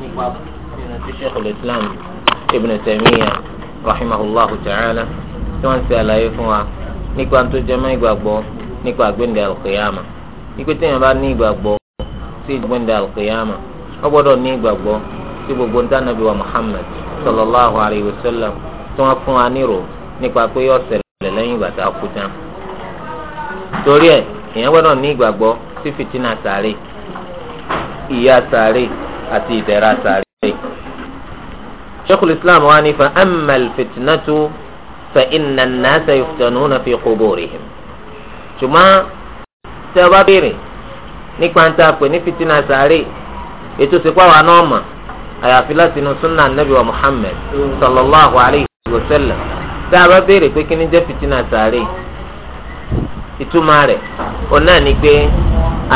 nípa nínú tí sheikh islam ibn taymiya rahimahullahu ta'ala tí wọ́n ṣe àlàyé fún wa nípa tó jẹ́ mọ́ ìgbàgbọ́ nípa àgbéǹde alqiyama ipe téèyàn bá ní ìgbàgbọ́ sí àgbéǹde alqiyama wọ́n gbọ́dọ̀ ní ìgbàgbọ́ sí gbogbo ntànàbí wa muhammad sallallahu alayhi wa sallam tí wọ́n fún wa nírò nípa pé yóò ṣẹlẹ̀ lẹ́yìn ìgbà tá a kú tán torí ẹ̀ èèyàn gbọ́dọ̀ ní ìgbàgbọ́ sí fìtínà sàárè ìyà sàárè àti ìdẹ̀ra sàárè. sheikhul islam wa ni fa amal fitnatu fa inna nasa yuftanuna fi quburihim. ṣùgbọ́n tẹ́ ọ bá béèrè nípa ń ta pè ní fitina sàárè ètò ìsìnkú àwọn náà mọ̀ àyàfi láti inú sunna anabi wa muhammed sallallahu alayhi wa sallam tá a bá béèrè pé kí ni jẹ́ fitina sàárè ìtumọ̀ rẹ̀ òun náà ni pé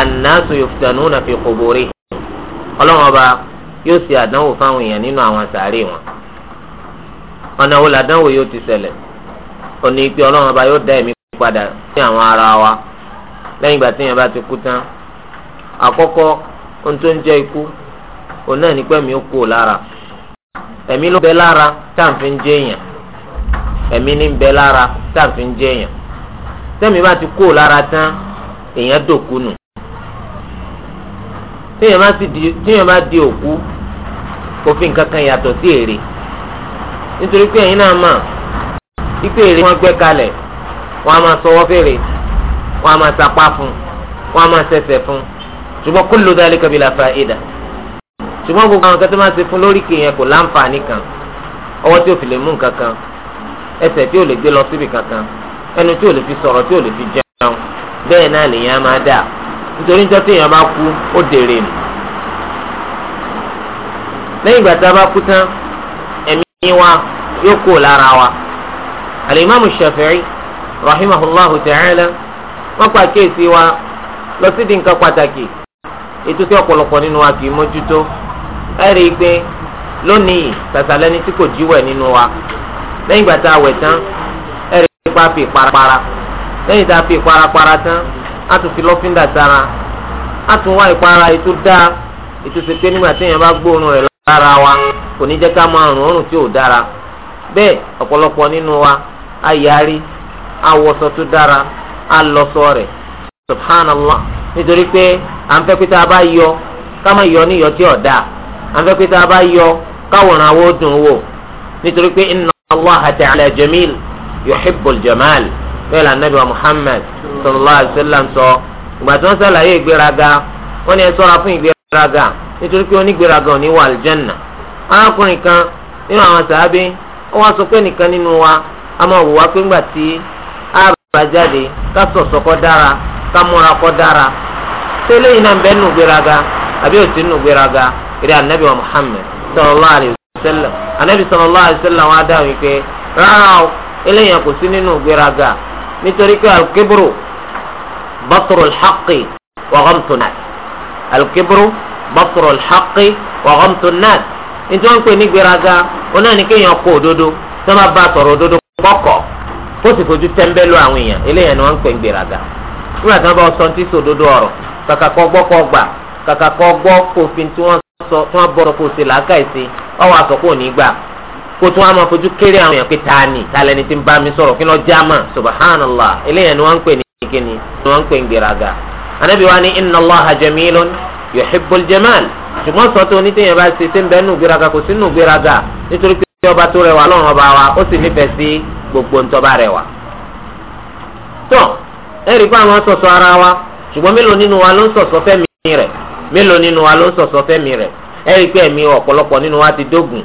annasu yuftanuna fi quburihim ọlọ́run ọba yóò ṣe àdánwò fáwọn èèyàn nínú àwọn sàárè wọn ọ̀nà wo làdánwò yóò ti ṣẹlẹ̀ ó ní pé ọlọ́run ọba yóò dá ẹ̀mí padà sí àwọn ara wa lẹ́yìn ìgbà tí èèyàn bá ti kú tán àkọ́kọ́ ohun tó ń jẹ́ ikú òun náà ní pẹ́ẹ́mí ó kú ò lára ẹ̀mí ló ń bẹ lára táǹfì ń jẹ́ èèyàn ẹ̀mí ní ń bẹ lára táǹfì ń jẹ́ èèyàn tẹ́mi bá ti kú ò lára tán èèyàn dòkú téèyàn bá di òkú kò fi nǹkan kan yàtọ̀ sí èrè nítorí pé ẹ̀yin náà mà ipe èrè wọn gbẹ́ kalẹ̀ wọn a máa sọwọ́ fèrè wọn a máa sapá fún wọn a máa sẹsẹ fún ṣùgbọ́n kullu dhalika bila fa'ida ṣùgbọ́n gbogbo àwọn kẹtẹ́ máa ṣe fún lórí kìyẹn kò láǹfààní kan ọwọ́ tí ò fi lè mú nǹkan kan ẹsẹ̀ tí ò lè gbé lọ síbi kankan ẹnu tí ò lè fi sọ̀rọ̀ tí ò lè fi jẹun bẹ́ẹ̀ náà lèyàn á máa dáa nítorí níjọ́ tí èèyàn bá kú ó dèrè nù lẹ́yìn ìgbà tá a bá kú tán ẹ̀mí wa yóò kó lára wa alimami shafi'i rahimahullahu ta'ala wọ́n pa kéèsì wa lọ sí di nǹkan pàtàkì ètò tí ọ̀pọ̀lọpọ̀ nínú wa kì í mójútó ẹ rí i pé lónìí tàtàlẹ́ni tí kò jíwẹ̀ nínú wa lẹ́yìn ìgbà tá a wẹ̀ tán ẹ rí i pé a fi ìparapara lẹ́yìn tá a fi ìparapara tán a tún fi lọ́fíńdà sára a tún wá ìpara ètò dáa ètò ìsèké nígbà tí èèyàn bá gbóòórùn rẹ̀ lára wa kò ní jẹ́ ká máa rùn òórùn tí ò dára bẹ́ẹ̀ ọ̀pọ̀lọpọ̀ nínú wa a yarí a tó dára a lọṣọ rẹ̀ subhanallah nítorí pé à ń fẹ́ pé tá a bá yọ ká má yọ ní iyọ̀ tí à ń fẹ́ pé tá a bá yọ káwòrán awó dùn wò nítorí pé inna Allaha ta'ala jamil yuhibbul jamal bẹ́ẹ̀ la nabi wa muhammed sallallahu alayhi wa sallam sọ ìgbà tí wọ́n sàlàyé ìgbéraga wọ́n ní ẹ sọ́ra fún ìgbéraga nítorí pé onígbéraga ò ní wà aljanna arákùnrin kan nínú àwọn sàábé ó wá sọ pé nìkan nínú wa a máa wò wá pé ńgbà tí a bá jáde ká sọ̀sọ̀ kọ́ dára ká múra kọ́ dára tẹ́lẹ̀ yìí náà ń bẹ́ nù gbéraga àbí ò sí nù gbéraga ìdí anabi wa muhammed sallallahu alayhi wa sallam anabi sallallahu alayhi wa sallam wa dáhùn yìí pé rárá o kò sí nínú gbéraga nítorí pé alukébúrò bàtúrò lḥàqì wàhámtò náà alukébúrò bàtúrò lḥàqì wàhámtò náà nítorí pé ní gbéraga oná ní kéèyàn kó òdodo tó máa bá sọ̀rọ̀ òdodo kọ́kọ́ kó sì fojú tẹ́ńbẹ́lú àwọn èèyàn eléyàn ni wọ́n ń pè ń gbéraga nígbà tí wọ́n bá sọ ti sòdodo ọ̀rọ̀ kàkà kọ́ gbọ́ kọ́ gbà kàkà kọ́ gbọ́ kófin tí wọ́n bọ̀rọ̀ kó ṣe làákàyè sí ọwọ́ kó tún àmọ́ fojú kéré àwọn èèyàn pé ta ni ta lẹni tí ń bá mi sọ̀rọ̀ kí ló já mà subhanallah eléyàn ni wọ́n ń pè ní kíni ni wọ́n pè ń gbéraga anabi wa ni inna allaha jamilun yuhibbul jamal ṣùgbọ́n sọ tó onítìyẹn bá ṣe ṣe ń bẹ nù gbéraga kò sí nù gbéraga nítorí pé ọba tó rẹwà lọ́rùn ọba wa ó sì nífẹ̀ẹ́ sí gbogbo ntọ́ba rẹwà. tó ẹ̀rí fún àwọn sọ̀sọ̀ ara wa ṣùgbọ́n mélòó nínú wa ló ń sọ̀sọ̀ fẹ́mi rẹ̀ mélòó nínú wa ló ń sọ̀sọ̀ fẹ́mi rẹ̀ ẹ̀rí pé ẹ̀mí ọ̀pọ̀lọpọ̀ nínú wa ti dógùn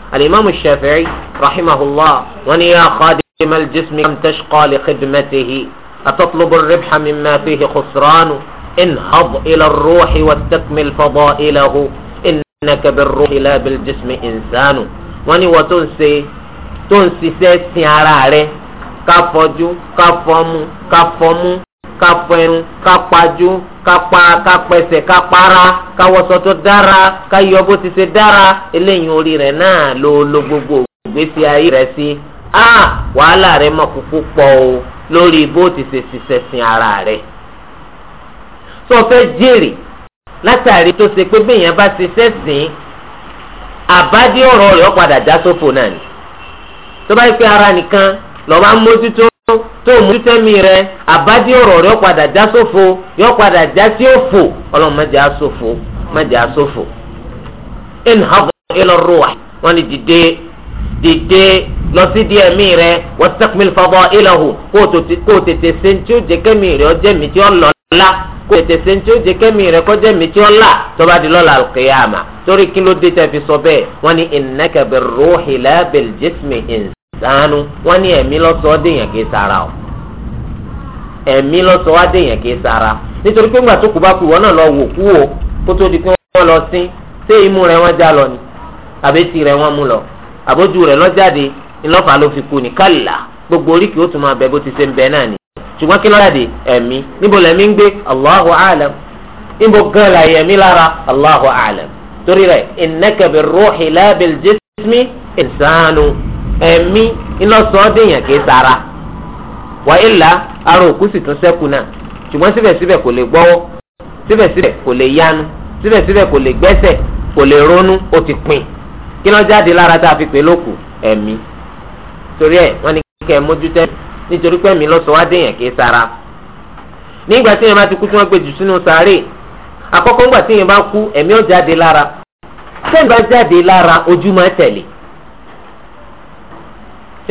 الإمام الشافعي رحمه الله وني يا خادم الجسم كم تشقى لخدمته أتطلب الربح مما فيه خسران انهض إلى الروح واستكمل فضائله إنك بالروح لا بالجسم إنسان وني وتنسي تنسي سيسي على كفجو كفمو كفمو kápẹnu kápájú kápá kápẹsẹ̀ kápára káwọsọ tó dára káyọ bó ti ṣe dára eléyìí orí rẹ̀ náà ló ló gbogbo ìgbésí ayé rẹ̀ sí a wàhálà rẹ̀ mọ kúkú pọ̀ o lórí bó ti ṣe ṣiṣẹ́ sin ara rẹ̀ tó fẹ́ jèrè látàrí tó ṣe pé bẹ́ẹ̀yẹn bá ṣiṣẹ́ sìn àbádé ọ̀rọ̀ rẹ̀ ó padà já sófò náà ni tó bá yẹ pé ara nìkan lọ́ọ́ máa ń mójútó tó mú títẹ́mi rẹ àbádé ọ̀rọ̀ rẹ padà já sófo yọ padà já sí òfò ọlọ́run má jẹ́ àsófo má jẹ́ àsófo. inhab ila ruh wọ́n ní dìde dìde lọ sí díẹ̀ mí rẹ wastakmil fadailahu kó o tètè ṣe tí ó jẹ́ kẹ́mi rẹ ọjẹ́ mi tí ó lọ la kó tètè se ntí ó jẹ kẹ́mi rẹ kọjá mi tí ó là tọ́ba di lọ́la al-qiyama torí kí ló dé tẹ́ fi sọ bẹ́ẹ̀ wọ́n ní innaka bir-ruhi la bil-jismi sànù wọ́n ní ẹ̀mí lọ́sọ̀ọ́ dèèyàn kì í sara o ẹ̀mí lọ́sọ̀ọ́ wá dèèyàn kì í sara nítorí pé ńgbà tó kú bá kú ìwọ náà lọ wò kú o kó tó di pé wọ́n lọ sí ṣé imú rẹ̀ wọ́n já lọ ni àbẹ́tì rẹ̀ wọ́n mú lọ àbójú rẹ̀ lọ́jáde ńlọ́fà ló fi kú ni kálá gbogbo oríkì ó tún máa bẹ bó ti ṣe ń bẹ náà ni ṣùgbọ́n kí lọ́jáde ẹ̀mí níbo lẹ̀mí ń gbé Allahu a'lam níbo gan la yẹ̀mí lára Allahu a'lam torí rẹ̀ innaka bir ruhi la bil jismi ẹ̀mí iná sàn déèyàn kì í sara wà ilà ara òkú sì tún sẹ́kù náà ṣùgbọ́n síbẹ̀síbẹ̀ kò lè gbọ́wọ́ síbẹ̀síbẹ̀ kò lè yanu síbẹ̀síbẹ̀ kò lè gbẹ́sẹ̀ kò lè ronú ó ti pin kí ló jáde lára tá a fi pè lókù ẹ̀mí torí ẹ̀ wọ́n ní kẹ́ ẹ̀ nítorí pé ẹ̀mí lọ́sọ̀ wá déèyàn kì í sara nígbà tí yẹn bá ti kú tí wọ́n gbé jù sínú sàárè àkọ́kọ́ ńgbà tí yẹn bá kú ẹ̀mí ó jáde lára tẹ́ẹ̀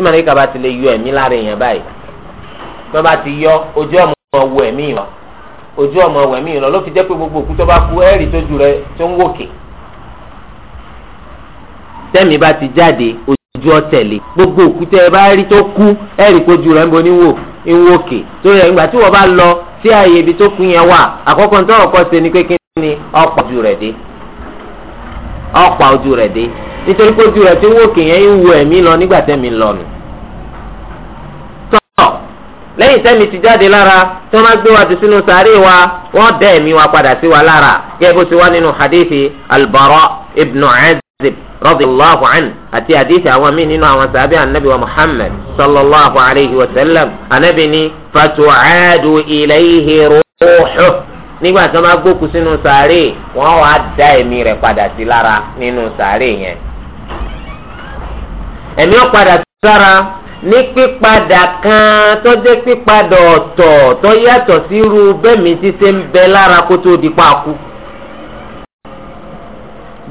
tí màlẹ́kà bá ti lè yọ ẹ̀mí lára èèyàn báyìí wọ́n bá ti yọ ojú ọmọ wọ ẹ̀mí wọn ojú ọmọ wọ ẹ̀mí wọn ló fi jẹ́ pé gbogbo òkú tó bá kú ẹ̀rí tójú rẹ̀ tó ń wòkè tẹ́mi bá ti jáde ojú ọ̀tẹ̀lé gbogbo òkú tẹ́ ẹ bá rí tó kú ẹ̀rí kójú rẹ̀ ń bo níwò ń wòkè torí ẹ̀ ńgbà tí wọ́n bá lọ sí àyè ibi tó kú yẹn wà àkọ́kọ́ ní tọ́wọ́ nítorí pé ojú rẹ̀ tí wò kìyẹn ń wo ẹ̀mí lọ nígbà tẹ́mi lọ́nu. tọ́ lẹ́yìn tẹ́mi ti jáde lára tí wọ́n bá gbé wa ti sínú sàárè wa wọ́n dẹ́ ẹ̀mí wa padà sí wa lára gẹ́gẹ́ bó ti wá nínú hadithi albara ibnu azib radiyallahu anhu àti hadithi àwọn míì nínú àwọn sàbí anabi wa muhammad sallallahu alayhi wa sallam anabi ni fatu'adu ilayhi ruuhu nígbà tí wọ́n bá gbókù sínú sàárè wọ́n wá dá ẹ̀mí rẹ̀ padà sí lára nínú sàárè yẹn ẹ̀mí ó padà sára ní pípadà kan tó jẹ́ pípadà ọ̀tọ̀ tó yàtọ̀ sí irú bẹ́ẹ̀mí tí ṣe ń bẹ lára kó tó di paaku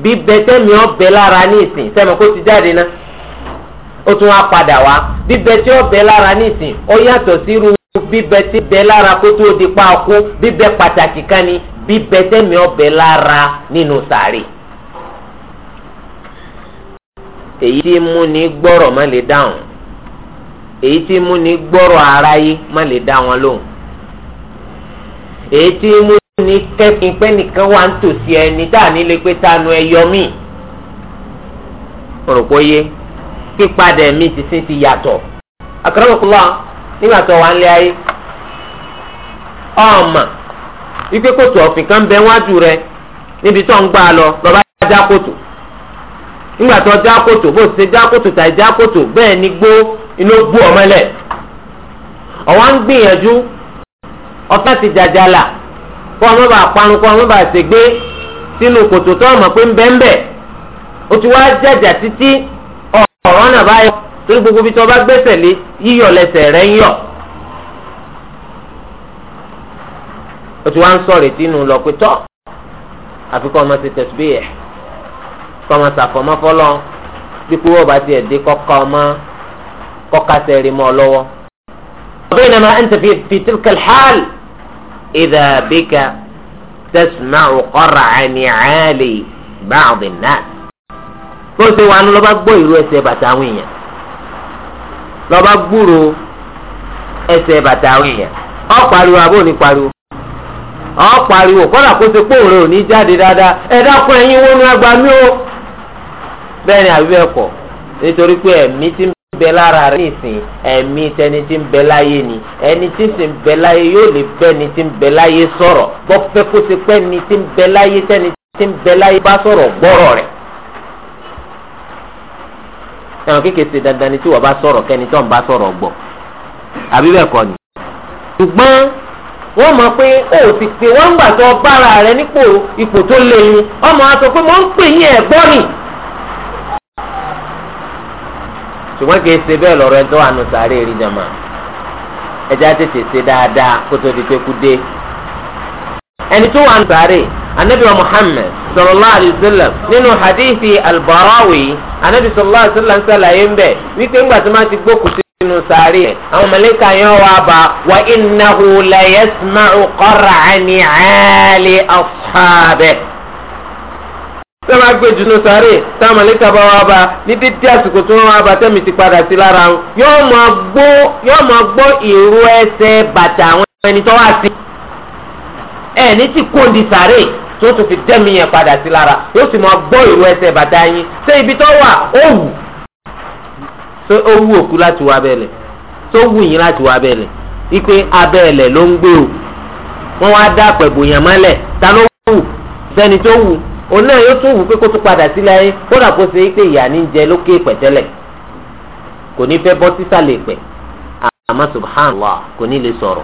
bíbẹ tẹ́mi ó bẹ lára ní ìsìn sẹ́mi kó ti jáde náà ó tún wá padà wá bíbẹ tí ó lára ní ìsìn ó yàtọ̀ sí irú bíbẹ tí bẹ lára kó tó di paaku bíbẹ pàtàkì kan ni bíbẹ tẹ́mi ó bẹ lára nínú sàárè. No èyí tí mú ni gbọ́rọ̀ má lè dáhùn èyí tí mú ni gbọ́rọ̀ aráyé má lè dá wọn lóhùn èyí tí mú ni kẹ́kìn pẹ́ nìkan wà ń tòsí ẹni tá ní lè pé ẹyọ mí yé pípadà ẹ̀mí ti sin ti yàtọ̀ àkàràwọ̀kúlọ̀ nígbà tó wà ń lé ayé ọ̀ọ́mà wípé kòtò ọ̀fìn kan bẹ wájú rẹ níbi tó ń gbà lọ lọ́ba nígbà tó já kòtò bó ti já kòtò tàì já kòtò bẹ́ẹ̀ ni gbó inú gbó ọmọlẹ̀ ọ̀wá ń gbìyànjú ọ̀tá ti jàjàlà kó ọmọ bá panu kó ọmọ bá ṣègbé sínú kòtò tó ọmọ pé ń bẹ́ńbẹ́ o ti wá jàjà títí ọ̀rọ̀ náà bá yọ torí gbogbo bí tó bá gbẹ́sẹ̀ lé yíyọ̀ lẹ́sẹ̀ rẹ̀ ń yọ̀ o ti wá ń sọ̀rọ̀ ìtinú lọ pé tọ́ àfikún ọmọ ti tẹ̀síbí yẹ̀ kọ́mọ sàfọ̀mọ́ fọlọ́ dípò wọ́n bá tiẹ̀ dé kọ́kọ́ ọmọ kọ́kásẹ̀ rí mọ́ ọ lọ́wọ́. وبينما أنت في في تلك الحال إذا بك تسمع قرع نعال بعض الناس bó ṣe wà ní lọ́ba gbọ́ ìró ẹsẹ̀ bàtà àwọn èèyàn lọ́ba gbúrò ẹsẹ̀ bàtà àwọn èèyàn ọ̀ pariwo àbò ní pariwo ọ̀ pariwo kọ́dà kó ṣe pòórè ò ní jáde dáadáa ẹ dákun ẹ̀yin wọnú agba o bẹ́ẹ̀ ni ẹ̀kọ́ nítorí pé ẹ̀mí ti ń bẹ lára rẹ̀ nìsín ẹ̀mí tẹni tí ń bẹ láyé ni ẹni tí sì ń bẹ láyé yóò lè bẹ́ni tí ń bẹ láyé sọ̀rọ̀ bọ́ pé kó ti pẹ́ ni tí ń bẹ láyé tẹni tí ń bẹ láyé bá sọ̀rọ̀ gbọ́rọ̀ rẹ̀ ẹ̀wọ̀n ṣe dandan ni tí wọ́n bá sọ̀rọ̀ kẹ́ni bá sọ̀rọ̀ gbọ́ kọ́ ni. ṣùgbọ́n wọ́n ti wọ́n gbà bára ṣùgbọ́n kì í ṣe bẹ́ẹ̀ lọ́rọ̀ ẹni tó wà nù sàárè rí jàmá ẹja tètè ṣe dáadáa kó tó di pé kú dé. ẹni tó wà nù sàárè anabi wa muhammed sallallahu alayhi wa sallam nínú hadithi albarawi anabi sallallahu alayhi wa sallam ṣàlàyé ń bẹ wípé ńgbà tó máa ti gbókùtì nínú sàárè àwọn mẹlẹ́kà yẹn wà bá wa innahu la yasma'u qar'ani 'ali ashabihi sọ́mà gbèjú ní sáré táwọn àlékà bá wà bá ní dídí àsìkò tí wọ́n wà bá tẹ̀mí ti padà sí lára wọn yóò máa gbọ́ ìró ẹsẹ̀ bàtà àwọn ẹni tó wà sí ẹ̀ ní ti kóńdì sáré tí ó tún fi dẹ́mi yẹn padà sí lára yóò sì máa gbọ́ ìró ẹsẹ̀ bàtà yín ṣé ibi tó wà ó ṣé ó òkú láti wá bẹ́ẹ̀lẹ̀ tó wù yín láti wá bẹ́ẹ̀lẹ̀ wípé abẹ́ẹ̀lẹ̀ ló ń gbé o wọ́n wá dá pẹ̀bù yẹn mọ́lẹ̀ ta ló wù Ona náà yóò tún wù pé kó tún padà sílẹ̀ ayé kódà kó ṣe pé ìyá ní jẹ lókè pẹ̀tẹ́lẹ̀ kò ní fẹ́ bọ́ sísàlẹ̀ pẹ̀ àmọ́ subhanallah kò ní lè sọ̀rọ̀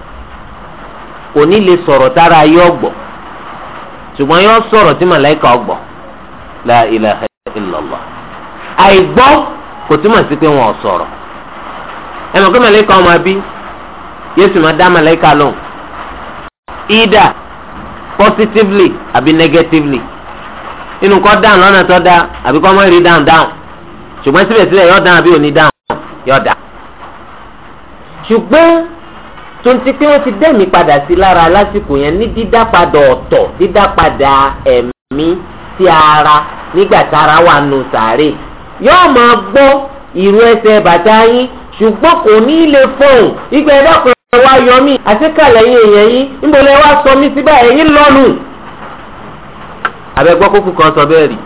kò ní lè sọ̀rọ̀ tára ayé ọ̀gbọ̀ ṣùgbọ́n yóò sọ̀rọ̀ tí màláìka ọ̀gbọ̀ la ilaha illallah àìgbọ́ kò túmọ̀ sí pé wọn ò sọ̀rọ̀ ẹ mọ̀ pé màláìka ọmọ abí yéésù máa dá màláìka lóhùn either positively àbí negatively. inú kọ́ dáhùn lọ́nà tó dáa àbí kọ́ mọ́ dáhùn dáhùn ṣùgbọ́n síbẹ̀síbẹ̀ yọ dáhùn àbí òní dáhùn yọ ṣùgbọ́n tó ń ti pé wọ́n ti dẹ́mi padà sí lára lásìkò yẹn ní dídá ọ̀tọ̀ dídá ẹ̀mí ara nígbà ara wà nù sàárè yóò máa gbọ́ bàtà yín ṣùgbọ́n kò ní yọ mí yín èèyàn yín abẹ́gbọ́ kókó kan sọ bẹ́ẹ̀ rí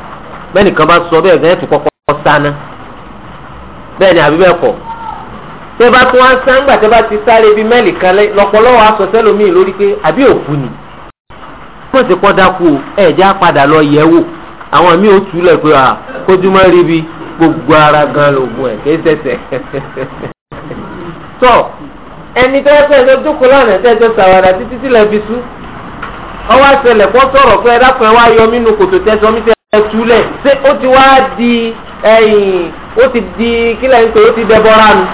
bẹ́ẹ̀ nìkan bá sọ bẹ́ẹ̀ gẹ́gẹ́ tó kọ́kọ́ sáná bẹ́ẹ̀ ni àbí bẹ́ẹ̀ kọ́ tẹ́ bá tún wá sá ńgbà tẹ́ bá ti sáré bíi mẹ́ẹ̀lì kan lọ́pọ̀lọ́wọ́ aṣọ sẹ́lómìn lórí pé àbí òkú ni wọ́n ti kọ́ dákú o ẹ̀ já padà lọ yẹ̀ wò àwọn míì ó túlẹ̀ pé à kójúmọ́ rí bi gbogbo ara gan lògùn ẹ̀ kì í tọ́ ẹni tó yẹ kó ẹjọ́ jókòó lánàá tẹ́jọ́ sàwádà títí sílẹ̀ fi sú ọwọ́ àṣẹlẹ̀ kọ́ sọ̀rọ̀ pé ẹ dákun ẹ wá yọ mínú kòtò tẹ́sán mi tẹ́ ẹ túlẹ̀ ṣé ó ti wá di ẹyìn ó ti di kílẹ̀ ń pè ó ti dẹbọ́ra nu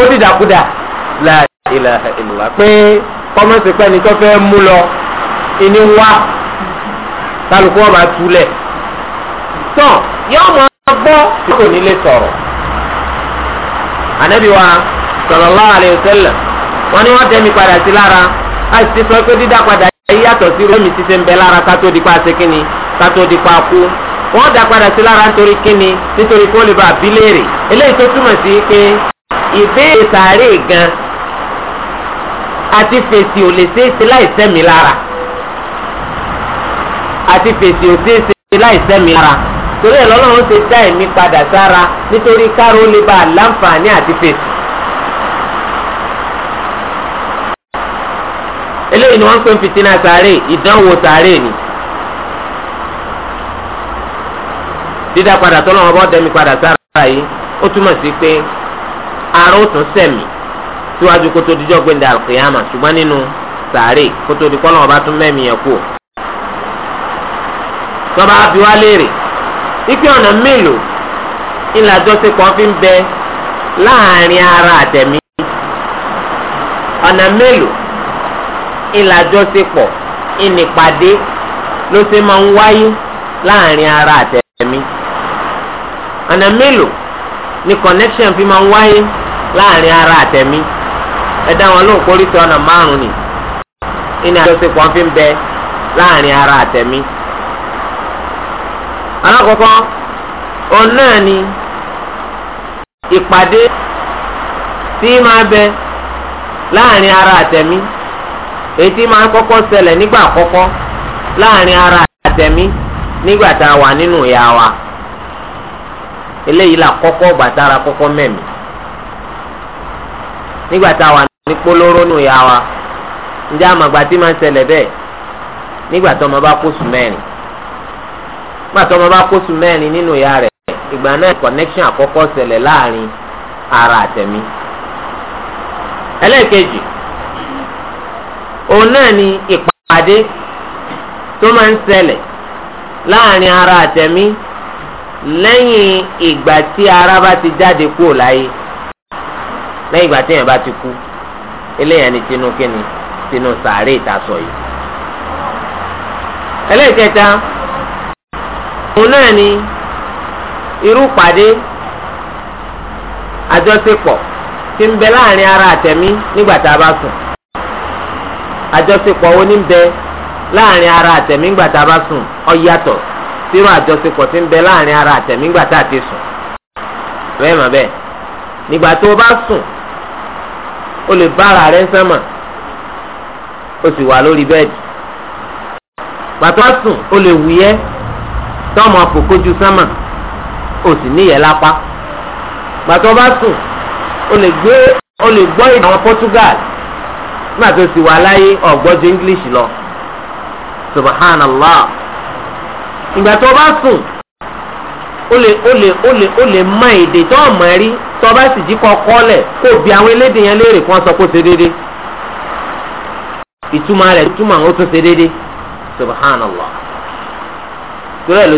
ó ti dàkúdà la ilaha illa pé kọ́mọ̀sì pẹ́ ni tó fẹ́ mú lọ ìní wá kálukú wọn bá túlẹ̀ tán yóò máa gbọ́ tí kò nílé sọ̀rọ̀ ànábì wa sallallahu alaihi wasallam wọn ni wọ́n tẹ́ mi padà sí lára a sì sọ pé dídá padà yàtọ̀ sí rẹ́mi ti ṣe ń bẹ lára kátó dípa ṣe kíni kátó dípa kú wọ́n dá padà sí lára nítorí kíni nítorí kó lè bá a bí léèrè eléyìí tó túmọ̀ sí pé ìbéèrè sàárè gan àti fèsì ò lè é ṣe láì sẹ́mi lára àti fèsì ò ṣeé ṣe láì sẹ́mi lára torí ẹ̀ lọ́lọ́run ṣe dá ẹ̀mí padà sára nítorí káró lè bá a láǹfààní àti fèsì. eléyìí ni wọ́n pè ń fìtínà sàárè ìdánwò sàárè ni dídá padà tọ́lọ́ wọn bọ́ dẹ́mi padà sára yìí ó túmọ̀ sí pé ara ó tún sẹ̀mí síwájú kó tó dijọ́ gbẹ̀ndẹ̀ àlùkìyàmà ṣùgbọ́n nínú sàárè kó tó di kọ́ lọ́wọ́ bá tún mẹ́mí yẹn kú. tọ́ba fi léèrè ike ọ̀nà mélòó ńlá jọ́sìnkọ́ fi ń bẹ láàrin ara àtẹ̀mí ọ̀nà mélòó ìlàjọsepọ̀ ìnìpàdé ló ṣe máa ń wáyé láàrin ara àtẹ̀mí ọ̀nà mélòó ni connection fi máa ń wáyé láàrin ara àtẹ̀mí ẹ̀dá wọn ló ń kórìtì ọ̀nà márùn-ún ni ìní àjọsepọ̀ fi ń bẹ láàrin ara àtẹ̀mí alákọ̀ọ́kọ́ òun náà ni ìpàdé tí máa bẹ láàrin ara àtẹ̀mí. ètí máa ń kọ́kọ́ ṣẹlẹ̀ nígbà àkọ́kọ́ láàrin ara àtẹ̀mí nígbà tá a wà nínú ìyá wa eléyìí là kọ́kọ́ gbàtara kọ́kọ́ mẹ́mí nígbà tá a wà ní polóró nù ìyá wa ǹjẹ́ àmàgbà tí máa ń ṣẹlẹ̀ bẹ́ẹ̀ nígbà tó ọmọ bá kó kóṣù mẹ́rin nígbà tó ọmọ bá kó kóṣù mẹ́rin nínú ìyá rẹ̀ ìgbà náà connection àkọ́kọ́ sẹlẹ̀ láàrin ara àtẹ̀mí ẹlẹ́ẹ̀kejì. òun náà ni ìpàdé tó máa ń ṣẹlẹ̀ láàrin ara àtẹ̀mí lẹ́yìn ìgbà tí ara bá ti jáde kúrò láyé lẹ́yìn ìgbà tí èèyàn bá ti kú eléyàn ni tinú kíni tinú sàárè ìtasọ̀ yìí. ẹlẹ́ẹ̀kẹta òun náà ni irú pàdé àjọṣepọ̀ tí ń bẹ láàrin ara àtẹ̀mí nígbà tá a bá sùn àjọṣepọ̀ wo ní bẹ láàrin ara àtẹ̀mígbà tá a bá sùn ó yàtọ̀ sírò àjọṣepọ̀ tí ń bẹ láàrin ara àtẹ̀mígbà tá a ti sùn bẹ́ẹ̀ mọ̀ bẹ́ẹ̀ nígbà tó o bá sùn o lè bá ara rẹ ń sánmà o sì wà lórí bẹ́ẹ̀dì pàtó sùn o lè wúyẹ́ tọ́mọ àpòkò ju sánmà o sì níyẹ́ lápá pàtó bá sùn o lè gbọ́ ìdá Portugal nígbà tó ti wà láyé ọ̀gbọ́jú english lọ subhanallah ìgbà tó bá sùn ó lè ó lè lè lè mọ èdè tó rí tó bá sì jí kọkọ lẹ kó bi àwọn elédè yẹn léèrè kó sọ kó ṣe déédé ìtumọ̀ rẹ̀ ìtumọ̀ àwọn ṣe déédé torí ló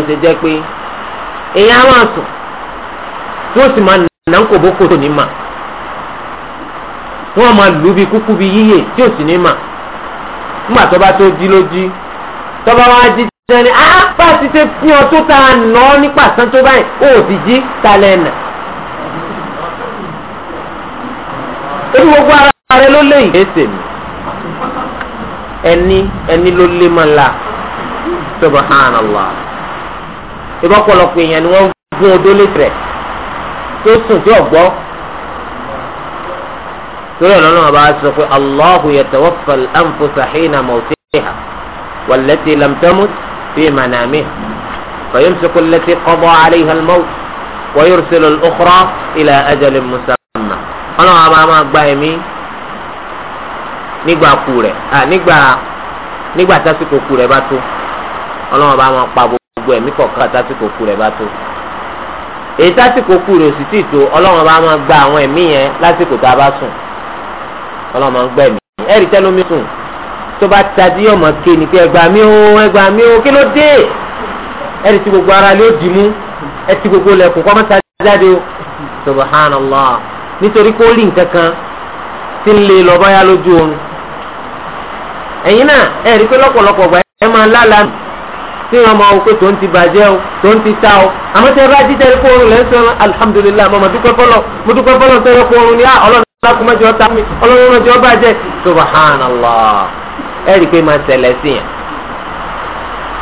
ṣe pé wọ́n máa lù bí kúkú bí yíyè tí ò sì ní mà nígbà tó bá tó jí ló jí tó bá wá jí jẹ́ ni á bá ti ṣe fi hàn tó ta nà ọ́ ní pàṣán tó báyìí ó ti jí talẹ̀ nà. ebi gbogbo ara rẹ ló lé ìgbésẹ̀ mi ẹni ẹni ló lé máa la subhanallah ìbọ̀pọ̀lọpọ̀ èèyàn ni wọ́n gún odó létrẹ̀ tó sùn tí ọ̀gbọ́n torí ọ̀nà náà bá sọ pé Allahu yatawaffa al-anfusa hina mawtiha wallati lam tamut fi manamiha fayumsiku allati qada alayha al-mawt wa yursilu al-ukhra ila ajalin musamma ọlọ́run àbá máa gba ẹ̀mí nígbà kú rẹ̀ nígbà nígbà tásìkò kú rẹ̀ bá tó ọlọ́run àbá máa pa gbogbo ẹ̀mí kọ̀ọ̀kan tásìkò kú rẹ̀ bá tó èyí tásìkò kú rẹ̀ òsì tì tó ọlọ́run àbá máa gba àwọn ẹ̀mí yẹn lásìkò tá a bá sùn ọlọ́mọ ń gbẹ̀mí ẹ̀rí tẹ́lómi sùn tó bá tají yóò mọ̀ ké ni pé ẹgbà mi ó ẹgbà mi ó kí ló dé ẹ̀rí tí gbogbo ara lé ó dì mú ẹ̀ gbogbo lẹ̀kùn kọ́ mọ́ta jáde o subhanallah nítorí kó rí nǹkan kan tí ń lè lọ báyà lójú oorun ẹ̀yin náà ẹ̀rí pé lọ́pọ̀lọpọ̀ gbà ẹ máa lálàá tí wọn máa wò pé tó ń ti bàjẹ́ o tó ń ti ta o àmọ́ tẹ bá jíjẹ kó oorun lẹ́ sọ alhamdulilayi mo dúpẹ́ fọlọ́ kó oorun ni ah, alákùn mẹ́jọ ta mi ọlọ́run mẹ́jọ bàjẹ́ subhanallah ẹ rí i pé máa ṣẹlẹ̀ sí yẹn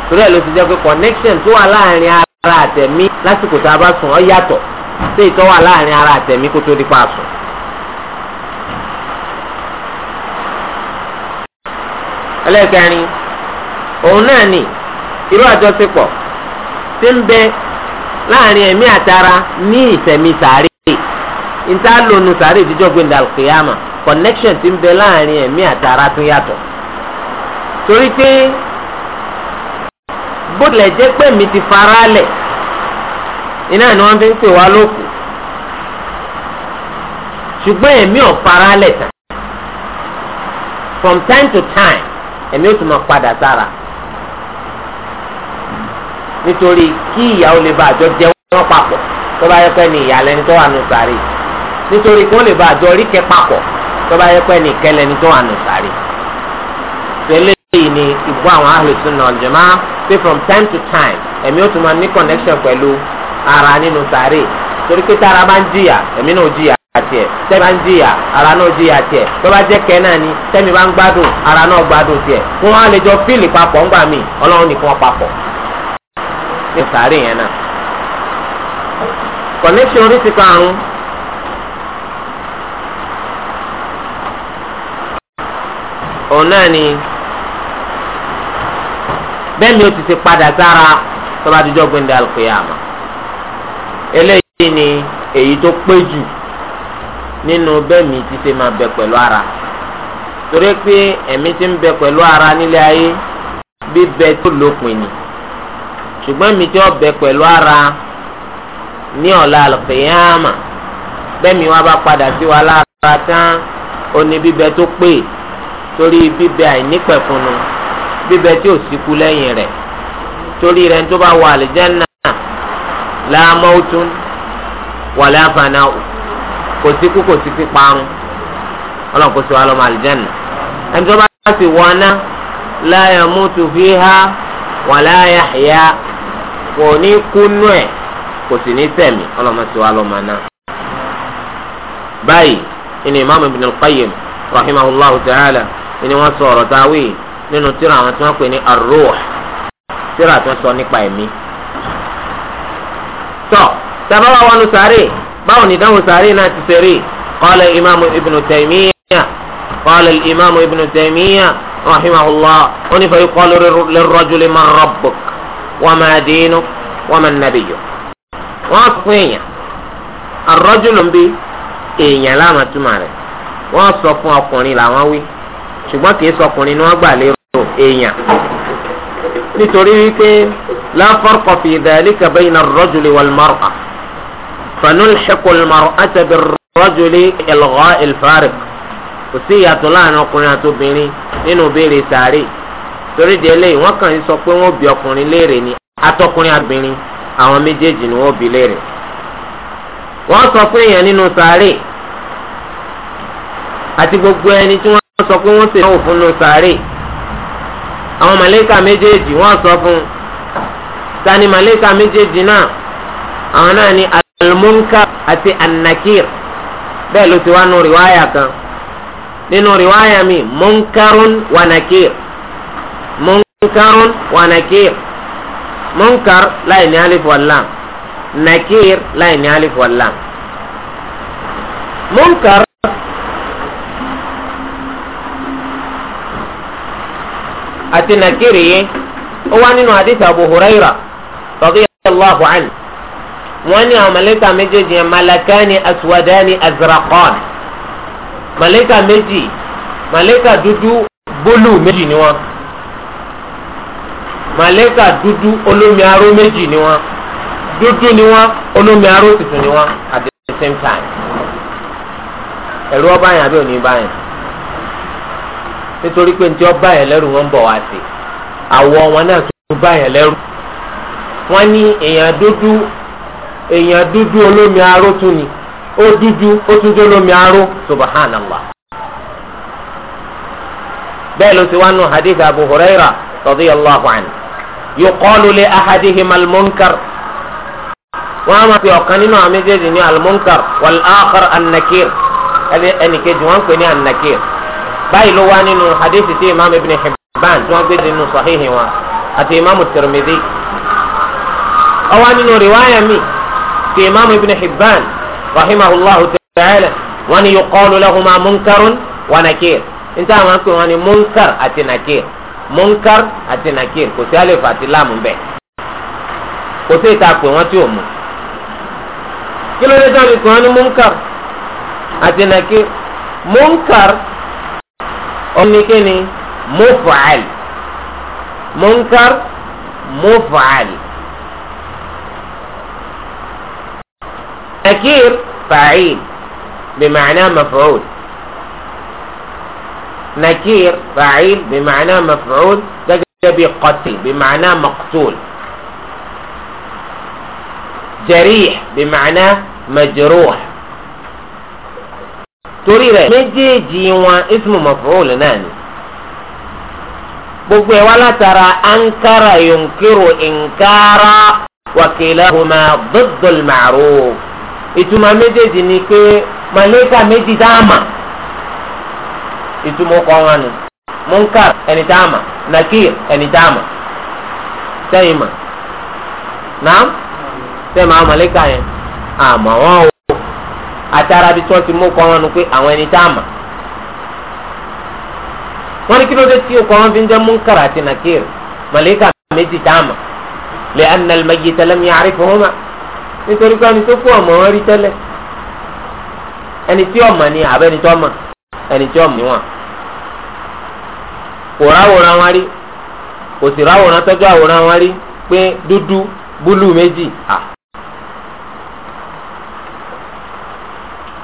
torí ẹ ló ti jẹ́ pé connection tó wà láàrin ara àtẹ̀mí lásìkò tá a bá sùn ọ yàtọ̀ sí ìtọ́ wà láàrin ara àtẹ̀mí kó tó dípa sùn. ẹlẹ́kẹrin òun náà ni irú àjọṣepọ̀ tí ń bẹ láàrin ẹ̀mí àtara ní ìtẹ̀mí sàárè níta lónìí sáré ìdíjọ́ gbẹ̀ndà kìyàmà connection ti ń bẹ láàrin ẹ̀mí àti ara tún yàtọ̀ torí pé bó tilẹ̀ jẹ́ pé mi ti fara lẹ̀ iná ni wọ́n fi ń pè wá lókù ṣùgbọ́n ẹ̀mí ò fara lẹ̀ tán from time to time ẹ̀mí ó tún máa padà sára nítorí kí ìyàwó lè bá àjọ jẹ́ wọ́n papọ̀ tó bá yẹ pé ní ìyàlẹ́ni tó wà nù sáré nítorí kí wọ́n lè bá àjọ orí kẹ papọ̀ tó bá yẹ pé ní ìkẹlẹ̀ ni tó wà nù sáré. tẹ́lẹ̀ yìí ni ìbú àwọn ahlu sunna wal jamaa pé from time to time ẹ̀mí ó tún máa ní connection pẹ̀lú ara nínú sáré torí pé tára bá ń jìyà ẹ̀mí náà jìyà tiẹ̀ tẹ́ bá ń jìyà ara náà jìyà tiẹ̀ tó bá jẹ́ kẹ́ náà ni tẹ́mi bá ń gbádùn ara náà gbádùn tiẹ̀ wọ́n á lè jọ fíìlì papọ̀ ńgbà mí ọlọ́run nìkan papọ̀ ní sáré yẹn náà. connection orí ti karùn òun náà ni bẹ́ẹ̀ ni ó ti ṣe padà sára tọ́ba àtijọ́ gbẹ̀ndẹ̀ alùpùpù eléyìí ni èyí tó pé jù nínú bẹ́ẹ̀ mi ti ṣe máa bẹ pẹ̀lú ara torí pé ẹ̀mí ti ń bẹ pẹ̀lú ara nílé ayé bíbẹ tó lópin ni ṣùgbọ́n ẹ̀mí tí ó bẹ pẹ̀lú ara ní ọ̀la alùpùpù bẹ́ẹ̀ mi wá bá padà sí wa lára tán ó ní bíbẹ tó torí bíbẹ àìnípẹ̀kùnú bíbẹ tí ò síkú lẹ́yìn rẹ̀ torí rẹ̀ tó bá wọ àlìjẹ́nà la mautun wala fana'u kò síkú kò sí píparun ọlọ́run kò sí wa lọ́mọ àlìjẹ́nà ẹni tó bá sì wọná la yamutu fiha wala yahya kò ní kúnú ẹ̀ kò sì ní sẹ̀mí ọlọ́run wa lọ́mọ náà. báyìí ni imaamu ibn al-qayyim rahimahullahu ta'ala ni wọ́n sọ ọ̀rọ̀ táwí nínú tíra àwọn tí wọ́n pè ní ar-ruh tíra tí wọ́n sọ nípa ẹ̀mí. tọ́ sábà wà wọnú sáré báwo ni dáhùn sáré náà ti ṣe rí qala imaamu ibnu taymiya qala imaamu ibnu taymiya rahimahullah ó ní fa yuqalu lirrajuli man rabbuk wa ma dinuk wọ́n sọ èèyàn ar èèyàn láàmà túmọ̀ rẹ̀ wọ́n sọ fún ọkùnrin làwọn wí ṣùgbọ́n kì í sọkùnrin ni wọ́n gbà lérò èèyàn nítorí wípé la farqa fi dhalika bayna ar-rajuli wal-mar'a fanulhiqu al-mar'ata bir-rajuli ilgha'i al-fariq kò sí ìyàtọ̀ láàrin ọkùnrin àti obìnrin nínú béèrè sàárè torí di eléyìí wọ́n kàn ń sọ pé wọ́n bi ọkùnrin léèrè ni atọkùnrin àbìnrin àwọn méjèèjì ni wọ́n bi léèrè wọ́n sọ pé èèyàn nínú sàárè àti gbogbo ẹni tí wọ́n wọ́n sọ pé wọ́n ṣe náwó fún un sáré àwọn màlẹ́kà méjèèjì wọ́n sọ fún un sani màlẹ́kà méjèèjì náà àwọn náà ni almunka àti anakir bẹ́ẹ̀ ló ti wá nu rìwáyà kan nínú rìwáyà mi munkarun wa nakir munkarun wa munkar láì ní alif wal nakir láì ní alif wal munkar. àti nàkírì yìí ó wá nínú àdìsí Abu Huraira radiyallahu anhu wọ́n ní àwọn màlàíkà méjèèjì yẹn malakani aswadani azraqan màlàíkà méjì màlàíkà dúdú bólú méjì ni wọ́n màlàíkà dúdú olómi aró méjì ni wọ́n dúdú ni wọ́n olómi aró tuntun ni wọ́n at the same time ẹ̀rú ọba yẹn àbí òní bá yẹn nítorí pé ntí ọba yẹn lẹ́rù wọn bọ̀ wá sí àwọ̀ wọn náà tún bá yẹn lẹ́rù. wọ́n ní èèyàn dúdú èèyàn dúdú olómi aró tún ni ó dúdú ó tún dé olómi aró subhanallah. bẹ́ẹ̀ ló ti wá nù hadith abu huraira radiyallahu anhu yuqalu li ahadihim almunkar wọ́n á máa fi ọ̀kan nínú àmì jẹ́jì ní almunkar wal akhar annakir ẹnì kejì wọ́n ń pè ní annakir báyìí ló wá nínú hadithi tí imaamu ibn hibban tí wọ́n gbé nínú sahihi wọn àti imaamu tirmidhi ó wà nínú riwaayà mi ti imaamu ibn hibban rahimahullahu ta'ala wọ́n ní yuqalu lahuma munkarun wa nakir níta àwọn akpè wọ́n ní munkar àti nakir munkar àti nakir kò sí alif àti láàmù bẹ́ẹ̀ kò sí ìta pè wọ́n tí ò mú kí ló dé sábì pé wọ́n ní munkar àti nakir munkar. ọ̀nìkíni مفعل منكر مفعل نكير fa'il بمعنى مفعول نكير فعيل بمعنى مفعول تجب قتل بمعنى مقتول جريح بمعنى مجروح torí rẹ̀ méjèèjì wọn ismu maf'ul náà ni gbogbo ẹ̀ wá látara ankara yunkiru inkara wakilahuma diddul ma'ruf ìtumọ̀ méjèèjì ni pé màlẹ́kà méjì tá a mà ìtumọ̀ kọ́ wọn ni munkar ẹni tá nakir ẹni tá sẹ́yìn mà náà sẹ́yìn mà màlẹ́kà yẹn àmọ́ wọn o àtàrà bí tí wọ́n ti mú kọ́ wọn nu pé àwọn ẹni tá a mà. wọ́n ní kí ló dé tí o kọ́ wọn fi ń jẹ́ munkar àti nakir màlẹ́kà méjì tá a mà lè anal magi tẹlẹmi àrífọ wọn mà nítorí pé ẹni tó kú ọmọ wọn rí tẹ́lẹ̀ ẹni tí ọmọ ni àbẹ ẹni tó ọmọ ẹni tí ọmọ wọn kò wọn rí kò ráwòrán tọ́jú àwòrán wọn rí pé dúdú búlù méjì à. Ah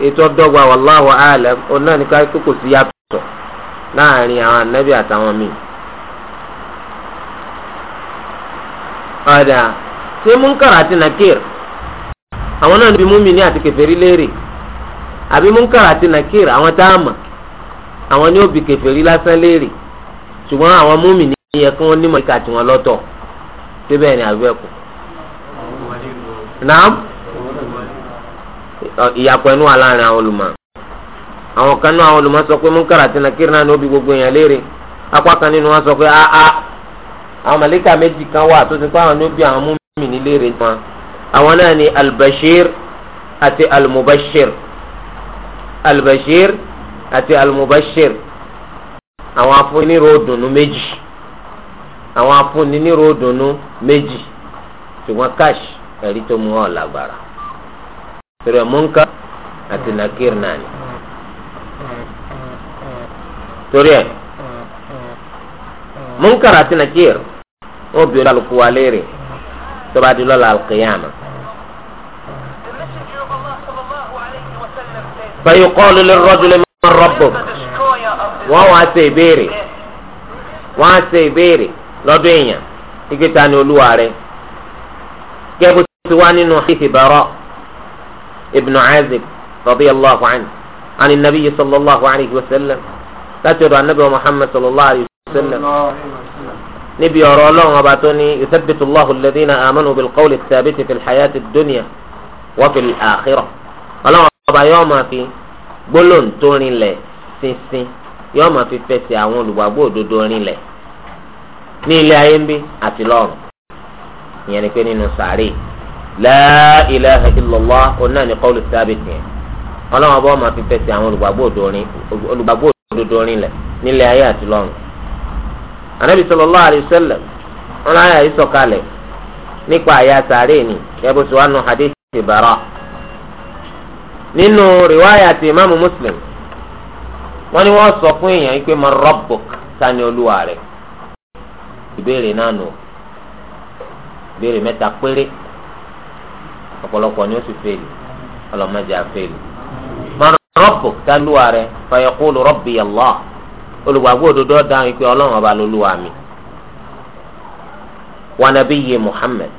ètò ọdọgba wallahu a'lam ọ̀nà ní káyọ̀ kókò sí yàtọ̀ láàrin àwọn ànábì àtàwọn míì. ọ̀dà ṣé munkar àti nakir àwọn náà níbi múmi ní àti kèfèrí léèrè àbí munkar àti nakir àwọn tá a mọ̀ àwọn ní òbí kèfèrí lásán léèrè ṣùgbọ́n àwọn múmi ní yẹ kí wọ́n nímọ̀ ìka tiwọn lọ́tọ̀ síbẹ̀ ni àbẹ́kù. naam ìyàpọ̀ ẹnu wà láàrin àwọn olùmọ̀ àwọn kan náà àwọn olùmọ̀ sọ pé múnkàrà àti nàkírì náà ni ó bi gbogbo èèyàn léèrè apá kan nínú wọn sọ pé áá àwọn màlíkà méjì kan wà tó ti pé àwọn ni bi àwọn múmi ní léèrè wọn àwọn náà ni albashir àti almubashir albashir àti almubashir àwọn afúnirò dùnú méjì àwọn afúnirò dùnú méjì ṣùgbọ́n káṣ ẹ̀rí tó mú ọ̀ lágbára torí ẹ̀ múnká àti nàkír náà ni torí ẹ̀ múnká àti nàkír wọn bí olùkọ́ wa léèrè tó bá di lọ́la alqiyama. فيقال للرجل من ربك wọ́n wá ṣe ìbéèrè wọ́n á ṣe ìbéèrè lọ́dọ̀ èèyàn ike ta ni olúwa rẹ̀ kẹ́bù ti wá nínú ibnu azib radiyallahu anhu ani nabi sallallahu alayhi wa sallam láti ọ̀dọ̀ anabi muhammad sallallahu alayhi wa sallam níbi ọ̀rọ̀ ọlọ́run ọba tó ní yuthabbitu allahu alladhina amanu bilqawli thabiti fi lxayati dunya wa fi lakhira ọlọ́run ọba yóò máa fi gbólóhùn tó rinlẹ̀ ṣinṣin yóò máa fi fẹsẹ̀ àwọn olùgbàgbọ́ òdodo rinlẹ̀ ní ilé ayé ń bí àti lọ́run ìyẹn ni pé nínú sàárè. la ilaha illallah onáà ní kọ́ọ̀lù sábìtì yẹn ọlọ́run ọmọ fi fẹsẹ̀ àwọn olùgbàgbọ́ òdodo rin lẹ̀ nílẹ̀ ayé àti lọ́run anabi sallallahu alayhi wọn láyà yìí nípa àyà sàárè ni bara nínú ti imaamu muslim wọn ni sọ fún èèyàn ma rabbuk sani olúwa rẹ ìbéèrè náà nù ọ̀pọ̀lọpọ̀ ni ó sì fèlè ọlọ́mọdé àfèlè. man rabbuk tálúwa rẹ fayaqulu rabbi Allah olùgbàgbọ́ òdodo dáhùn ikú ọlọ́run ọba lolúwa mi. wa nabiyyi Muhammad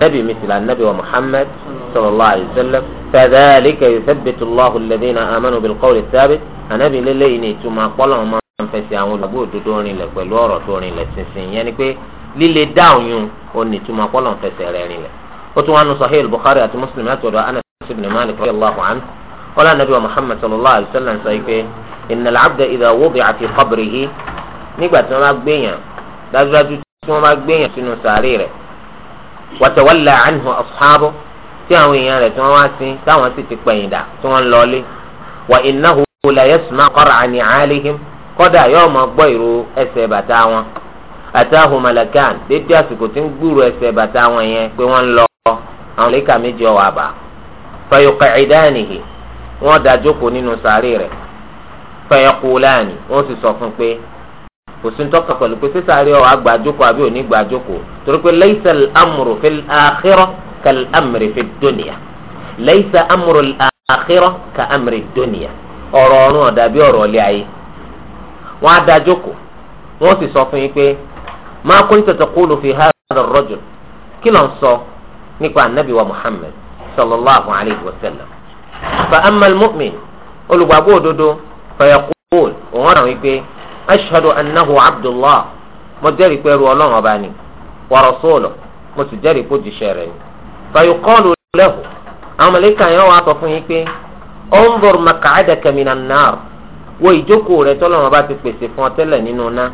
nabi misila nabi wa Muhammad sallallahu alayhi wa sallam fadhalika yuthabbitu Allahu alladhina amanu bilqawli thabit anabi lélẹ́yìn ní ìtumọ̀ akpọ́lọ́run máa ń fẹsẹ̀ àwọn olùgbàgbọ́ òdodo rinlẹ̀ pẹ̀lú ọ̀rọ̀ tó rinlẹ̀ sísìn yẹn ni pé líle dáhùn yún ó ní ìtumọ̀ akpọ́lọ́run fẹsẹ̀ rẹ̀ rinlẹ̀. وتو عنه صحيح البخاري أتي مسلم أتود أنس بن مالك رضي الله عنه ولا نبي محمد صلى الله عليه وسلم سيكي إن العبد إذا وضع في قبره نقبة ما بيا dájúdájú tí wọn bá gbéyàn sínú sàárè rẹ̀ wàtẹwàlà ànhu ọsàbọ tí àwọn èèyàn rẹ̀ tí wọn wá sí táwọn sì ti pẹ̀yìn dà tí wọn lọlé wà ináhu làyẹsùmá kọrọ àní àlehim kódà yóò máa gbọ́ ìró ẹsẹ̀ bàtà wọn àtàhùn malakan dédé àsìkò tí ń gbúrò ẹsẹ̀ bàtà wọn yẹn pé wọn lọ àwọn mọ̀lẹ́kà méjì ọ̀wọ́ àbá fẹ̀yọkọ̀ ìdáàníhì wọ́n da jókòó nínú sàárè rẹ̀ fẹ̀yọkọ̀ láàní wọ́n sì sọ fún pé kò sí tọ́ka pẹ̀lú pé sísàárè ọ̀wọ́ àgbà jókòó àbí òní gbà jókòó torí pé lẹ́yìísà amúrò fi àkírọ́ kà amúrè fi dóníyà lẹ́yìísà amúrò àkírọ́ kà amúrè dóníyà ọ̀rọ̀ ọ̀run ọ̀dà bí ọ̀rọ̀ ọ̀lẹ́ ayé wọ́n da jókòó wọ́n sì sọ fún yín pé máa kún tètè kúlù fi hàdà nípa anabi wa muhammed sallallahu alayhi wa sallam fa amal mu'min olùgbàgbọ́ òdodo fayaqul òun ràn wípé ashhadu annahu abdullah mo jẹ́rìí pé ẹrú ọlọ́run ọba ni wa rasuluhu mo sì jẹ́rìí pé òjíṣẹ́ rẹ̀ ni fayuqalu lahu àwọn mẹlẹ́kà yẹn wàá sọ fún yín pé unzur maq'adaka minan nar wo ìjókòó rẹ tọ́lọ́run ọba ti pèsè fún ọ tẹ́lẹ̀ nínú náà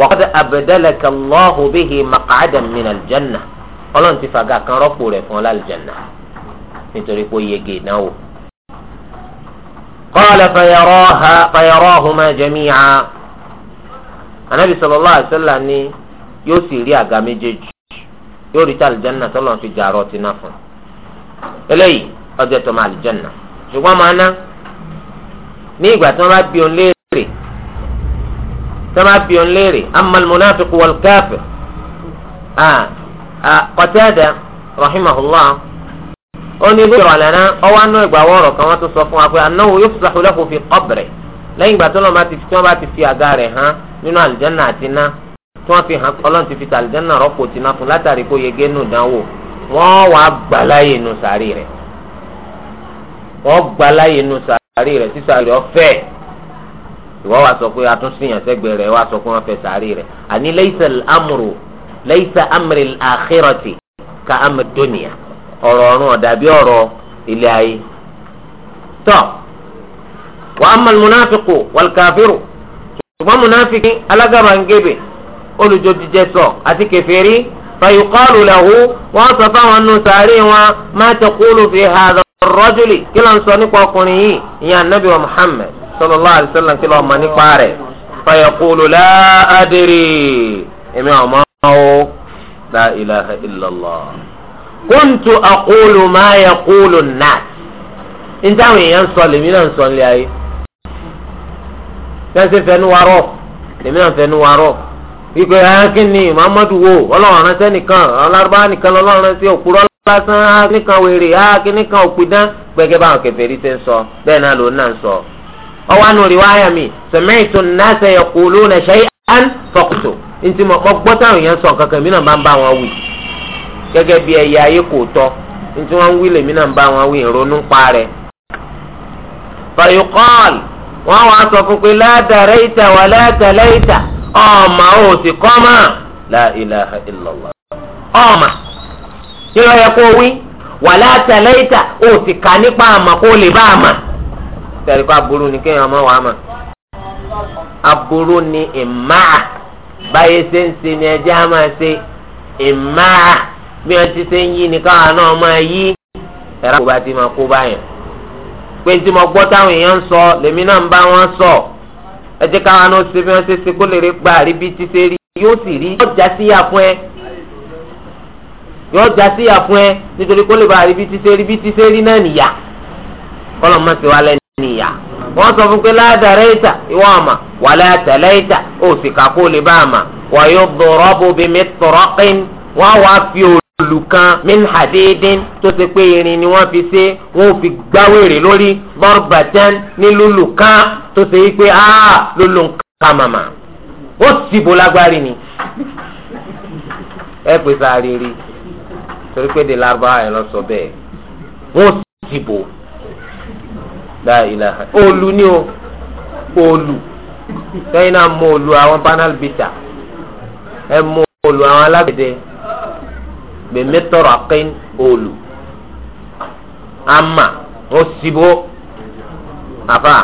wa qad abdalaka Allahu bihi maq'adan minal jannah ọlọ́run ti fàgà kan rọ́pò rẹ̀ fún ọlálùjẹ̀nà nítorí pé ó yege ìdánwò. qala fayarahuma jami'a anabi sallallahu alaihi wasallam ni yóò sì rí àga méjèèjì yóò rí tàlùjẹ̀nà tọ́lọ́run fi jà arọ́ tiná fún un. eléyìí ọjọ́ tó máa lùjẹ̀nà ṣùgbọ́n máa ná ní ìgbà tí wọ́n bá bí òun léèrè tí wọ́n bá bí òun léèrè amma al-munafiq Qatada rahimahullah ó ní lóyún ọ̀lànà ọwọ́ anú ẹ̀gbà wọ̀rọ̀ kan wọ́n tó sọ fún wa pé anáwó yufsahu lahu fi qabri lẹ́yìn ìgbà tó lọ́n bá ti fi tí wọ́n bá ti fi àga rẹ̀ nínú àti iná tí wọ́n fi hàn ọlọ́run yege nù dánwò wọ́n inú sàárì rẹ̀ wọ́n inú sàárì rẹ̀ sí sàárì ọ̀fẹ́ wa sọ pé sẹ́gbẹ̀ẹ́ rẹ̀ sọ pé wọ́n fẹ́ sàárì rẹ̀ laysa amril akhirati ka amri dunya ọ̀rọ̀ ọ̀run ó dà bí ọ̀rọ̀ ilé ayé. tọ́ wa amma almunafiqu wal kafiru ṣùgbọ́n munafiki alágàbàǹgebè olùjọ́jíjẹ́sọ àti kèfèrí fayuqalu lahu wọ́n sọ fáwọn nù sàárè wọn ma taqulu fi hadha ar-rajuli kí ló ń sọ nípa ọkùnrin yìí ìyá anabi wa muhammed sallallahu alaihi wasallam kí ló ń mọ nípa rẹ̀ fayaqulu la adri èmi ọmọ o la ilaha illallah kuntu aqulu ma yaqulu an-nas njàwọn èèyàn sọ lèmi náà sọ nílé ayé fẹsẹ fẹnu warọ lèmi náà fẹnu warọ wípé akínní muhammadu wo ọlọ́run ránṣẹ́ nìkan ọlọ́run nìkan lọ́lọ́run ránṣẹ́ òkúrọ́ lásán akínníkan wèrè akínníkan òpìdán gbẹgẹ báwọn kèfèrí ṣe ń sọ bẹ́ẹ̀ náà lòun náà ń sọ. ọwọ́ àánú rí wáyà mi sami'tu an-nasa yaquluna shay'an faqultu ntí mo gbọ́ táwọn èèyàn sọ nǹkan kan èmi náà máa ń bá wọn wí gẹ́gẹ́ bí ẹ̀yà ayé kò tọ́ ntí wọ́n ń wí lèmi náà ń bá wọn wí ìrònú pa rẹ̀. fàyọkọ́ọ̀lù wọ́n wá sọ fún pé ládàrẹ́ ìta wà ládàlẹ́ ìta ọ̀mà ò sì kọ́ mà la ilaha illallah kí ló yẹ kó wí wà ládàlẹ́ ìta ò sì kà nípa àmà kó lè bá àmà. tẹ̀rí aburú ni kéèyàn báyé ṣe ń ṣe ni ẹjẹ́ á máa ṣe ìmá bí wọ́n ti ṣe ń yí ni káwọn náà máa yí ẹ̀rọ àkóbá ti máa kó báyẹn pé tí mo gbọ́ táwọn èèyàn ń sọ lèmi náà ń bá wọn sọ ẹjẹ́ káwọn náà ṣe bí wọ́n ṣe ṣe kó lè rí gba àríbí ti ṣe rí yóò sì rí yóò já síyà fún ẹ yóò já síyà fún ẹ nítorí kó lè bá àríbí ti ṣe rí bí ti ṣe rí náà nìyà kọ́lọ́ mọ̀ sí wa lẹ́nu nìyà wọ́n sọ fún pé ládàrẹ́ ìta ìwọ àmà wàlẹ́ àtẹ̀lẹ́ ìta òsì kàkó lè bá àmà wàyó dọ̀rọ́bù bí mi tọ̀rọ́pìn wọ́n wá fi òòlù kan minhadidin tó ṣe pé irin ni wọ́n fi ṣe wọ́n fi gbáwèrè lórí bọ́rbàtẹ́n ní lùlù tó ṣe wípé áà lùlù kan màmá ó sì bò lágbárí ni ẹ pèsè àrírí torí pé de lárúbáwá yẹn lọ sọ bẹ́ẹ̀ wọ́n sì bò la ilaha òòlù ni o òòlù lẹ́yìn náà mú òòlù àwọn panel bita ẹ mú òòlù àwọn alágbèdè gbèmí tọrọ akéwìn òòlù ama ó sibó àbá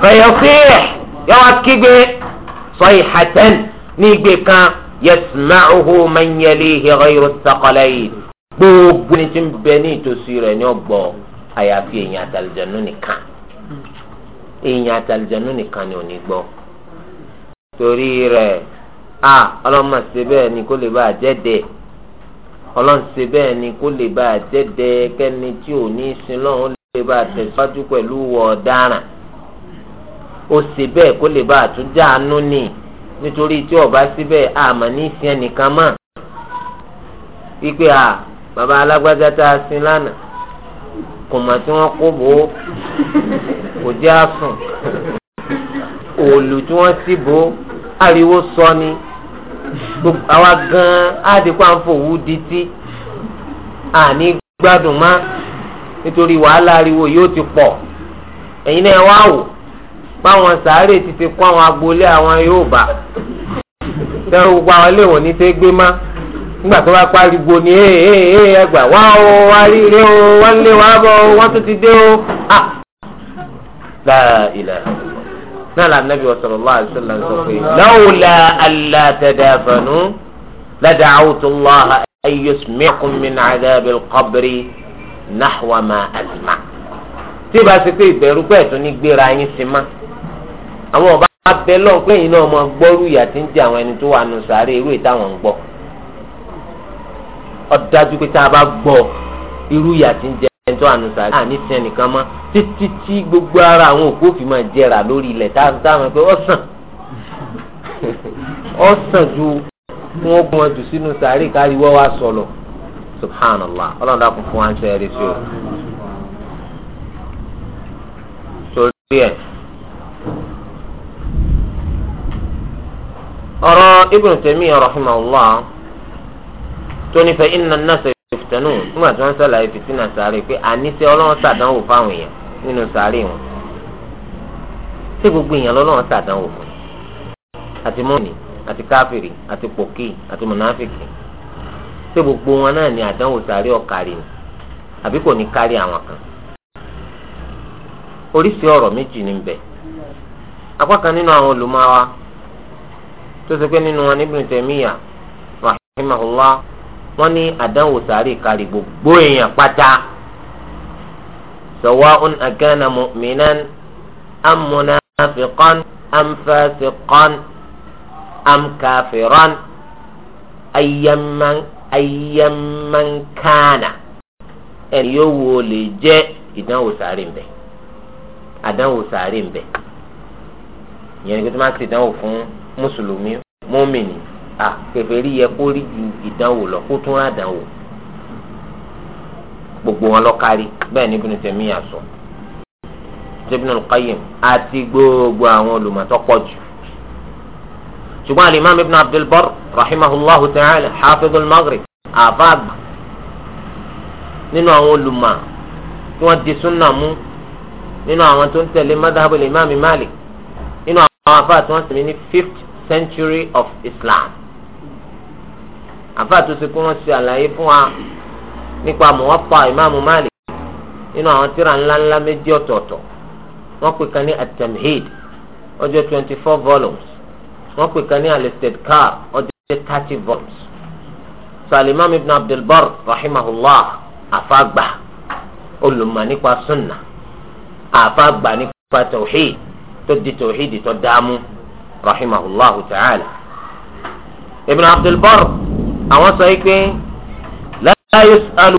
fẹyọfẹyẹ yọwọ kígbe sọyìn hàtẹn ní igbe kan yasma'uhu man yalihi ghayru gbogbo ní ti bẹ ní ìtòsí rẹ̀ ní ọgbọ́n àyàfi èèyàn àtàlìjànú nìkan èèyàn àtàlìjànú nìkan ni ò ní gbọ́ torí rẹ̀ a ọlọ́mọ ṣe bẹ́ẹ̀ ni kó lè bá a jẹ́dẹ̀ ọlọ́run ṣe bẹ́ẹ̀ ni kó lè bá a jẹ́dẹ̀ kẹ́ni tí ò ní sin lọ́run lè bá a tẹ̀síwájú pẹ̀lú ọ̀daràn ó ṣe bẹ́ẹ̀ kó lè bá a tún jáàánú ni nítorí tí ọba síbẹ̀ àmọ́ ní sin ẹnìkan mọ́ wípé a bàbá alágbájá tá a sin lánàá kùmà tí wọ́n kó bò ó kò jẹ́ àsùn òòlù tí wọ́n sì bò ó ariwo sọ ni àwa gan-an àdìpọ̀ àǹfọ̀wù di tí àní gbádùn má nítorí wàhálà ariwo yóò ti pọ̀ ẹ̀yin náà wá wò báwọn sàárè ti ti kó àwọn agboolé àwọn yóò bá tẹ́wọ́ gbogbo àwọn ilé ìwọ̀n ní tẹ́gbẹ́ má nígbà tó bá pariwo ni ẹ ẹ ẹ ẹgbà wá o wá rí rí o wá lé wá bọ o wọ́n tún ti dé o à ah! láìlà náà la nàbí sallallahu alaihi wasallam sọ pé lawla alla tadafanu lada'awtu Allah an yusmi'akum min 'adhabil qabri nahwa ma asma tí ìbá ṣe pé ìbẹ̀rù pẹ̀ tó ní gbéra yín sí ma àwọn ọba abẹ́ lọ́ọ̀ pé yìí náà mọ gbọ́rú ìyà ọ̀dájú pé tá a bá gbọ́ irú ìyà tí ń jẹ ẹ̀ńtọ́ ànúsà náà ní tiẹ̀ nìkan mọ́ títí tí gbogbo ara àwọn òkú òfin máa jẹrà lórí ilẹ̀ táwọn pé ọ̀sán ọ̀sán ju kí wọ́n gbọ́n jù sínú sàárè kárí wọ́n wá sọ̀lọ̀ subhanallah ọlọ́run dàkún fún wa ń sí o. torí ẹ̀ ọ̀rọ̀ Ibn Taymiyyah rahimahullah. tó ní iná náà sọ ìfìtẹ́nù nígbà tí wọ́n ń sọ̀lá ìfìtínà sáré pé àníṣe ọlọ́run ṣàdánwò fáwọn èèyàn nínú sáré wọn tí gbogbo èèyàn lọ́lọ́run ṣàdánwò fún àti mọ́ọ̀nì àti káfìrì àti pòkì àti mọ̀náfìkì tí gbogbo wọn náà ní àdánwò sáré ni àbí kò ní kárí àwọn kan oríṣi wọ́n ní àdánwò sàárè kárí gbogbo èèyàn pátá sawa'un akana mu'minan am munafiqan am fasiqan am kafiran ayyaman ayyaman kana ẹni yóò wo lè jẹ́ ìdánwò sàárè ń bẹ àdánwò sàárè ń bẹ ìyẹn ni pé tí wọ́n ti dánwò fún mùsùlùmí mọ́mìnì à kèfèrí yẹ kó rí ju ìdánwò lọ kó tún rà dánwò gbogbo wọn lọ kárí bẹ́ẹ̀ ni Ibn Taymiyyah sọ Ibn al-Qayyim àti gbogbo àwọn olùmọ̀tọ́ pọ̀ jù ṣùgbọ́n alimami ibn Abdul Barr rahimahullahu ta'ala hafidhul Maghrib nínú àwọn olùmọ̀ tí wọ́n di súnà mú nínú àwọn tó ń tẹ̀lé madhhabu imami Malik nínú àwọn afáà tí wọ́n sì mí ní fifth century of Islam àfáà tó ṣe kó wọ́n ṣe àlàyé fún wa nípa Muwatta ìmáàmù Malik nínú àwọn tíra ńláńlá méjì ọ̀tọ̀ọ̀tọ̀ wọ́n pè kan ní at-Tamhid ọjọ́ twenty four volumes wọ́n pè kan ní al-Istidkar ọjọ́ thirty volumes salimam ibn abdulbar rahimahullah afagba olùmọ̀ nípa sunna afagba nípa tawhid tó di tawhid tó dààmú rahimahullah ta'ala ibn abdulbar àwọn sọ pé la yus'alu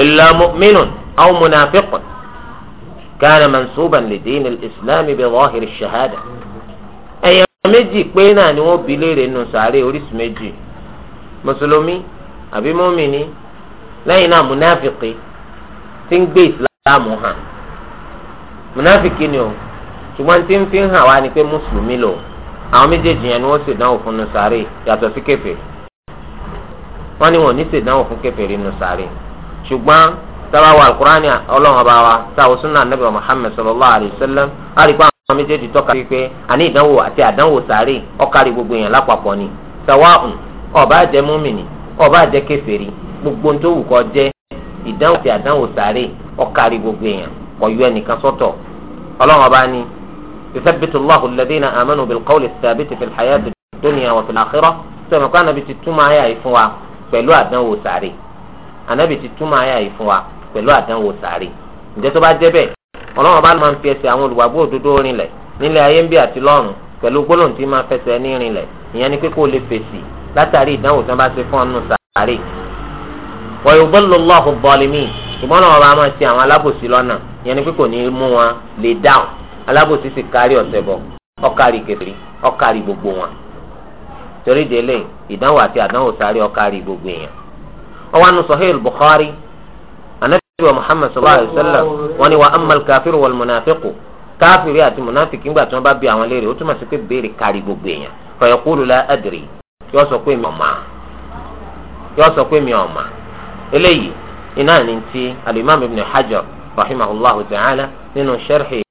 illa mu'minun aw munafiqun kana mansuban li din al-islam bi zahir ash-shahada ẹ̀yà méjì pé náà ni wọ́n bi léèrè nù sàárè oríṣi méjì mùsùlùmí àbí mọ́mìnì lẹ́yìn náà múnáfìkì ti ń gbé ìsìláàmù hàn múnáfìkì ni o ṣùgbọ́n tí ń fi hàn wá ni pé mùsùlùmí lò àwọn méjèèjì yẹn ni wọ́n sì dánwò fún un sáré yàtọ̀ sí kèfèrí wọ́n ní wọn ní ṣèdánwò fún kèfèrí nù sáré ṣùgbọ́n sábà wà alukurani ọlọ́run ọba wa sáwọ sunna anabi wa muhammed sallallahu alayhi wa sallam àríkọ́ àwọn méjèèjì tọ́ka pípé àní ìdánwò àti àdánwò sáré ọ̀kárí gbogbo èèyàn lápapọ̀ ni sawa'un ọba jẹ́ múmìnì ọba jẹ́ kèfèrí gbogbo tó wù kó jẹ́ ìdánwò àti àdánwò sáré ọ̀kárí gbogbo èèyàn kò yọ ẹnìkan sọ́tọ̀ ọlọ́run ọba ni yuthabbitu allahu pẹ̀lú àdánwò sáré ànábì ti túmọ̀ àyà yìí fún wa pẹ̀lú àdánwò sáré ǹjẹ́ tó bá jẹ́ bẹ́ẹ̀ ọlọ́run bá máa ń fi ẹsẹ̀ àwọn olùwàgbọ́ òdodo rinlẹ̀ nílẹ̀ ayé ń bí àti lọ́run pẹ̀lú gbólóhùn tí máa fẹsẹ̀ ní rinlẹ̀ ìyẹn ni pé kó o lè fèsì látàrí ìdánwò tí wọ́n bá ṣe fún ọ̀nù sáré. wa yudillu Allahu zalimin ṣùgbọ́n náà wọ́n máa ṣe àwọn alábòsí lọ́nà ìyẹn ni pé kò ní mú wọn lè dáhùn alábòsí sì kárí ọ̀sẹ̀ bọ̀ ọ̀kárí kẹfìrí ọ̀kárí gbogbo wọn torí délé ìdánwò àti àdánwò sáré ọkàrí gbogbo èèyàn. ọwọ́n anu sahih bukhari anabi wa muhammad sallallahu alayhi wa sallam wọ́n ní wa amal kafir wal munafiqu káfíìrì àti munafiki ńgbà tí wọ́n bá bi àwọn léèrè ó túmọ̀ sí pé béèrè kárí gbogbo èèyàn fayaqulu la adri yóò sọ pé mi ò mà yóò sọ pé mi ò mà eléyìí iná ní ti alimami ibn hajar rahimahullahu ta'ala nínú sharhi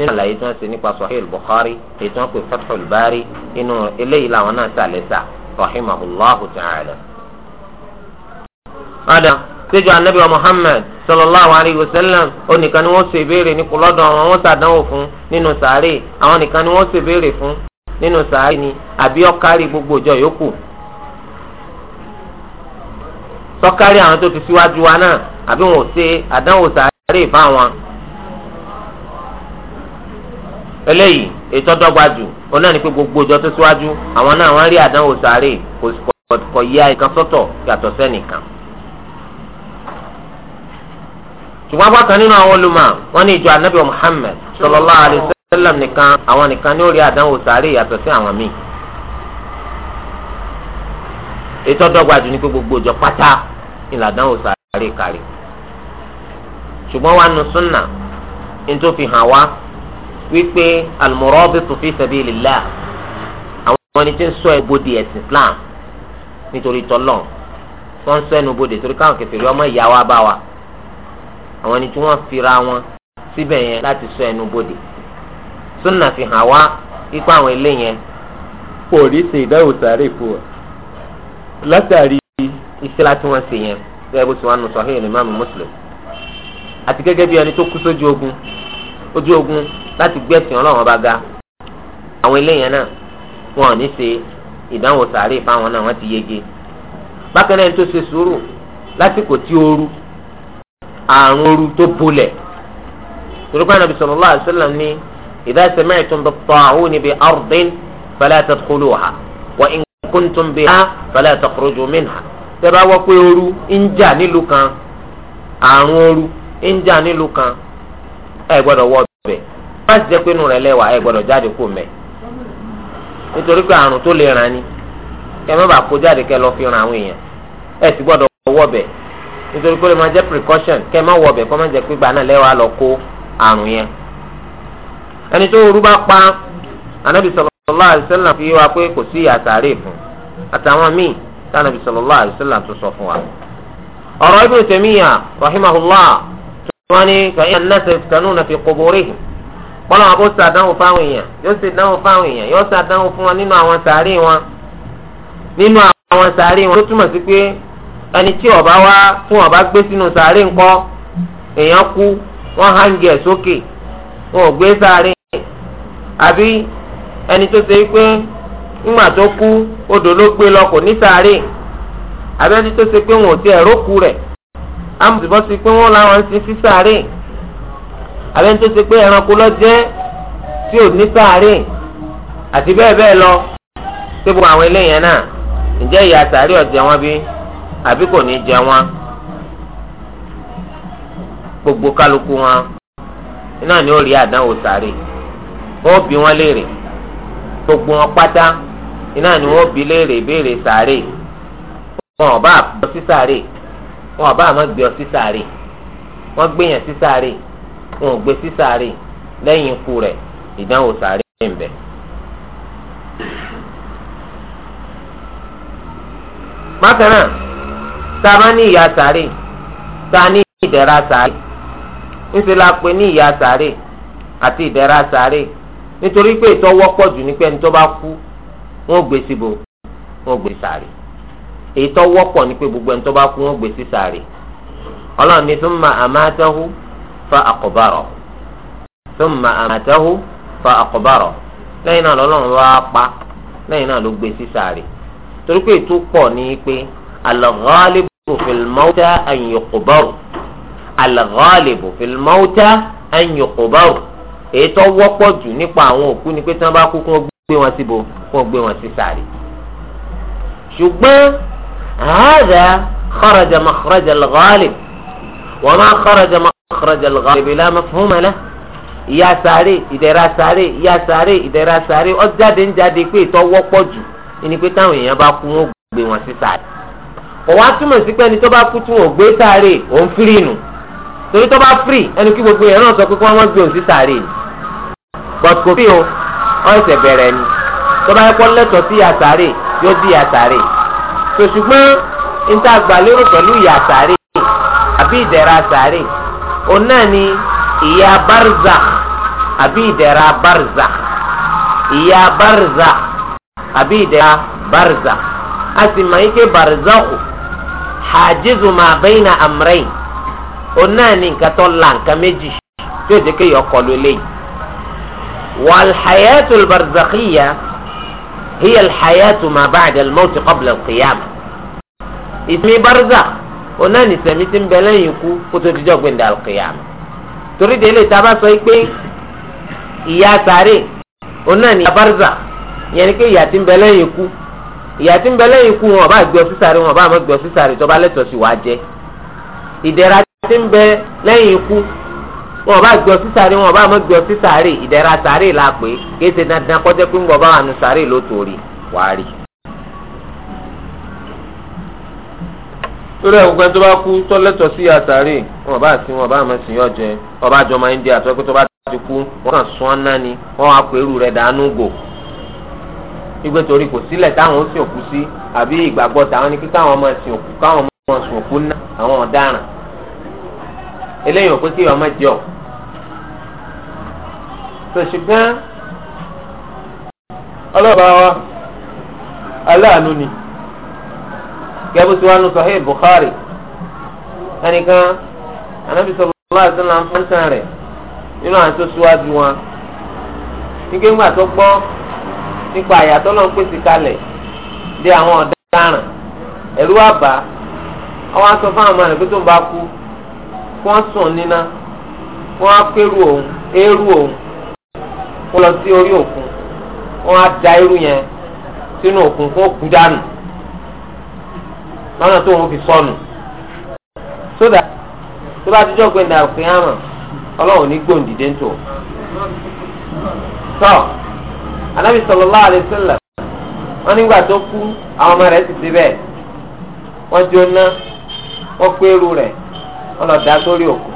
nínú àlàyé tí wọ́n ṣe nípa sahih bukhari èyí tí wọ́n pè fathul bari inú eléyìí làwọn náà ṣàlẹ́sà rahimahullahu ta'ala. padà péjọ anabi wa muhammad sallallahu alayhi wa sallam ó nìkan ni wọ́n ṣe béèrè ní kúlọ́dọ̀ àwọn wọ́n ṣàdánwò fún nínú sàárè àwọn nìkan ni wọ́n ṣe béèrè fún nínú sàárè ni àbí ó gbogbo ìjọ yòókù sọ́kárí àwọn tó ti síwájú wa náà àbí wọn ò ṣe àdánwò sàárè fáwọn. eléyìí ètò ọdọgba jù òun náà ni pé gbogbo ìjọ tó síwájú àwọn náà wọ́n rí àdánwò sáré kò yá ìkan sọ́tọ̀ yàtọ̀ sẹ́nìkan. ṣùgbọ́n apá kan nínú àwọn olùmọ̀ wọ́n ní ìjọ anabi muhammed sallallahu alaihi wasallam nìkan àwọn nìkan ní ó rí àdánwò sáré yàtọ̀ sí àwọn míì. ètò ọdọgba jù ni pé gbogbo ìjọ pátá ìlàdánwò sáré kárí. ṣùgbọ́n wàá nu súnà ní wá. wípé al-murabitu fi sabilillah àwọn ẹni tí ń sọ ẹnubodè ẹ̀sìn Islam nítorí tọ́lọ̀ tó ń sọ ẹnubodè torí káwọn kẹfìrí ọmọ ìyá wa bá wa àwọn ẹni tí wọ́n fira wọn síbẹ̀ yẹn láti sọ ẹnubodè súnà fi hàn wá ipa àwọn ilé yẹn kò ìdáhùn sáré fún ọ látàrí iṣẹ́ láti wọ́n ṣe yẹn gẹ́gẹ́ bó ti wọ́n nù Sahih Imam Muslim àti gẹ́gẹ́ bí ẹni ojú ogun láti gbẹ̀sìn ọlọ́run ọba ga àwọn eléyàn náà wọn ò ní ṣe ìdánwò sàárè fáwọn náà wọ́n ti yege bákan náà tó ṣe sùúrù lásìkò tí ooru àrùn ooru tó bolẹ̀ turukpa nabi sallallahu alayhi wa sallam ni idha sami'tum bit-ta'uni bi ardin fala tadkhuluha wa in kuntum biha fala takhruju minha tẹ́ bá wò pé ooru ń jà nílùú kan àrùn ooru ń jà nílùú kan ẹ gbọ́dọ̀ wọ ọbẹ̀ má sì jẹ́ pé inú rẹ̀ lẹ́wà ẹ jáde kó nítorí pé àrùn tó lè ràn jáde kẹ lọ fi ràn àwọn èèyàn ẹ sì gbọ́dọ̀ wọ nítorí pé precaution kẹ má wọ ọbẹ̀ kọ́ má jẹ́ pé gbaná lẹ́wà lọ kó àrùn yẹn ẹni tó orú bá pa anabi fi wá pé kò sí àtàrí fún àtàwọn míì tó sọ fún wa wọ́n ní kàyí anáṣẹ kanú nàfi kòbórè kọ́lọ́ wọn bó sàdánwò fáwọn èèyàn yóò sàdánwò fáwọn èèyàn yóò sàdánwò fún wọn nínú àwọn sàárè wọn nínú àwọn sàárè wọn tó túmọ̀ sí pé ẹni tí ọba wá tí wọn bá gbé sínú sàárè ńkọ́ èèyàn kú wọn hangi ẹ̀ sókè wọn ò gbé sàárè àbí ẹni tó ṣe pé ńgbà tó kú odò ló gbé lọ kò ní sàárè àbí ẹni tó ṣe pé wọn ò tiẹ̀ rókù rẹ̀ amúsìbọ́ sí pé wọ́n làwọn ń sin sí sàárè abẹ́ni tó ṣe pé ẹranko lọ jẹ́ tí ò ní sàárè àti bẹ́ẹ̀ bẹ́ẹ̀ lọ pé gbogbo àwọn eléyẹn náà ǹjẹ́ ìyà sàárè ọ̀jẹ̀ wọn bí àbí kò ní jẹ wọn gbogbo kálukú wọn iná ni ó rí àdánwò sàárè ó bi wọn léèrè gbogbo wọn pátá iná ni wọn ó léèrè ìbéèrè sàárè wọn ò bá àpò sí sàárè wọn àbá àmọ́ gbé ọ sí sàárè wọ́n gbé yẹn sí sàárè wọn ò gbé sí sàárè lẹ́yìn ikú rẹ̀ ìdánwò sàárè ń bẹ. bákan tá a bá ní ìyá sàárè tá a ní ìdẹ̀ra sàárè ńṣe la pè ní ìyá sàárè àti ìdẹ̀ra sàárè nítorí pé ìtọ́wọ́pọ̀ jù ní pé ẹni tó bá kú wọn ò gbé síbo wọn ò gbé sàárè èyí tó wọ́pọ̀ ni pé gbogbo ẹni tó bá kú wọn gbé sí sàárè ọlọ́run ní thumma amatahu fa aqbarahu thumma amatahu fa aqbarahu lẹ́yìn náà lọ́lọ́run wá pa lẹ́yìn náà ló gbé sí sàárè torí pé ètò pọ̀ ní pé al-ghalibu fil mawta an yuqbaru èyí tó wọ́pọ̀ jù nípa àwọn òkú ni pé tí wọ́n bá kú kí wọ́n gbé wọn síbo kí wọ́n gbé wọn sí sàárè ṣùgbọ́n هذا خرج مخرج الغالب وما خرج مخرج الغالب لا مفهوم له يا ساري ìdẹ̀ra sáré يا ساري ìdẹ̀ra sáré ó jáde ń jáde pé ìtọ́wọ́ pọ̀ jù ni pé táwọn èèyàn bá kú wọn gbé wọn sí sáré ọ̀wá túmọ̀ sí pé ẹni tó bá kú tí wọn ò gbé sáré òun fírì nù torí tó bá fírì ẹni kí gbogbo èèyàn sọ pé kí wọ́n má gbé òun sí sáré ni bọ̀dùkò fi hàn ọ́ ẹ̀sẹ̀ bẹ̀rẹ̀ ni tó bá yẹ kó lẹ́tọ̀ọ́ sí ìyá sáré yóò di ìyá sáré sòṣùgbọ́n níta gbàlérò pẹ̀lú ìyà sàárè àbí ìdẹ̀ra sàárè òun náà ni ìyà barza àbí ìdẹ̀ra barza ìyà barza àbí ìdẹ̀ra barza a sì mọ̀ ike barza o hajizu ma bayna amrayn òun náà ni nǹkan tó la nǹkan méjì tí ó jẹ́ kéèyàn kọlu eléyìí wal hayatul barzakhiya. هي الحياة ما بعد الموت قبل القيامة. ìsinmi barzakh ọ̀nà nìsẹ̀mí ti يكو. bẹ lẹ́yìn القيامة. تريد tó ti jọ́ يا ساري. torí délé tá a bá sọ yìí pé ìyà sáré ọ̀nà ní ìyà barzakh yẹn ni pé ìyà ti ń bẹ lẹ́yìn ikú ìyà ti ń bẹ lẹ́yìn ikú wọn ọba àgbẹ̀ sísàrè wọn ọba àmọ́ àgbẹ̀ sísàrè tó lẹ́tọ̀ọ́ sí wàá jẹ ìdẹ̀ra ti ń bẹ lẹ́yìn ikú wọn bá gbé ọ sí sàárè wọn bá mọ gbé ọ sí sàárè ìdẹ̀ra sàárè la pé kéde dandan kọjá pé ń bọ̀ bá wà nù sàárè ló torí wàá rí. torí ẹ̀ bá kú tọ́lẹ́tọ̀ sí àtàrí wọn bá sí wọn bá àmọ́ sí yọ jẹ ọba àjọmọ india tó pé tó bá ti kú wọn kàn sún ọ́nà ni wọn wá pé irú rẹ̀ dànù gò igbe torí kò sílẹ̀ táwọn ó sìn òkú sí àbí ìgbàgbọ́ táwọn ní kí káwọn ọmọ sìn òkú káwọn ọmọ sìn òkú ná àwọn ọ̀daràn eléyìí òkú sí ọmọ jọ tó ṣùgbọ́n ọlọ́ba wa aláàánú ni gẹ́gẹ́ tí wọ́n nu Sahih Bukhari ẹnìkan anábì sọ̀rọ̀ lọ́wọ́ àti sọ́nà fúnṣán rẹ̀ nínú àwọn tó ṣíwájú wọn nígbà ńgbà tó gbọ́ nípa àyàtọ̀ náà pèsè kalẹ̀ dé àwọn ọ̀daràn ẹ̀rú àbá ọwọ́ aṣọ fún àwọn ọmọ rẹ̀ pé tó ń bá kú. kó wọ́n sùn níná kó wọ́n òun eérú òun kó lọ sí orí òkun kó wọ́n da irú yẹn sínú òkun kó dànù tó fi sọnù sódà tó bá ti jọ́ pé nàìjíríà hàn ọlọ́run ní gbòǹdìdé ń tọ́ anabi wọn nígbà tó kú àwọn ọmọ rẹ̀ ti ti bẹ́ẹ̀ wọ́n jóná wọ́n wọ́n lọ da sórí òkú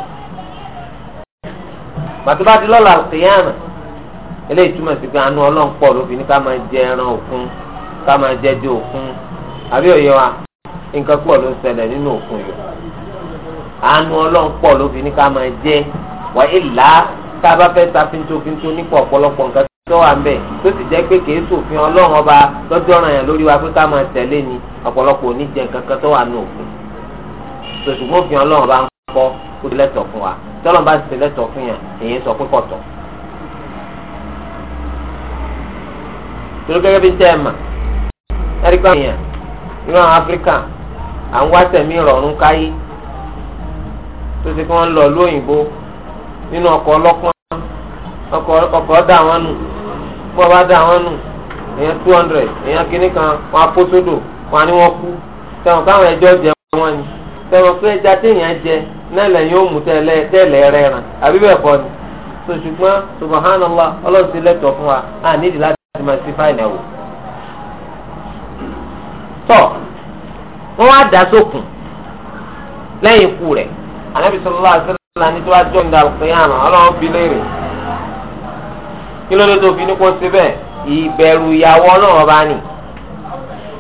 pàtó bá ti lọ́la àlùkìyàmà eléyìí túmọ̀ sí pé àánú ọlọ́run pọ̀ ló fi ní ká máa jẹ ẹran òkun ká máa jẹ di òkun àbí òye wa nǹkan pọ̀ ló ń ṣẹlẹ̀ nínú òkun yìí àánú ọlọ́run pọ̀ ló fi ní ká máa jẹ wà ìlà tá bá fẹ́ ta fintofinto nípa ọ̀pọ̀lọpọ̀ nǹkan tó wà mbẹ tó sì jẹ́ pé kìí sòfin ọlọ́run ọba lọ́jọ́ ọ̀ràn yẹn lórí wa pé ká máa tẹ̀lé ni ọ̀pọ̀lọpọ̀ oníjẹ nǹkan kan tó wà nù òkun tòṣùgbọ́n òfin ọlọ́run ọba ń kọ́ kó lẹ́tọ̀ fún wa tọ́lọ́n ti ṣe lẹ́tọ̀ fún yẹn èyí sọ pé kọ̀tọ̀. torí bí tẹ́ ẹ mà ẹ́ríkà yẹn nínú àwọn áfíríkà à ń wá tẹ̀mí rọ̀rùn káyé tó ti kí wọ́n lọ lóyìnbó nínú ọkọ̀ ọlọ́pọ́n ọkọ̀ dà wọ́n nù bọ́ bá dà wọ́n nù èèyàn two hundred èèyàn kìíní kan wọ́n á kó sódò wọ́n á ní wọ́n kú sẹ́wọ̀n káwọn ẹjọ́ jẹ wọ́n ni sẹ́wọ̀n pé ẹja téèyàn jẹ náà lẹ́yìn ó mú tẹ́lẹ̀ tẹ́lẹ̀ rẹ̀ ràn àbí bẹ́ẹ̀ kọ́ ni ṣùgbọ́n subhanallah ọlọ́run ti lẹ́tọ̀ fún wa a nídìí láti máa ṣe fáìlì ẹ̀wò. tọ́ wọ́n wá dá sókun lẹ́yìn ikú rẹ̀ anábì sallallahu alaihi wasallam ní tó wá jọ́ ìdá àlùkìyàmà ọlọ́run fi léèrè kí ló dé tó fi ní kó ṣe bẹ́ẹ̀ ìbẹ̀rù ìyàwó ọlọ́run bá nì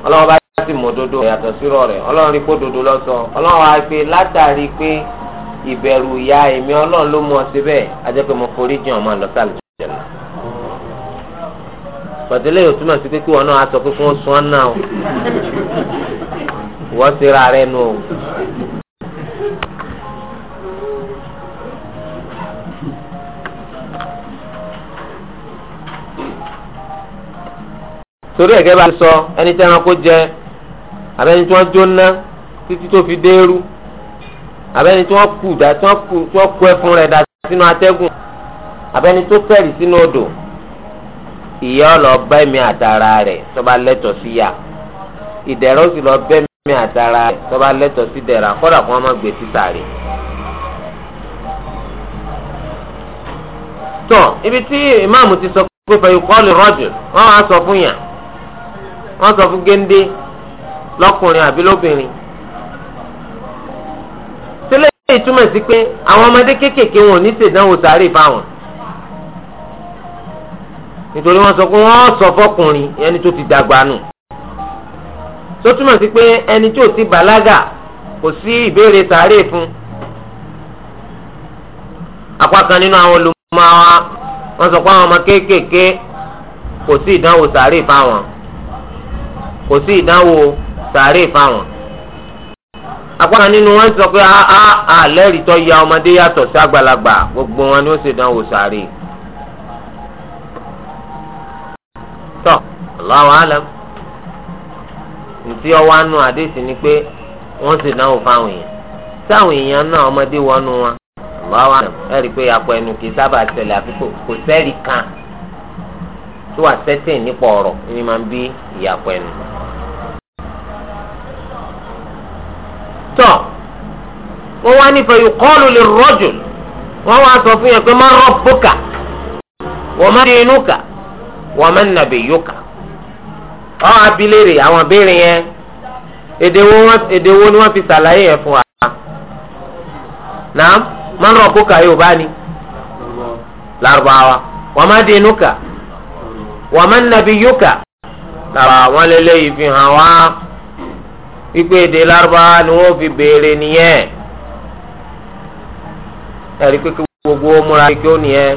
ọlọ́run bá sì mọ̀ dodo yàtọ̀ sírọ̀ rẹ̀ ọlọ́run rí kó dodo lọ́sọ ọlọ́run wá pé látàrí pé ìbẹ̀rù ìyá èmi ọlọ́run ló mú ọ síbẹ̀ ajẹ́ pé mo forí jìn ọmọ lọ sálẹ̀ jẹ̀lá. pàtẹ́lẹ̀ yóò túmọ̀ sí pé kí wọn náà aṣọ pípọ́n sún ọ́n náà wọ́n ti rẹ̀ nù o. torí ẹ̀gẹ́ bá ti sọ ẹni tí ẹranko jẹ àbẹ́ni tí wọ́n jóná títí tó fi dé eru abẹ́ni tí wọ́n kú dá tí wọ́n kú tí wọ́n kú ẹkún rẹ̀ dá sínú atẹ́gùn abẹ́ni tó tẹ̀lé sínú odò ìyà ó lọ bá ẹ̀mí àtara rẹ̀ tó bá lẹ́tọ̀ọ́ sí yà ìdẹ̀rẹ̀ ó sì lọ bá ẹ̀mí àtara rẹ̀ tó bá lẹ́tọ̀ọ́ sí dẹ̀ra kódà kó wọ́n má gbé títà rẹ̀. tó ibi tí ìmáàmù ti sọ pé fẹ́ kọ́ọ̀lù rọ́jù wọ́n máa sọ fún yàn wọ́n sọ fún géńdé lọ́kùnrin àbí lóbìnrin eléyìí túmọ̀ sí pé àwọn ọmọdé kéékèèké wọn ò ní ṣèdánwò sáré fáwọn nítorí wọn sọ pé wọn sọ fọkùnrin ẹni tó ti dàgbà nù tó túmọ̀ sí pé ẹni tó ti bàlágà kò sí ìbéèrè sáré fún apá nínú àwọn olùmọ̀ wa wọn sọ pé àwọn ọmọ kéékèèké kò sí ìdánwò sáré fáwọn kò sí ìdánwò sáré fáwọn apákan nínú wọn sọ pé a ah, a ah, àlẹ́rìí ah, tó ya ọmọdé yàtọ̀ sí àgbàlagbà gbogbo wọn ni ó sì dánwò sáré. tọ́ Allahu alam ntí ọwọ́ anú àdéhùn ni pé wọ́n sì dánwò fáwọn èèyàn táwọn èèyàn náà ọmọdé wọnú wọn Allahu alam ẹ rí i pé àpò ẹnu kì í sábà ṣẹlẹ̀ àfi kò sẹ́rìí kan tí wàá sẹ́tẹ̀ nípa ọ̀rọ̀ ni máa ń bí ìyàpọ̀ ẹnu. tọ wọn wá nífẹ̀ẹ́ yìí kọ́ọ̀lù lè rọ́jò wọn wá sọ fún yẹn pé má rọ́bùkà wọ́n má dínúkà wọ́n má nàbẹ̀yọ́kà ọ abilérè àwọn abéèrè yẹn èdè ni wọ́n fi ṣàlàyé yẹn fún wa. naam má rọ́bùkà yóò bá ní Lárúbáwá wọ́n má dínúkà wọ́n má nàbẹ̀yọ́kà lára wọn lélẹ́yìí fi hàn wá wípé èdè lárúbáwá ni wọ́n fi béèrè nìyẹn ẹ̀rí pé gbogbo múra kí ó nìyẹn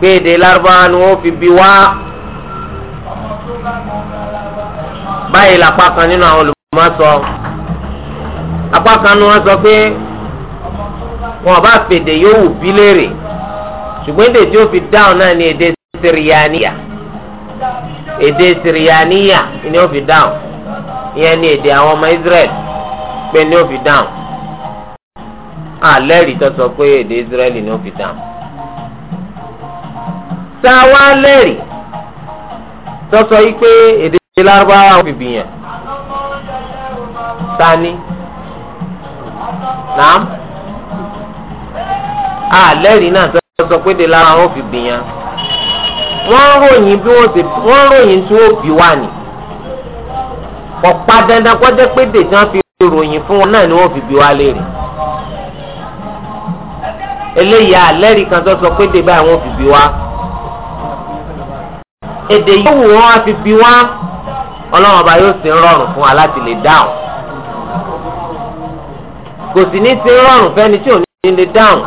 pé èdè lárúbáwá ni wọ́n fi bí wá báyìí lápá kan nínú àwọn olùmọ̀ sọ apá kan ni wọ́n sọ pé wọn bá fèdè yóò wù bí léèrè ṣùgbọ́n èdè tí ó fi dáhùn náà ni èdè siriyaniya èdè siriyaniya ni ó fi dáhùn ìyẹn ni èdè àwọn ọmọ Israẹli pé ní ó fi dáhùn àlẹ́rìí tó sọ pé èdè Israẹli ni ó fi dáhùn. sáwa lẹ́rìí tó sọ yìí pé èdè lárúbáwá ó fi bìyàn tani nàám àlẹ́rìí náà tó sọ pé èdè lárúbáwá ó fi bìyàn wọ́n ròyìn bí wọ́n ṣe wọ́n ròyìn tí wọ́n bí wà ní kò pa dandan kó jẹ́ pé dèjì wọn fi ròyìn fún wọn náà ni wọ́n fi bi wá léèrè eléyìí alẹ́rìí kan tó sọ pé dè báyìí wọ́n fi bi wá èdè yìí wò wọ́n fi bi wá ọlọ́run ọba yóò sì ń rọrùn fún wa láti lè dáhùn kò sì ní sí rọrùn fẹ́ni tí ò ní lè dáhùn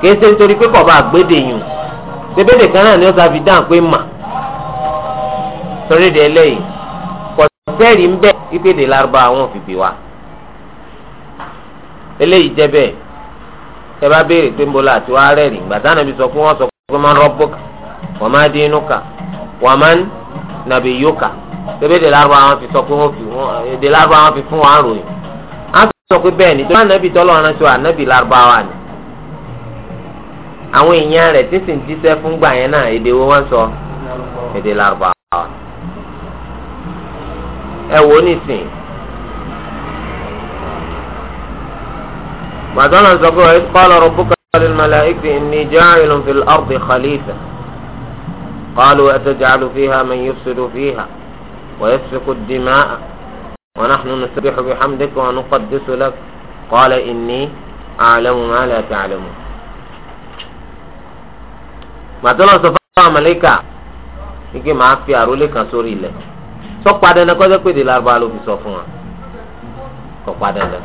kìí ṣe nítorí pé kọ̀ọ̀bá àgbédè yùn ṣebédè kan náà ni ó sá fi dáhùn pé mà torí de eléyìí. sẹ́ẹ̀rì ń bẹ́ ìpèdè lárúbá àwọn òfìbí wa eléyìí jẹ́ bẹ́ẹ̀ ẹ bá béèrè pé ń bolo àti wàá rẹ̀ rìn gbàtà nàbí sọ pé wọ́n sọ pé man rabbuka ma dinuka wa man nabiyuka tẹ́bí èdè lárúbá àwọn fi sọ pé wọ́n fi wọ́n èdè lárúbá àwọn fi fún wa ròyìn á sọ pé bẹ́ẹ̀ ni tó bá nàbí tọ́lọ́ ránṣọ ànábì lárúbá wa ni àwọn èèyàn rẹ̀ tí sì ń jíṣẹ́ fún gbà ẹ wò nísìnyí. màdánà sọ pé wàá kọ́lọ̀ rọ̀bùkà للملائكة إني جاعل في الأرض خليفة قالوا أتجعل فيها من يفسد فيها ويسفك الدماء ونحن نسبح بحمدك ونقدس لك قال إني أعلم ما لا تعلمون màtọ́lọ́ sọ fún àwọn màláíkà wípé màá fi àrólé kan sórí ilẹ̀ sọ padà náà kọjá pé de Lárúbáwá ló fi sọ fún wa kọ padà náà.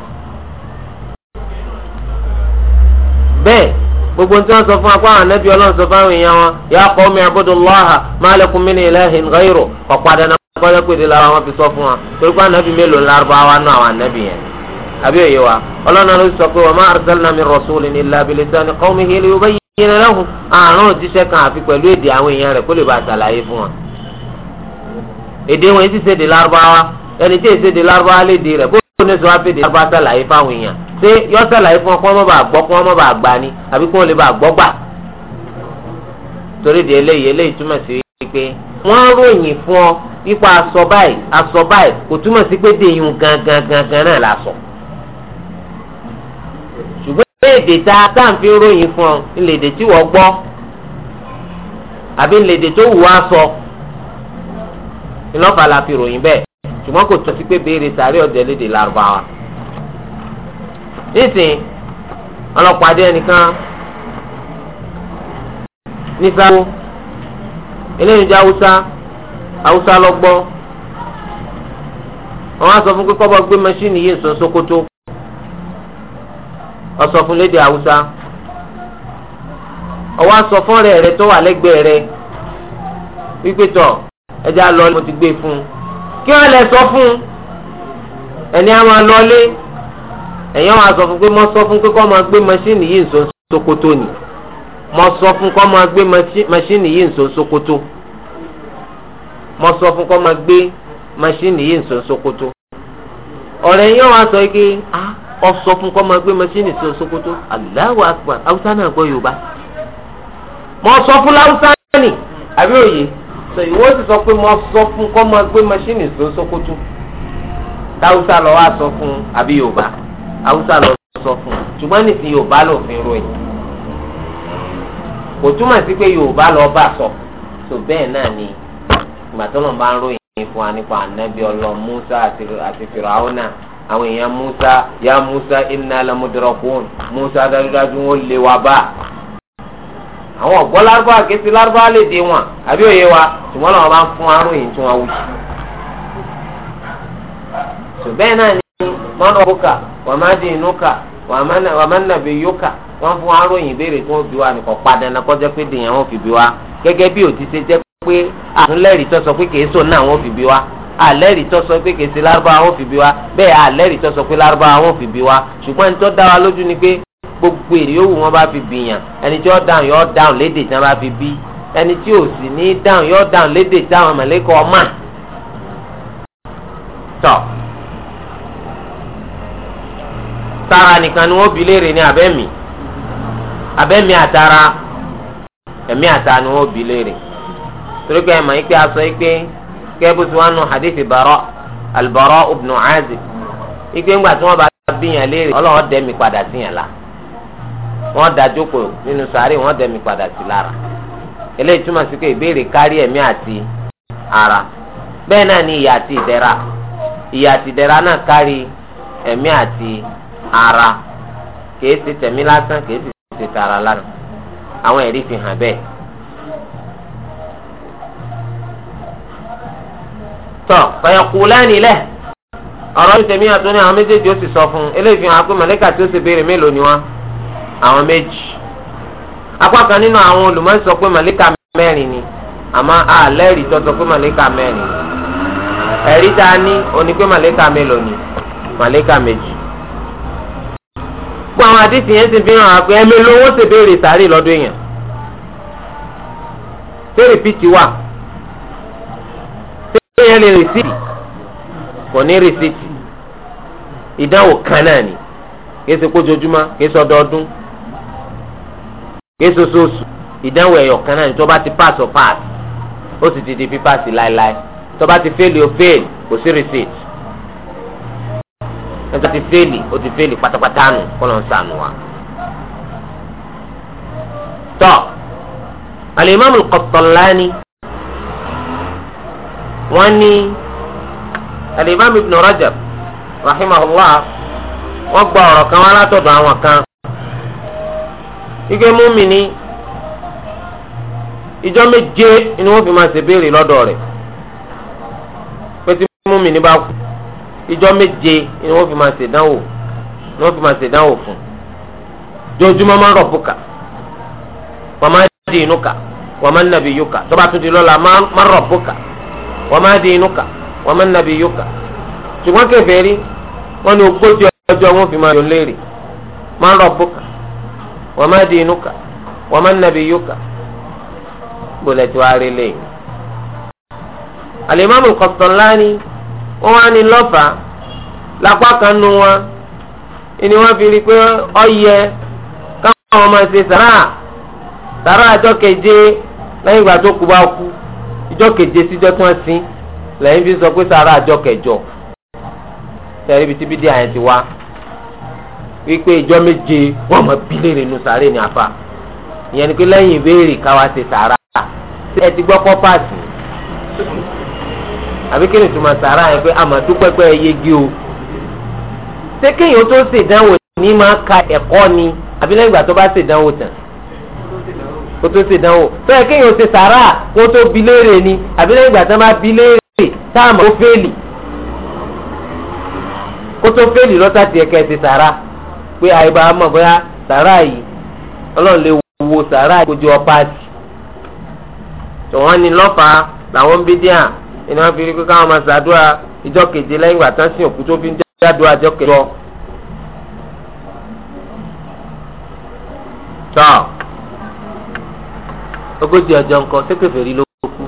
bẹ́ẹ̀ gbogbo ní tí wọ́n sọ fún wa kó àwọn anábì ọlọ́run sọ fáwọn èèyàn wọn ya qaumi ubudullaha ma lakum min ilahin ghayruh kọ padà náà kọjá pé de Lárúbáwá fi sọ fún wa torí pé anábì mélòó Lárúbáwá náà àwọn anábì yẹn àbí òye wa ọlọ́run ló sọ pé wa ma arsalna min rasulin illa bilisani qawmihi liyubayyina lahum àrùn òjíṣẹ́ kan àfi pẹ̀lú èdè àwọn èèyàn rẹ̀ kó lè bá a fún wọn èdè wọn èsì ṣèdè lárúbáwá ẹni tí èsèdè lárúbáwá lè di rẹ bó o ní sọ wá fèdè lárúbáwá sàlàyé fáwọn èèyàn ṣé yọ sàlàyé fún ọ kó wọn bá gbọ́ kó wọn bá gbà ni àbí kó wọn lè bá gbọ́ gbà. torí di eléyìí eléyìí túmọ̀ sí pé wọ́n ròyìn fún ọ nípa aṣọ báyìí aṣọ báyìí kò túmọ̀ sí pé dèyún gangan gangan náà la sọ. ṣùgbọ́n èdè tá a tá à ń fi ròyìn fún ọ ńlẹ̀ èdè tí wọ́n gbọ́ ńlọ́fà la fi ròyìn bẹ́ẹ̀ ṣùgbọ́n kò tọ́ sí pé béèrè sàárẹ̀ ọ̀dẹ̀ lédè lárúbáwá. nísìnyí ọlọ́pàá dé ẹnìkan ní sáwó eléyìí jẹ́ haúsá haúsá lọ́gbọ́ wọ́n á sọ fún pé kọ́bọ̀ gbé mẹ́ṣíìnì yìí sọ Sókótó ọ̀sọ̀ fún lédè haúsá ọwọ́ á sọ fún ọ̀rẹ́ rẹ tó wà lẹ́gbẹ̀ẹ́ rẹ wípé tọ̀ ẹjẹ alọ mo ti gbé e fún un kí wọn lè sọ fún un ẹni àwọn alọlé ẹ̀yìn wọn sọ fún pé mo sọ fún pé kọ́ máa gbé machine yìí nso sokoto ni mo sọ fún kọ́ máa gbé machine yìí nso sokoto mo sọ fún kọ́ máa gbé machine yìí nso sokoto ọ̀rẹ́ yìí wọn sọ pé ah ọ sọ fún kọ́ máa gbé mọ́ṣíìnì nso sokoto Allahu Akbar haúsá náà gbọ́ yorùbá mo sọ fún láwùsá ni àbí òye sọ ìwọ sì sọ pé mo sọ fún kọ́ máa gbé mọ́ṣíìnì tó sókótó táwùsà lọ wá sọ fún àbí yorùbá haúsá lọ sọ fún ṣùgbọ́n nìsín yorùbá lòfin ròyìn kò túmọ̀ sí pé yorùbá lọ bá sọ tó bẹ́ẹ̀ náà ni ìgbà tó lọ́n bá ń ròyìn fún wa nípa ànábì ọlọ́ musa àti fìràwọ́nà àwọn èèyàn musa ya musa inna lamudrakun musa dájúdájú wọn lé wa bá àwọn ọ̀gbọ́n lárúbáwá kéésì lárúbáwá lè dé wọn àbí òye wa ṣùgbọ́n làwọn bá ń fún aróyìn tí wọ́n wù. ṣùgbọ́n náà ni mọ́nà bókà wàmádì inúkà wàmánàbí yókà wọ́n fún aróyìn ìbéèrè tí wọ́n bí wa nìkan padà náà kọjá pé dèèyàn wọn fi bí wa gẹ́gẹ́ bí òtí ṣe jẹ́ pé àtúnlẹ̀rì tó sọ pé kéésò náà wọn fi bí wa alẹ́rìí tó sọ pé kèsì lárúbáwá wọn fi bí wa bẹ́ẹ̀ alẹ́rìí tó sọ pé lárúbáwá wọn fi bí wa ṣùgbọ́n ní tó dá lójú ni pé gbogbo èrè yòówù wọn bá fi bìyàn ẹni tí ó dáhùn yóò dáhùn lédè tí wọn bá fi bí ẹni tí ò sì ní dáhùn yóò dáhùn lédè tí àwọn mọ̀lẹ́kọ̀ ọmọ tọ̀ tara nìkan ni wọ́n bi léèrè ní abẹ́mi abẹ́mi àtara ẹ̀mí àta ni wọ́n bi léèrè torí pé ẹ̀mọ̀ ikpe aṣọ ikpe kẹ́bù tí wọ́n nu hadith barọ albọrọ ibnu azib ikpe ńgbà tí wọ́n bá bíyàn léèrè ọlọ́wọ́ dẹ́mi padà síyàn la. wọn da jókòó nínú sàárè wọ́n dẹ̀mí padà sí lára eléyìí túmọ̀ sí pé ìbéèrè ara bẹ́ẹ̀ náà ni ìyà àti ìdẹ̀ra ìyà àti ìdẹ̀ra náà kárí ẹ̀mí àti ara kìí ṣe tẹ̀mí lásán kìí sì ṣe tara lánàá àwọn ẹ̀rí fi hàn bẹ́ẹ̀. tọ́ fẹ̀yọ̀kù lẹ́yìn lẹ́ẹ̀ ọ̀rọ̀ ìṣẹ̀mí àtúnyẹ̀ àwọn méjèèjì ó sì sọ fún un eléyìí fi hàn pé mọ̀lẹ́kà tí ó àwọn méjì apá kan nínú àwọn olùmọ̀ sọ pé màlíkà mẹ́rin ni àmọ́ àlẹ́ rí tọ́tọ́ pé màlíkà mẹ́rin ẹ̀rí tá a ní oní pé màlíkà mélòó ni màlíkà méjì gbogbo àwọn àdìsí yẹn ti fi hàn á pé ẹ̀mí lówó ṣe béèrè sáré lọ́dún èèyàn ṣé rìpíìtì wà ṣé yẹn lè rìsíìtì kò ní rìsíìtì ìdánwò kan náà ni kí ẹ ṣe kó jojúmọ́ kí ẹ ṣe ọdọọdún késososo ìdánwò ẹ̀yọ̀ kan náà ni tó bá ti pass o pass ó sì ti di pípàsì láéláé tó bá ti fail o fail kò sí receipt tó bá ti fail o ti fail pátápátá nù kó lọ́n sànù wa. tọ́ al-Imam al-Qattallani wọ́n ní al-Imam Ibn Rajab rahimahullah wọ́n gba ọ̀rọ̀ kan wá látọ̀dọ̀ àwọn kan ike múmini ìjọ méje ni wọ́n fi máa ṣe béèrè lọ́dọ̀ rẹ̀ pé tí múmini bá kú ìjọ méje ni wọ́n fi máa ṣe dánwò ni wọ́n fi máa ṣe dánwò fún jojúmọ́ máa ń rọ̀ fúkà wọ́n máa di inú kà wọ́n máa ń nàbí yú kà tọ́ba tún ti máa ń rọ̀ fúkà máa di inú kà wọ́n máa nàbí yú kà ṣùgbọ́n kèfèrí wọ́n ní ogójì ọjọ́ wọ́n fi máa yọ léèrè máa ń rọ̀ wa ma dinuka wa ma nabiyuka gbọ́dọ̀ tí wàá rí lẹ́yìn. alimami Qastallani wọ́n wá ní lọ́fà lápá kan nu wọn ni wọ́n fi rí i pé ó yẹ káwọn ọmọ ṣe sàrà sàrà àjọ keje lẹ́yìn ìgbà tó kú bá kú ìjọ keje síjọ tí wọ́n sin lẹ́yìn fi sọ pé sàrà àjọ kẹjọ tẹ̀lé ibi tí bídíà ti wá wípé ìjọ méje wọn mọ bílẹ̀rẹ̀ nù sàárè ní afa ìyẹn ni pé lẹ́yìn ìbéèrè káwa ṣe sàárà ṣé ẹ ti gbọ́ kọ́ àbí kí ni tùmọ̀ sàárà yẹn pé àmọ̀ dúpẹ́pẹ́ ẹ yegi o ṣé kéèyàn tó ṣèdánwò ní máa ka ẹ̀kọ́ ni àbí lẹ́yìn ìgbà tó bá ṣèdánwò tán kó tó ṣèdánwò bẹ́ẹ̀ kéèyàn ṣe sàárà kó tó bílẹ̀rẹ̀ ni àbí lẹ́yìn ìgbà tó bá bílẹ̀rẹ̀ táàmù tó fẹ́ẹ̀lì kó tó fẹ́ẹ̀lì lọ́tà tiẹ̀ kẹ́ ẹ ṣe sàárà. pé àyíbá mọ̀ bóyá sàrá yìí ọlọ́run lè wo sàrá yìí kojú ọpá tì tòwọ́n ni lọ́fàá làwọn ń bí díà ìní wọn fi rí kíkọ́ àwọn ìjọ keje lẹ́yìn ìgbà tán sí òkú tó fi ń jáde àjọ kẹjọ. tọ́ ogójì ọjọ́ nǹkan sékèfèrí ló kú.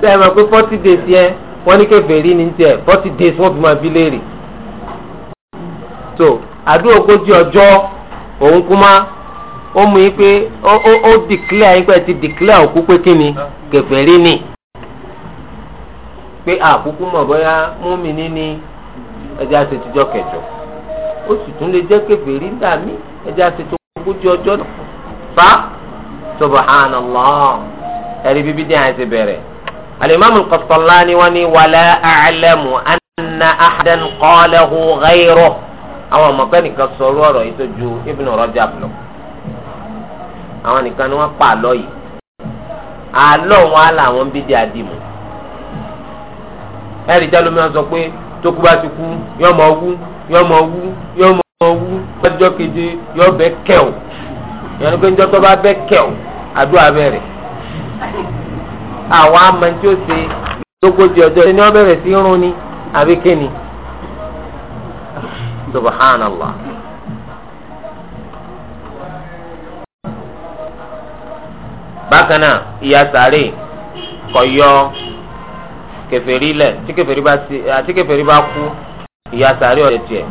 sẹ́yìn pé forty days yẹn wọ́n ní ní so àdúrà ogójì ọjọ́ òun kú má ó mú yín pé ó ó ó dìklẹ́ yín pé ti dìklẹ́ òkú pé kí ni kèfèrí ni pé àkúkú mọ̀ bóyá múmini ni ẹja ṣe tijọ́ kẹjọ ó sì tún lè jẹ́ kèfèrí dà mí ẹja ṣe tó ogójì ọjọ́ náà fa subhanallah ẹ̀rí bíbí dín àìsè bẹ̀rẹ̀. الإمام القسطلاني وني ولا أعلم أن أحدا قاله غيره àwọn ọmọkẹ́ nìkan sọrú ọ̀rọ̀ yìí tó ju Ibn Rajab lọ àwọn nìkan ni wọ́n pa àlọ́ yìí àlọ́ wọn á làwọn ń bí di àdìmú ẹ̀rì jẹ́ lómi wọn sọ pé tó kú bá ti kú yọ mọ wú yọ mọ wú yọ mọ wú lọ́jọ́ keje yọ bẹ́ kẹ́ọ̀ yẹn ni pé njọ́ bá bẹ́ kẹ́ọ̀ àdúrà bẹ̀rẹ̀ àwọn amọ̀ ó ṣe lógójì ọjọ́ ẹni wọ́n bẹ̀rẹ̀ sí rún ni àbí kéni. subhanallah. bákan náà ìyà kọyọ tí kèfèrí bá kú ìyà sàárè ọ̀rẹ́ tiẹ̀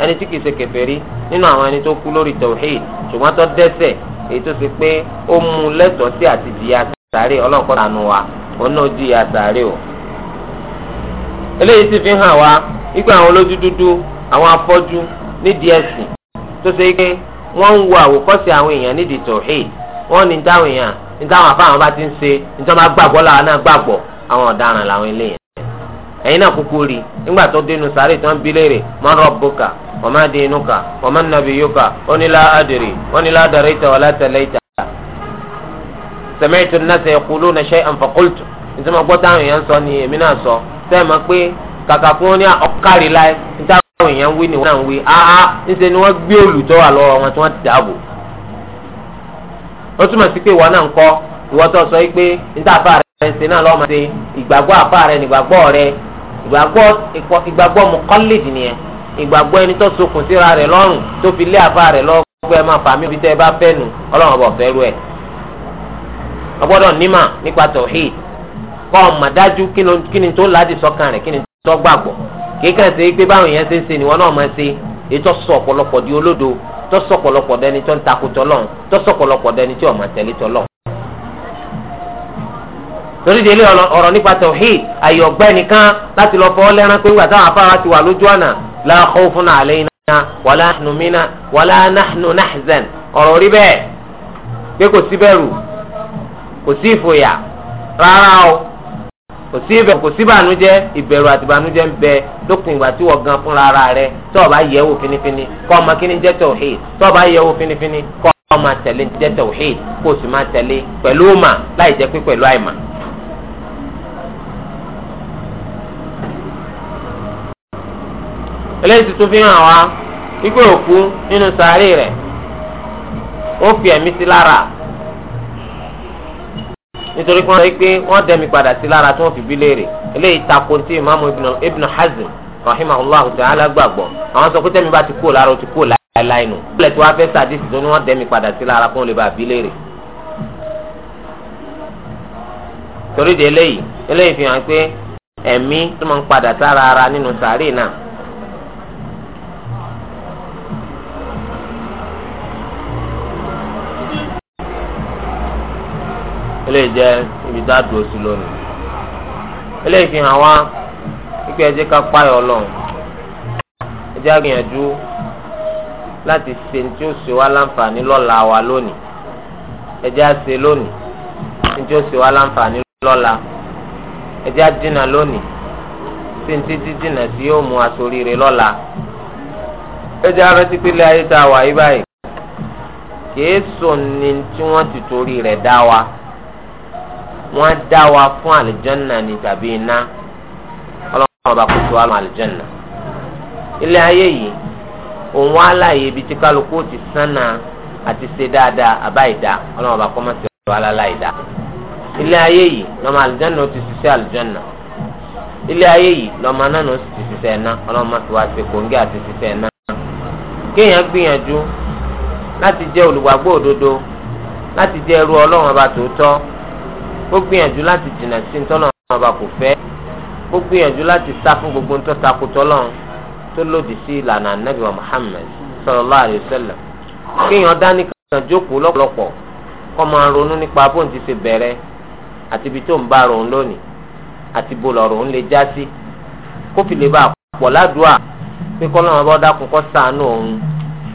ẹni tí í ṣe kèfèrí nínú àwọn ẹni tó kú lórí tauhid ṣùgbọ́n tó dẹ́sẹ̀ èyí tó wa àwọn afọ́jú nídìí ẹ̀sìn tó ṣe pé wọ́n ń wo àwòkọ́sí àwọn èèyàn nídìí tauhid wọ́n ní táwọn èèyàn ní táwọn afáwọn bá ti ń ṣe ní táwọn bá gbàgbọ́ làwọn náà gbàgbọ́ àwọn ọ̀daràn làwọn eléyìí ẹ̀yin náà kúkú rí nígbà tó dénú sáré tí wọ́n bí léèrè man rabbuka wa ma dinuka wa man nabiyuka ó ní la adri wọ́n ní la darayta wa la talaita sami'tu an-nasa yaquluna shay'an faqultu nítorí wọ́n gbọ́ táwọn èèyàn sọ ni èmi náà sọ sẹ́ẹ̀ mọ̀ pé kàkà fún wọn ní ọ̀kárì láì níta táwọn èèyàn ń wí ni wọ́n náà ń wí áá ńṣe ni wọ́n gbé olùtọ́ wà lọ́wọ́ wọn tí wọ́n ti dáàbò. ó túmọ̀ sí pé ìwọ náà ń kọ́ ìwọ tó sọ pé níta àfa rẹ̀ ń ṣe náà lọ́ọ́ máa ṣe ìgbàgbọ́ àfa rẹ̀ nígbàgbọ́ rẹ̀ ìgbàgbọ́ mọ̀kọ́lẹ́dì nìyẹn ìgbàgbọ́ ẹni tó sokùn síra lọ́rùn tó fi lé àfa lọ́wọ́ ẹ máa fà kíkà ṣe pé báwọn èèyàn ṣe ń ṣe nìwọ náà máa ṣe ètò sọ ọ̀pọ̀lọpọ̀ di olódo tó sọ ọ̀pọ̀lọpọ̀ dẹni tó ń takò tọ́lọ́n tó sọ ọ̀pọ̀lọpọ̀ dẹni tí ó máa tẹ̀lé torí délé ọ̀rọ̀ nípa tawhid ayọ̀ ọ̀gbẹ́ni kan láti lọ fọ́ lẹ́ran pé wíwà táwọn afárá ti wà lójú ọ̀nà la khawfun alayna wala nahnu mina wala nahnu nahzan ọ̀rọ̀ rí bẹ́ẹ̀ pé kò sí bẹ̀rù kò sí ìfòyà rárá o kò sí ibẹ̀ kò sí ìbànújẹ́ ìbẹ̀rù àti ìbànújẹ́ ń bẹ lópin ìgbà tí wọ́n gan fúnra ara rẹ tó o bá yẹ wò finifini kọ́ ọmọ kí ni jẹ́ tauhid tó o bá yẹ wò finifini kọ́ ọmọ tẹ̀lé jẹ́ tauhid kó o sì máa tẹ̀lé pẹ̀lú òmà láì jẹ́ pé pẹ̀lú àìmà. eléyìí tuntun fi hàn wá ikú òkú nínú sàárè rẹ̀ ó fi ẹ̀mí sí lára nítorí pé wọ́n pé wọ́n dẹ̀mí padà sí lára tí wọ́n fi bí léèrè eléyìí takò tí ìmáàmù ibn hazm rahimahullah ta'ala gbàgbọ́ àwọn sọ pé tẹ́mi bá ti kú lára o ti kú láéláé nù. wọ́n lè tí wọ́n fẹ́ sàdísì tó ní wọ́n dẹ̀mí padà sí lára kó lè bá bí léèrè. torí de eléyìí eléyìí fi hàn pé ẹ̀mí tó máa ń padà sára ara nínú sàárè náà eléyìí jẹ́ ibi tá a dúró sí lónìí eléyìí fi hàn wá wípé ẹ jẹ́ ká páyọ̀ ọlọ́run ẹ jẹ́ àgbìyànjú láti ṣe ní tí ó ṣe wá láǹfààní lọ́la wa lónìí ẹ àṣe lónìí ní tí ó ṣe wá láǹfààní lọ́la ẹ àdínà lónìí sí ní títí dínà tí yóò mú aṣoríire lọ́la ẹ arántí pélé ayé tá a wà yí báyìí kìí sùn ní tí wọ́n ti torí rẹ̀ dá wa wọ́n dá wa fún àlìjọ́nà ni tàbí iná ọlọ́run ọba kò tó àlọ́ àlìjọ́nà. ilé ayé yìí òun wá láàyè ibi tí kálukú ti sánà àti ṣe dáadáa àbáìdá ọlọ́run ọba kọ́ mọ́ sí ọ̀rọ̀ aláìdá. ilé ayé yìí lọ́mọ àlìjọ́nà ó ti ṣiṣẹ́ àlìjọ́nà. ilé ayé yìí lọ́mọ náà ó ti ṣiṣẹ́ iná ọlọ́run má ti wá ṣe kòńgẹ́ àti ṣiṣẹ́ iná. kéèyàn gbìyànjú láti jẹ́ olùgbàgbọ́ òdodo láti jẹ́ ẹrú ọlọ́run ọba tòótọ́ ó gbìyànjú láti jìnnà sí ntọ́nà ọba kò fẹ́ ó gbìyànjú láti sá fún gbogbo ntọ́ takùtọ́ lọ́n tó lòdì sí ìlànà anabi wa Muhammad sallallahu alaihi wasallam kéèyàn dání kan jókòó lọ́pọ̀lọpọ̀ kó máa ronú nípa bóun ti ṣe bẹ̀rẹ̀ àti ibi tó ń bá ròun lónìí àti bó lọ̀rọ̀ ń lè já sí kó fi lè bá àpọ̀ ládùúà pé kọ́ lọ́wọ́ bá dákun kó ṣàánú òun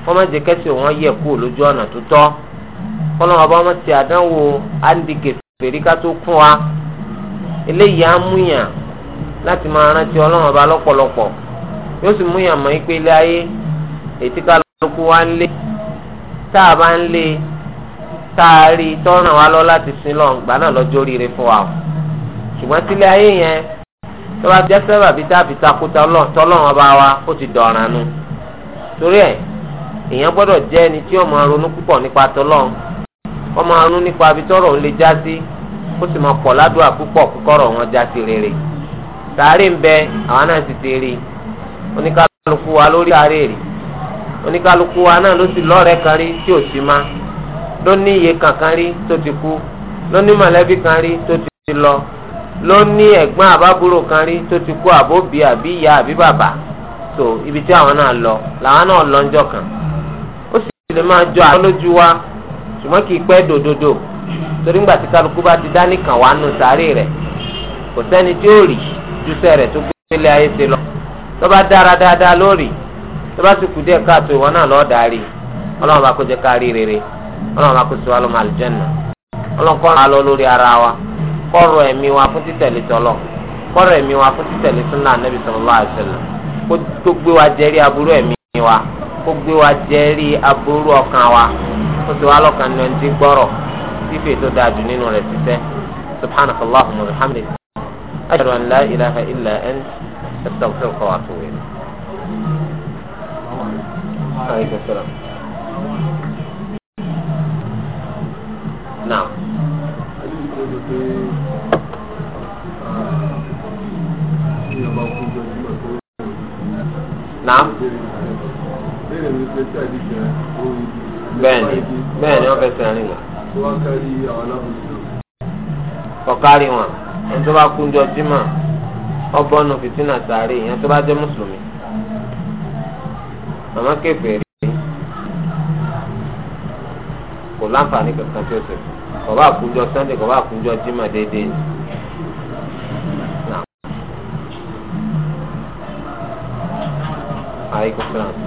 kó má jẹ́ kẹ́sì òun yẹ̀ kúrò lójú ọ̀nà tó tọ́ kọ́ lọ́wọ́ bá wọn ti àdánwò áńdígè fèríkà tó kún wa eléyìí á mú yàn láti máa rántí ọlọ́run ọba lọ́pọ̀lọpọ̀ yóò sì mú yàn mọ́ ipe ilé ayé ètí kálukú wa ń lé tá a bá ń lé tá a rí tọ́ràn wa lọ láti sin lọ gbà náà lọ́jọ́ oríire fún wa o ṣùgbọ́n sílé ayé yẹn tó bá jẹ́ sẹ́wà bíi tá a fi takúta tọ́lọ́run ọba wa ó ti dọ̀ràn nu torí ẹ̀ èèyàn gbọ́dọ̀ jẹ́ ẹni tí ó máa ronú púpọ̀ nípa tọ́lọ́run kọ́ máa ronú nípa abitọ́rọ̀ ń lè já sí kó sì máa pọ̀ ládùúgbà púpọ̀ kọ́rọ̀ wọn já sí rere sàárè ń bẹ àwọn náà sì ti rí oníkálukú wa lórí sàárè rí oníkálukú wa náà ló sì lọ́rẹ̀ẹ́ kan rí tí ò sí ma ló ní iye kankan rí tó ti kú ló ní mọ̀lẹ́bí kan rí tó ti lọ ló ní ẹ̀gbọ́n àbábúrò kan rí tó ti kú àbóbi àbí ìyá àbí bàbá tó ibi tí àwọn náà lọ làwọn náà lọ ń kan ó sì lè máa jọ àwọn lójú wa ṣùgbọ́n kì í pẹ́ dòdòdò torí ńgbà tí kálukú bá ti dání kàn wá nù sáré rẹ̀ kò sẹ́ni tí ó rí jùsẹ̀ rẹ̀ tó gbélé ayé ṣe lọ tó bá dára dáadáa lórí tó bá sì kú díẹ̀ káàtó ìwọ náà lọ́ọ́ darí ọlọ́run bá kó jẹ́ ká rí rere ọlọ́run bá kó sọ wá lọ́mọ àlùjẹ́nà ọlọ́run kọ́ ra lọ lórí ara wa kọ́rọ̀ ẹ̀mí wa fún títẹ̀lé tọ́lọ̀ kọ́rọ̀ ẹ̀mí wa fún títẹ̀lé súnà ànábì sallallahu alaihi wasallam kó gbé wa jẹ́rí aburú ẹ̀mí ní wa kó gbé wa jẹ́rí aburú ọkàn wa kó sì wá lọ́kàn ní ẹni gbọ́rọ̀ sífè tó dáa jù nínú rẹ̀ ṣiṣẹ́ subhanaka wa bihamdika ashhadu an la ilaha illa anta astaghfiruka wa atubu ilayk. Aleykum salaam. Naam. Naam bẹ́ẹ̀ni bẹ́ẹ̀ni wọ́n fẹsẹ̀ rìn lọ. ọ̀kárí wọn ẹni tó bá kúnjọ jimá ọbọ̀nù fìtínà sáré ìyẹn tó bá jẹ́ mùsùlùmí. màmá kẹfẹ́ rí kò láǹfààní kankan tí ó ṣe kò bá kúnjọ sunday kò bá kúnjọ jimá déédéé ni. Alaikum salam.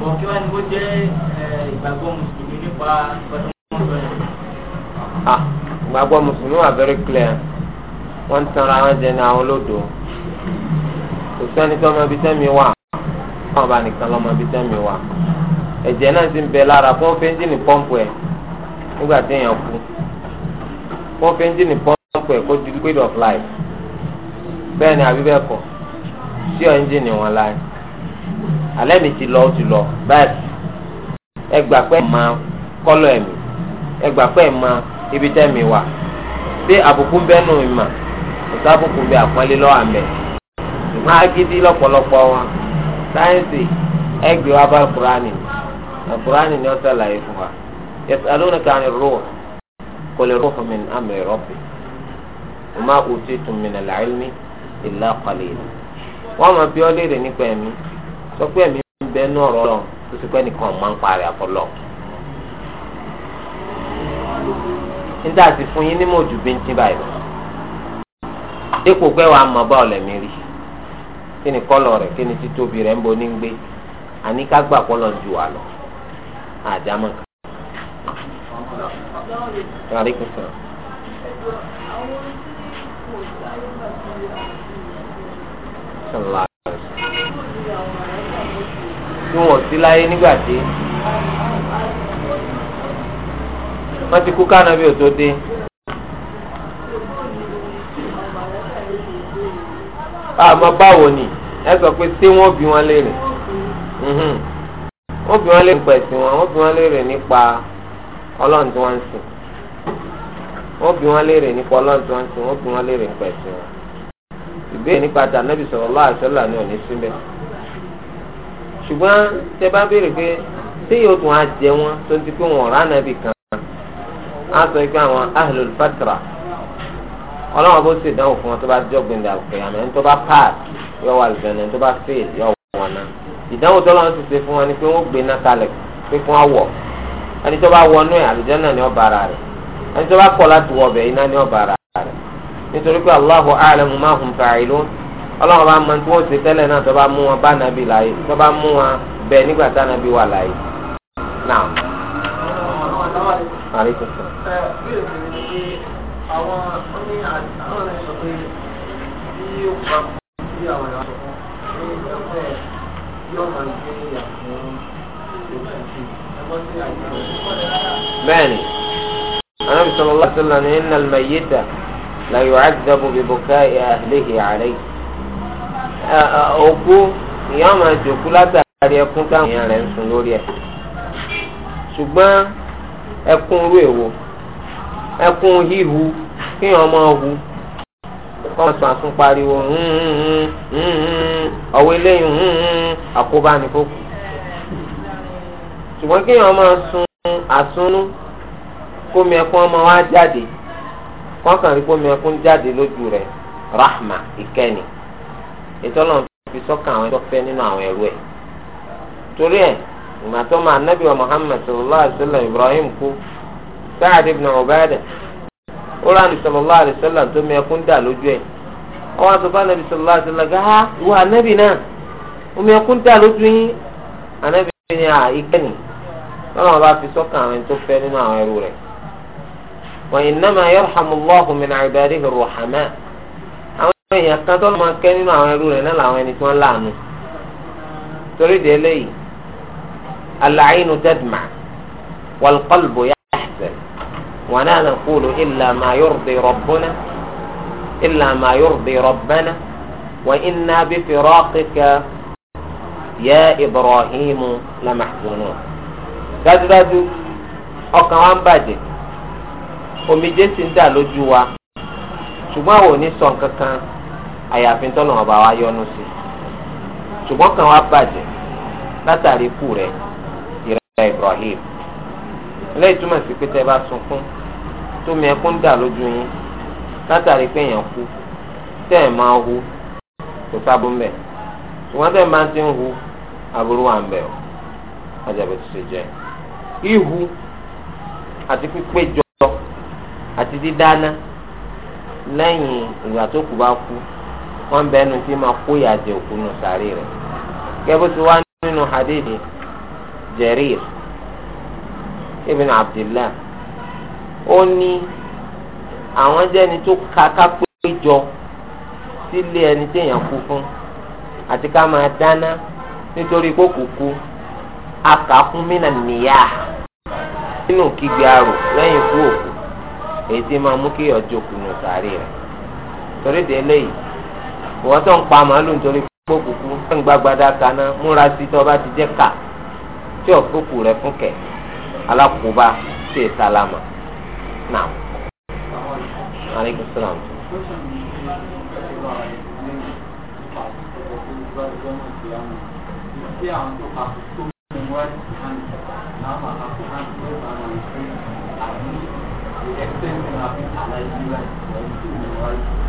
bọ̀ kí wọ́n jẹ́ ìgbàgbọ́ mùsùlùmí nípa ìgbàgbọ́ ah ìgbàgbọ́ mùsùlùmí wà very clear wọ́n ń tanra wọn jẹ ní àwọn olódò kò sẹ́ni tó ọmọ ibi tẹ́mi wà fún ọba nìkan lọ́mọ ibi tẹ́mi wà ẹ̀jẹ̀ náà ti ń bẹ lára fún fẹ́ńjìnì pọ́ǹpù ẹ̀ nígbà tí èèyàn kú fún fẹ́ńjìnì pọ́ǹpù ẹ̀ kó di liquid of life bẹ́ẹ̀ ni àbí bẹ́ẹ̀ kọ́ sí ọ̀ alẹ́ mi ti lọ ó ti lọ báyìí ẹ gbà pé ẹ̀ máa kọ́lọ̀ ẹ̀mí ẹ gbà pé ẹ̀ máa ibi tẹ́ mi wà bí àbùkù bẹ́ẹ̀ nù ìmọ̀ ọ̀tá àbùkù bẹ́ẹ̀ àpọ́nlé lọ́wọ́ àmẹ́ ìmọ̀ agídí lọ́pọ̀lọpọ̀ wọn sáyẹ́nsì ẹ gbé wa bá kúránì kúránì ni ó sàlàyé fún wa yas'alunaka 'ani ruh qul ruhu min amri rabbi wa ma utitum min al-'ilmi illa qalila wọ́n máa bi ọ́ léèrè nípa ẹ̀mí sọ pé ẹ̀mí ń bẹ ní ọ̀rọ̀ lọ tó sì pé nìkan máa ń parí àfọlọ́. níta sì fún yín nímọ̀ ojú bí ń tí báyìí lọ. dípò pé wàá mọ̀ bá ọ̀lẹ̀mí rí kí ni kọ́lọ̀ rẹ̀ kí ni títóbi rẹ̀ ń bo ní ń gbé àní ká gbà kọ́lọ̀ ju wà lọ. àdámọ̀ kan. Alaikum tí wọ́n sí láyé nígbà tí wọ́n ti kú kánà bí òtó dé. àmọ́ báwo ni ẹ sọ pé ṣé wọ́n bí wọn léèrè mhm. wọ́n bí wọn léèrè nípa wọn wọ́n bí wọn léèrè nípa ọlọ́run tí wọ́n ń sìn wọ́n bí wọn léèrè nípa ọlọ́run tí wọ́n ń sìn wọ́n bí wọn léèrè wọn. ìbéèrè nípa tànàbì ò ní ṣùgbọ́n tẹ bá béèrè pé tí yóò tún á jẹ wọn tó ti pé wọn ọ̀rá nàbì kan á sọ pé àwọn ahlul fatra ọlọ́wọ́n bó ṣe ìdánwò fún wọn tó bá jọ́gbìn dà pé àná ẹni tó bá pass yọ wà lùfẹ̀ẹ́ ẹni tó bá fail yọ wọ wọn náà ìdánwò tó lọ́wọ́ ti ṣe fún wọn ni pé wọ́n gbé náà kalẹ̀ pé fún àwọ̀ ẹni tó bá wọnú ẹ̀ àlùjánnà ni ó bá ara rẹ̀ ẹni tó bá kọ̀ láti wọ ọbẹ̀ iná ni ó bá ara rẹ̀ nítorí pé Allahu a'lamu ma hum fa'ilun ọlọ́run bá mọ tí wọ́n ṣe tẹ́lẹ̀ náà tó bá mú wọn bá nàbí láàyè tó bá mú wọn bẹ̀ nígbà tá nàbí wà láàyè. náà àríkùn sọ. ẹ bí èsì ni pé àwọn oní àwọn ọ̀rẹ́ sọ Eh, eh, òkú ìyá máa jòkú látàrí ẹkún táwọn èèyàn rẹ̀ ń sun lórí ẹ̀ ṣùgbọ́n ẹkún rú èwo ẹkún híhu kíyàn máa hu kọ́mọ sàn tún pariwo ọ̀wọ́ eléyìí àkóbá ni kò kù ṣùgbọ́n kíyàn máa sun àsúnú kómi ẹkún ọmọ wa jáde kọ́kànlélógún jáde lójú rẹ̀ rahma ìkẹ́ni ìtọ́lọ̀ fi sọ́kàn àwọn ẹjọ́ fẹ́ nínú àwọn ẹrú ẹ̀ torí ẹ̀ ìgbà tó máa nábì wa Muhammad sallallahu alayhi wa sallam Ibrahim kú Sa'ad ibn Ubadah ó rà ní sallallahu alayhi wa sallam tó mi ẹkún dà lójú ẹ̀ ọ wá sọ fún anabi sallallahu alayhi wa sallam gáà wọ anabi náà omi ẹkún dà lójú yín bá fi sọ́kàn àwọn ẹjọ́ fẹ́ nínú àwọn ẹrú rẹ̀ wa innama yarhamu Allahu min ibadihi ar-ruhamaa àwọn èèyàn kan tó máa kẹ́ nínú àwọn ẹrú rẹ̀ náà làwọn ẹni tí wọ́n láàánú torí de eléyìí al-aynu tadma wal-qalbu yahzan wa la naqulu illa ma yurdi rabbuna illa ma yurdi rabbana wa inna bi firaqika ya Ibrahim lamahzunun. dájúdájú ọkàn wa ń bàjẹ́ omijé sì ń dà lójú wa ṣùgbọ́n àwọn ò ní àyàfi tọ́lọ̀ ọba wa yọ́nú sí ṣùgbọ́n kan wá bàjẹ́ látàrí ikú rẹ̀ ìrẹ́ Ibrahim lẹ́yìn túmọ̀ sí pé tẹ́ bá sunkún tómi ẹkún dà lójú yín látàrí pé èèyàn kú tẹ́ ẹ̀ máa hu kò sábò mbẹ̀ ṣùgbọ́n tẹ́ ẹ̀ máa ti ń hu aburú wa ń bẹ̀ ọ́ ajabẹ́ ti ṣe jẹ́ ihu àti pípéjọ àti dídáná lẹ́yìn ìgbà tó kù bá kú. wọn bẹ ẹnu ma kó yàjẹ òkú nù rẹ kẹbù tí nínú hadithi ibn Abdullah ó ní àwọn jẹ́ tó kaka pé sílé ẹni tí kú fún àti ká máa dáná nítorí pé kò kú akàkún mínà nìyà nínú kígbe arò lẹ́yìn ikú òkú èyí tí máa mú kí ọjọ́ torí ìwọ́n tó ń pa màálù nítorí pé òkùnkù ń gbàgbádá kaná múra sí tó bá ti jẹ́ ká tí òkùnkù rẹ̀ fún kẹ̀ alákòóbá sí ìsàlámà náà. Thank you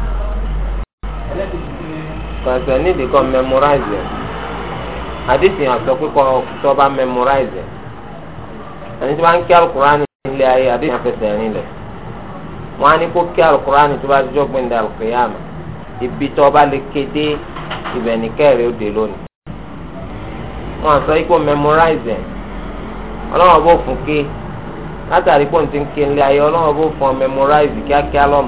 kọ̀ǹsẹ̀ nídìí kọ́ memorize ẹ̀ àdìsí àsọ pé kọ́ tó bá memorize ẹ̀ ẹni tí wọ́n á ń kí alukurani nílé ayé àdìsí àfẹsẹ̀ rìn lẹ̀ wọ́n á ní kó kí alukurani tó bá jọ gbẹ̀ndẹ̀ alukiyama ibi tó bá lè kéde ibẹ̀ ní kẹ́rẹ́ òde lónìí wọ́n àsọ ikú memorize ẹ̀ ọlọ́wọ́n bó fún ké látàrí pé òun ti ń ké nílé ayé ọlọ́wọ́n bó fún ọ memorize kíákíá lọ́mọ́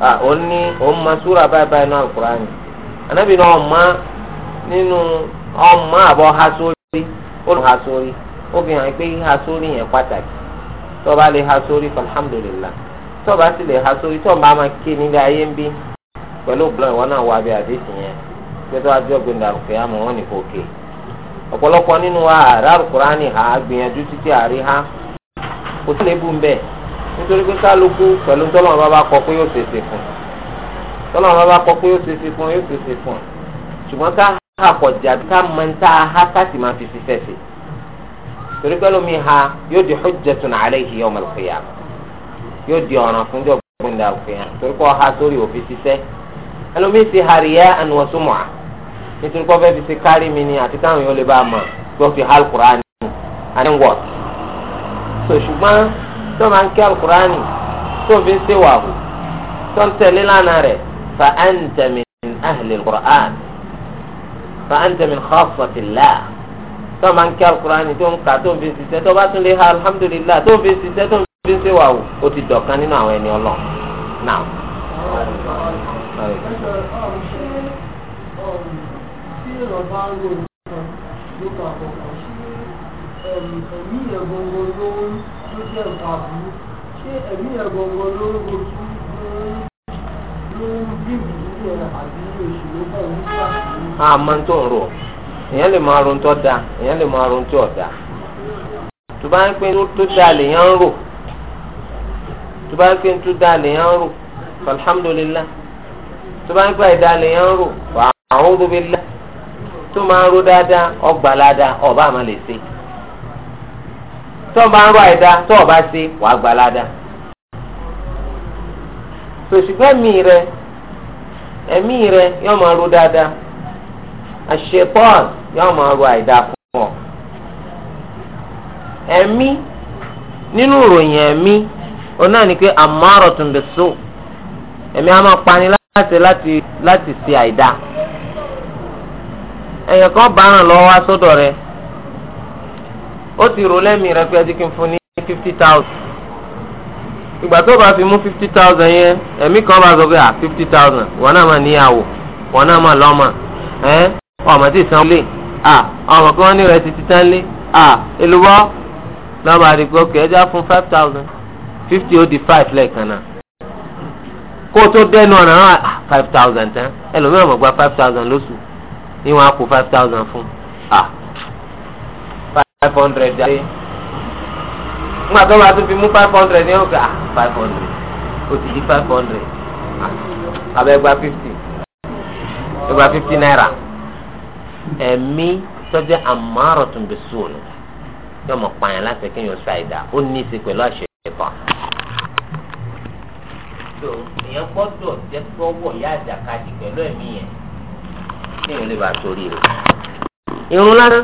a ó ní ó ma súra báyìí báyìí náà Al-Qur'ani anábì náà ọ̀ma nínú ọ̀ma àbọ̀ ha sórí ó ha sórí ó fi hàn ha sórí yẹn pàtàkì lè ha sórí alhamdulillah tó sì lè ha sórí tó máa ké nílé ayé ń bí pẹ̀lú ọ̀pọ̀lọpọ̀ ìwọ náà wà bí àdéhùn yẹn àmọ́ wọn kò ọ̀pọ̀lọpọ̀ nínú wa ha gbìyànjú títí nítorí pé kálukú pẹ̀lú tọ́lọ́mọ bá bá kọ pé yóò ṣèṣe fún tọ́lọ́mọ bá bá kọ pé yóò ṣèṣe fún yóò ṣèṣe fún ṣùgbọ́n ká àkọ̀jà ká mọ ní tá a há ká sì máa fi ṣiṣẹ́ ṣe torí pé lómi ha yóò di hujjatun alayhi yawm al-qiyamah yóò di ọ̀ràn fún jọ gbẹ̀ndà al-qiyamah torí pé ọha sórí òfin ṣiṣẹ́ ẹlòmíì ti hàríyá an wa sum'a nítorí pé ọfẹ́ fi ṣe kárí mi ni àti káwọn yóò lè bá a mọ̀ pé fi hàlùkùrá ni and then what tó máa ń kí alukurani tó fi ń ṣèwà hù tó ń tẹ̀lé lánàá rẹ̀ fa anta min ahli alukur'an fa anta min khassatillah tó máa ń kí alukurani tó ń kà tó fi ń ṣiṣẹ́ tó bá tún lè ha alhamdulilah tó fi ń ṣiṣẹ́ tó fi ń ṣèwà hù ti dọ̀kan nínú àwọn ẹni ọlọ́run náà. Thank you tó jẹ́ nǹkan àbúrú ṣé ẹ̀mí ẹ̀gbọ̀ngbọ̀ ló ń rojú ló ń bíbí nílẹ̀ àbí òṣèlú pẹ̀lú ìṣàkóso. àmọ́ tó ń rò èèyàn lè máa ronú tó dáa èèyàn lè máa ronú tó ọ̀dà tó bá ń pín tó dáa lèèyàn ń rò tó bá ń pín tó dáa lèèyàn ń rò alhamdulillah tó bá ń pín àìdáa lèèyàn ń rò àwọn òdòdó bẹ lẹ tó máa ń rò dáadáa ọgbà ládàá ọba àmà tó o bá ń rọ àìdá tó o bá ṣe wàá gba ládà. sòṣùgbọ́n ẹ̀mí rẹ ẹ̀mí rẹ yóò máa ro dáadáa àṣepọ́n yóò máa ro àìdá fún ọ. ẹ̀mí nínú ìròyìn ẹ̀mí òun náà ni pé ẹ̀mí a máa pani láti láti láti ṣe àìdá. ẹ̀yàn kan bá ràn lọ́wọ́ ó ti rò lẹ́mìí rẹ pé ẹ ti kí n fún ní fifty thousand ìgbà tó bá fi mú fifty thousand yẹn ẹ̀mí kan bá sọ pé à fifty thousand wọn náà máa níyàwó wọn náà máa lọ́mọ ẹ ọmọ tí ìsan lè ah. ọmọ kí wọ́n ní rẹ ti ti tán lé à èlùbọ́ lọ́ba àdìgbò kẹ́ ẹ já fún five thousand fifty ó di five lẹ́ẹ̀kan náà kó tó dẹnu ọ̀nà náà five thousand tán ẹlòmíràn mọ̀ gba five thousand lóṣù ni wọ́n á kó five thousand fún ah five hundred jáde nígbà tó máa tún fi mú five hundred ní ọgá ah, five hundred ó ti di five hundred ah, abẹ́ gba fifty gba fifty naira ẹ̀mí tọ́jú àmọ́ràn tún bẹ sóòlù yóò mọ̀ pààyàn láti kéèyàn ṣàìdá ó ní í ṣe pẹ̀lú àṣẹ ìfà. tó èèyàn gbọ́dọ̀ jẹ́ sọ́wọ́ ìyá àjàkadì pẹ̀lú ẹ̀mí yẹn kéèyàn lè bàa torí rẹ̀. irun lára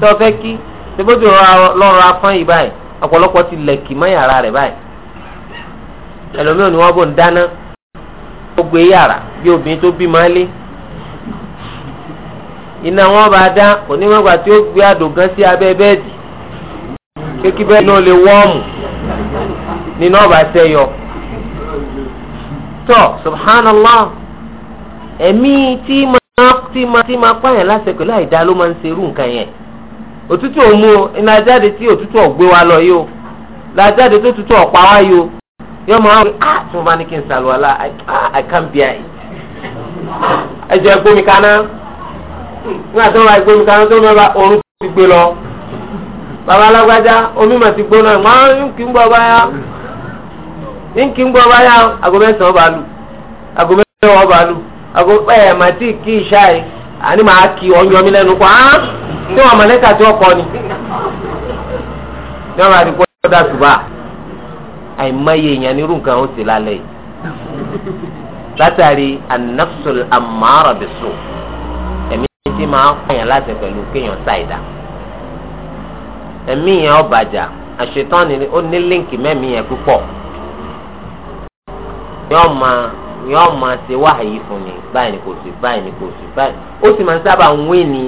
tó fẹ́ kí síbójú lọ́rọ̀ afọ́n yìí báyìí ọ̀pọ̀lọpọ̀ ti lẹ̀kì mọ́ yàrá rẹ̀ báyìí ẹlòmíràn ni wọ́n bò ń dáná gbogbo yàrá bí obìnrin tó bí máa lé iná wọn bá dá onímọ̀gbà tí ó gbé àdògán sí abẹ́ bẹ́ẹ̀dì kékí bẹ́ẹ̀ náà lè wọ́ọ̀mù nínú ọ̀bà sẹ́yọ tọ́ subhanallah ẹ̀mí tí máa tí máa pààyàn lásìkò láì dá ló máa ń ṣerú nǹkan yẹn. òtútù òmu o iná tí òtútù ọ̀gbé wa lọ yóò la jáde tó ọ̀pá wa yìí yóò máa ah bá ní kí n ah, i can't be i. ẹ jẹ́ gbómi kaná nígbà tó ń ra gbómi kaná tó ń ti gbé lọ bàbá alágbájá omi mà ti gbóná náà máa ń kí ń gbọ́ báyà ń kí ń gbọ́ agomẹ́sàn-án bá lù agomẹ́sàn-án bá lù àní màá kí ọyàn mi lẹ́nu kọ́ án tí wọn mọ̀lẹ́kà tí wọ́n kọ́ ni. ní wọn àti kó dá ṣùgbà àìmọye èèyàn ní irú nǹkan ó sì lálẹ́ yìí látàrí anafsul amara bisu ẹ̀mí tí máa ń pààyàn láti pẹ̀lú kéèyàn ṣàìdá ẹ̀mí yẹn ọ̀bàjà àṣetán ni ó ní líǹkì mẹ́mí yẹn púpọ̀ yọ́ọ́ máa ni wọn máa ṣe wáhàyí fún ni báyìí ni kò sí báyìí ni kò sí báyìí ó sì máa ń sábà ń wé ni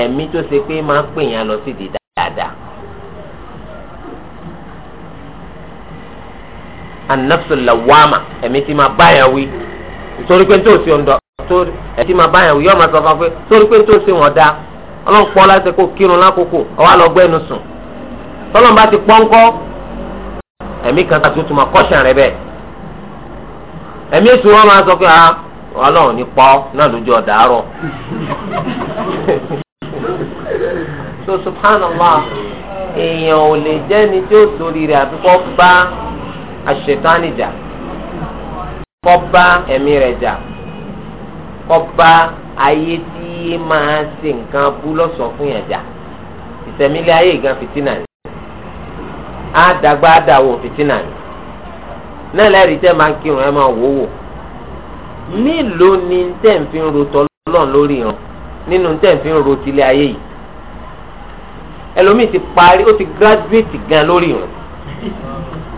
ẹ̀mí tó ṣe pé máa ń pè yàn lọ sí di dáadáa. an-nafsul lawwama ẹ̀mí tí máa báyà wí torí pé tó ṣe ọ̀dọ̀ ẹ̀mí tí máa báyà wí yóò máa sọ fún pé torí pé tó ṣe wọ́n dá ọlọ́run pọ́ láti kó kírun lákòókò ọwọ́ lọ gbẹ́nu sùn tọ́lọ́run bá ti pọ́ńkọ́ ẹ̀mí kan tàbí tó tún máa kọ́ṣàn ẹ̀mí ètò wọn máa sọ pé ah ọlọ́run ní pọ́ náà lójú ọ̀dà àárọ̀ so subhanallah èèyàn ò lè jẹ́ ni tí ó sórí rẹ̀ àti kọ́ bá àṣetánì jà kọ́ bá ẹ̀mí rẹ̀ jà kọ́ bá ayé tí máa ṣe nǹkan bú lọ́sàn fún yàn jà ìsẹ̀mílẹ̀ ayé ìgan fìtínà ni á dàgbà dàwọ̀ fìtínà ni náà lẹ́rìí tẹ́ máa ń kírun ẹ máa wò wò nílòó ni tẹ́ ń fi ń ro tọ́lọ́n lórí ìran nínú tẹ́ ń fi ń ro tilẹ̀ ayé yìí ẹlòmíì ti parí ó ti gíráduwétì gan lórí ìran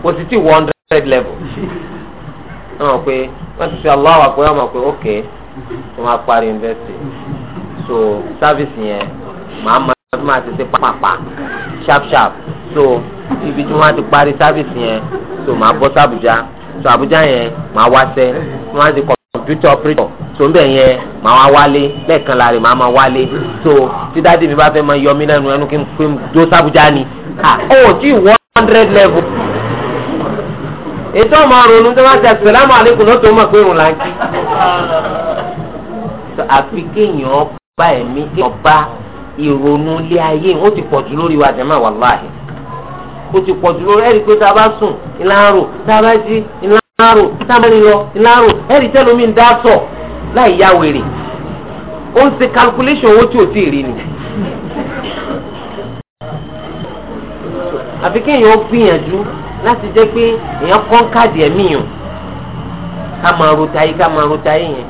kò sì ti wọ hundred level náà pé wọ́n ti fi aláwọ̀ àpò ẹ̀ mọ̀ pé ok wọ́n máa parí university so service yẹn màá máa ti ṣe pàpà sharp sharp so ibi tí wọ́n ti parí sáfìsì yẹn so màá bọ́ sí so Àbújá yẹn màá wá sẹ́ wọ́n á ti kọ̀mpútà ọ̀pẹ̀rẹ̀tọ̀ so nbẹ̀ yẹn màá wá wálé lẹ́ẹ̀kan láàrin màá máa wálé so tí dáàdi mi bá fẹ́ máa yọ mí lẹ́nu ẹnu kí n pé dó sábújá ni ah ó tí one hundred level ètò ọmọ ronú tó bá ti àsàlámù aláìkùm lọ́tọ̀ ọmọ pé òun là ń kí. àfi kéèyàn bá ẹ̀mí kéèyàn bá ìrònú ilé ayé ó ti pọ̀jù lórí wa jẹ́mọ́ wàláhì ó ti pọ̀jù lórí ẹ̀rí pé tá a bá sùn ìlànà tá a bá jí ìlànà tá a bá nílọ ìlànà ẹ̀rí tẹ́lómi ń dá sọ̀ láì yá wèrè ó ń ṣe calculation owó tí ò tí ì rí ni. àfi kéèyàn ó gbìyànjú láti jẹ́ pé èèyàn kọ́ káàdì ẹ̀mí yàn ká máa ro tayé ká máa ro tayé yẹn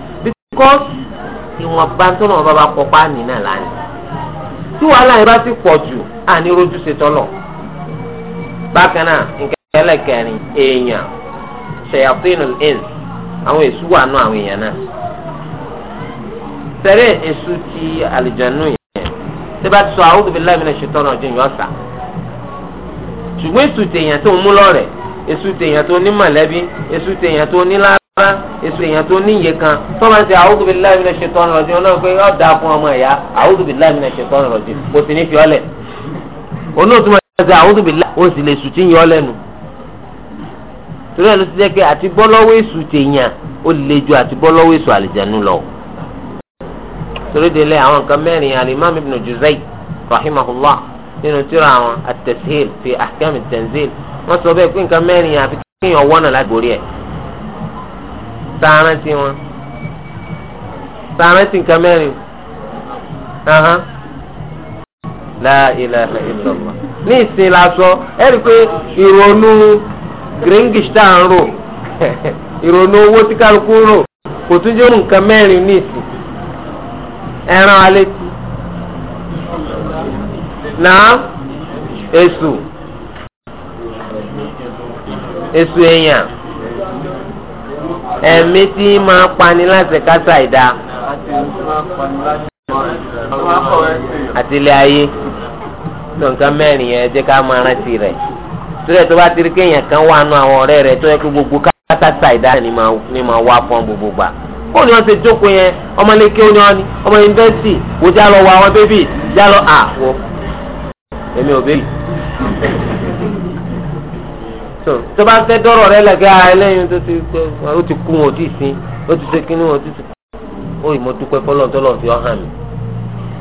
because ìwọ̀nba tó náà bá bá kọ́ pa náà lánàá tí wàhálà yẹn bá ti pọ̀ jù àní rojú ṣe tọ́lọ̀ bákan náà nǹkan ẹlẹ́kẹrin èèyàn ṣèyàfínù ins àwọn èṣù wà nù àwọn èèyàn náà sẹ́rẹ̀ èṣù ti àlìjánu yẹn tí bá ti sọ a'udhu billahi minash shaitani rajim yọ sà ṣùgbọ́n èṣù tèèyàn tó ń mú lọ́rẹ̀ èṣù tèèyàn tó ní mọ̀lẹ́bí èṣù tèèyàn tó ní lára èṣù èèyàn tó ní iye kan tó máa ń ṣe a'udhu billahi minash shaitani rajim náà pé ọ̀ dáa fún ọmọ ẹ̀yà a'udhu billahi minash shaitani rajim kò sì ní fi ọ́lẹ̀ onótùmọ̀ ọ̀sẹ̀ àwùjọ bí la ó sì lè sùn tí ń yọ ọ́ lẹ́nu torí ẹ̀ ló ti jẹ́ pé àti bọ́ lọ́wọ́ èṣù tèèyàn ó lè ju àti bọ́ lọ́wọ́ èṣù àlìjẹ̀nu lọ. torí délé àwọn nǹkan mẹ́rin alimami ibn juzai rahimahullah nínú tírà àwọn at-tasheel fi ahkam at-tanzil wọ́n sọ bẹ́ẹ̀ pé nǹkan mẹ́rin àfi kéèyàn wọ́nà lágbórí ẹ̀ sáárán wọn sáárán nǹkan mẹ́rin la ní ìsìn lásán ẹ rí i pé ìrònú gringish tá à ń rò ìrònú owó tí kálukú rò kò tún jẹ́ nǹkan mẹ́rin ní ìsìn ẹran alẹ́ ti náà èṣù èṣù èèyàn ẹ̀mí tí máa pani láti kásá ìdá àtìlẹ́ ayé. tó nǹkan mẹ́rin yẹn jẹ́ ká máa rántí rẹ̀ torí ẹ̀ tó bá ti kéèyàn kan wà nù àwọn ọ̀rẹ́ rẹ̀ tó yẹ kó gbogbo ni máa wá fún gbogbo gbà ó ni wọn ṣe jókòó yẹn ọmọ yunifásitì wò já lọ wọ àwọn bébì já lọ ahụ. èmi ò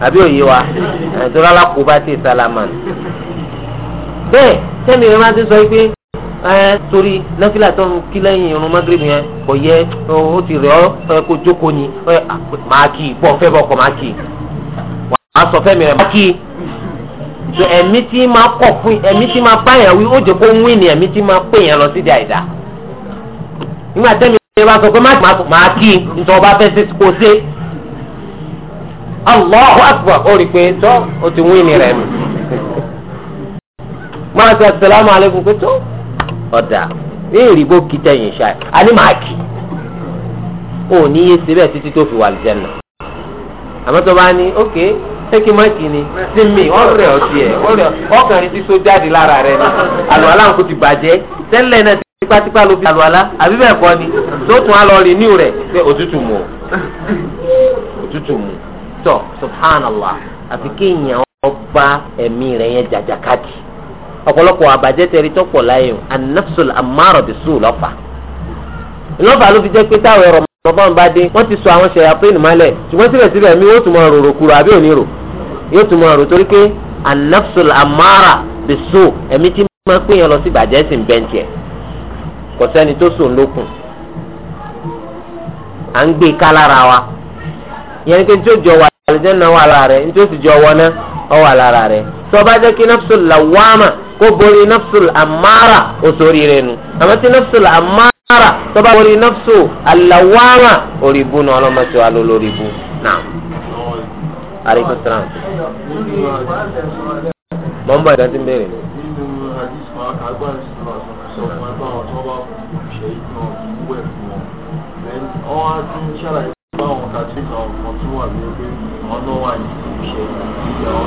àbí òye wa ẹ̀dọ́rọ̀ alákòóbá ti sálámà nù. bẹ́ẹ̀ sẹ́mi rẹ̀ máa ti sọ pé ẹ torí nọ́fìlà tó ń kí lẹ́yìn irun mọ́gírìbì yẹn kò yẹ ó ti rẹ̀ ọ́ kó jókòó ni ah, máa kì í pọ̀ fẹ́ bọ̀ kọ̀ máa kì í wàá sọ fẹ́mi rẹ̀ máa kì í so ẹ̀mí tí máa kọ̀ fún ẹ̀mí tí máa báyàn wí ó jẹ́ kó ń wí ni ẹ̀mí tí máa pè yẹn lọ sídìí àìdá nígbà tẹ́mi rẹ̀ bá sọ pé má Allahu akbar ó rí i pé tó o ti wí ni rẹ̀ nù. máa sọ salamu aleykum pé tó ọ̀dà béèrè bó kí tẹ̀yìn ṣáà àní máa kì í ò ní yé síbẹ̀ títí tó fi wà lìjẹ́nà àmọ́ tó bá ní ok tẹ́kí má kì ni sinmi wọ́n rẹ̀ ọ́ tiẹ̀ ọkàn rẹ̀ ti so jáde lára rẹ̀ ni àlọ́ aláǹkó ti bàjẹ́ tẹ́lẹ̀ náà ti tipátipá ló fi àlọ́ alá àbí bẹ́ẹ̀ kọ́ ni tó tún á lọ rí níwò rẹ̀ pé òtútù mu òtútù mu tọ subhanallah àfi kéèyàn ọba ẹ̀mí rẹ̀ yẹn jàjàkadì ọ̀pọ̀lọpọ̀ àbàjẹ́ tẹ̀rí tọ́pọ̀ láyé o an-nafsul ammara bis-su' lọ́fà lọ́fà ló fi jẹ́ pé táwọn ẹ̀rọ mọ̀bọ́n bá dé wọ́n ti sọ àwọn ṣẹ̀yàpín mọ́lẹ̀ ṣùgbọ́n síbẹ̀síbẹ̀ mi yóò tún máa rorò kúrò àbí òní rò yóò tún máa rò torí pé an-nafsul ammara bis-su' ẹ̀mí tí máa pín yẹn lọ sí ìbàjẹ́ sì ń bẹ́ńtì ẹ̀ kò sẹ́ni tó sùn lókun à ń gbé ká wa yẹn ni pé tí ó jọ wa àlùjánnà wà lára rẹ̀ nítorí oṣù jẹ ọwọ́ náà ọ wà lára rẹ̀ tó bá jẹ́ kí nafsul lawama kó borí nafsul amara òṣòrí rẹ̀ nu àmọ́ tí nafsul amara tó bá borí nafsul alawama orí ibu náà ọlọ́mọṣẹ́ wa ló lórí ibu náà. aleykum salaam. mọ̀ ń bọ̀ ìdájí ń béèrè. ọ̀hún á tún ṣàlàyé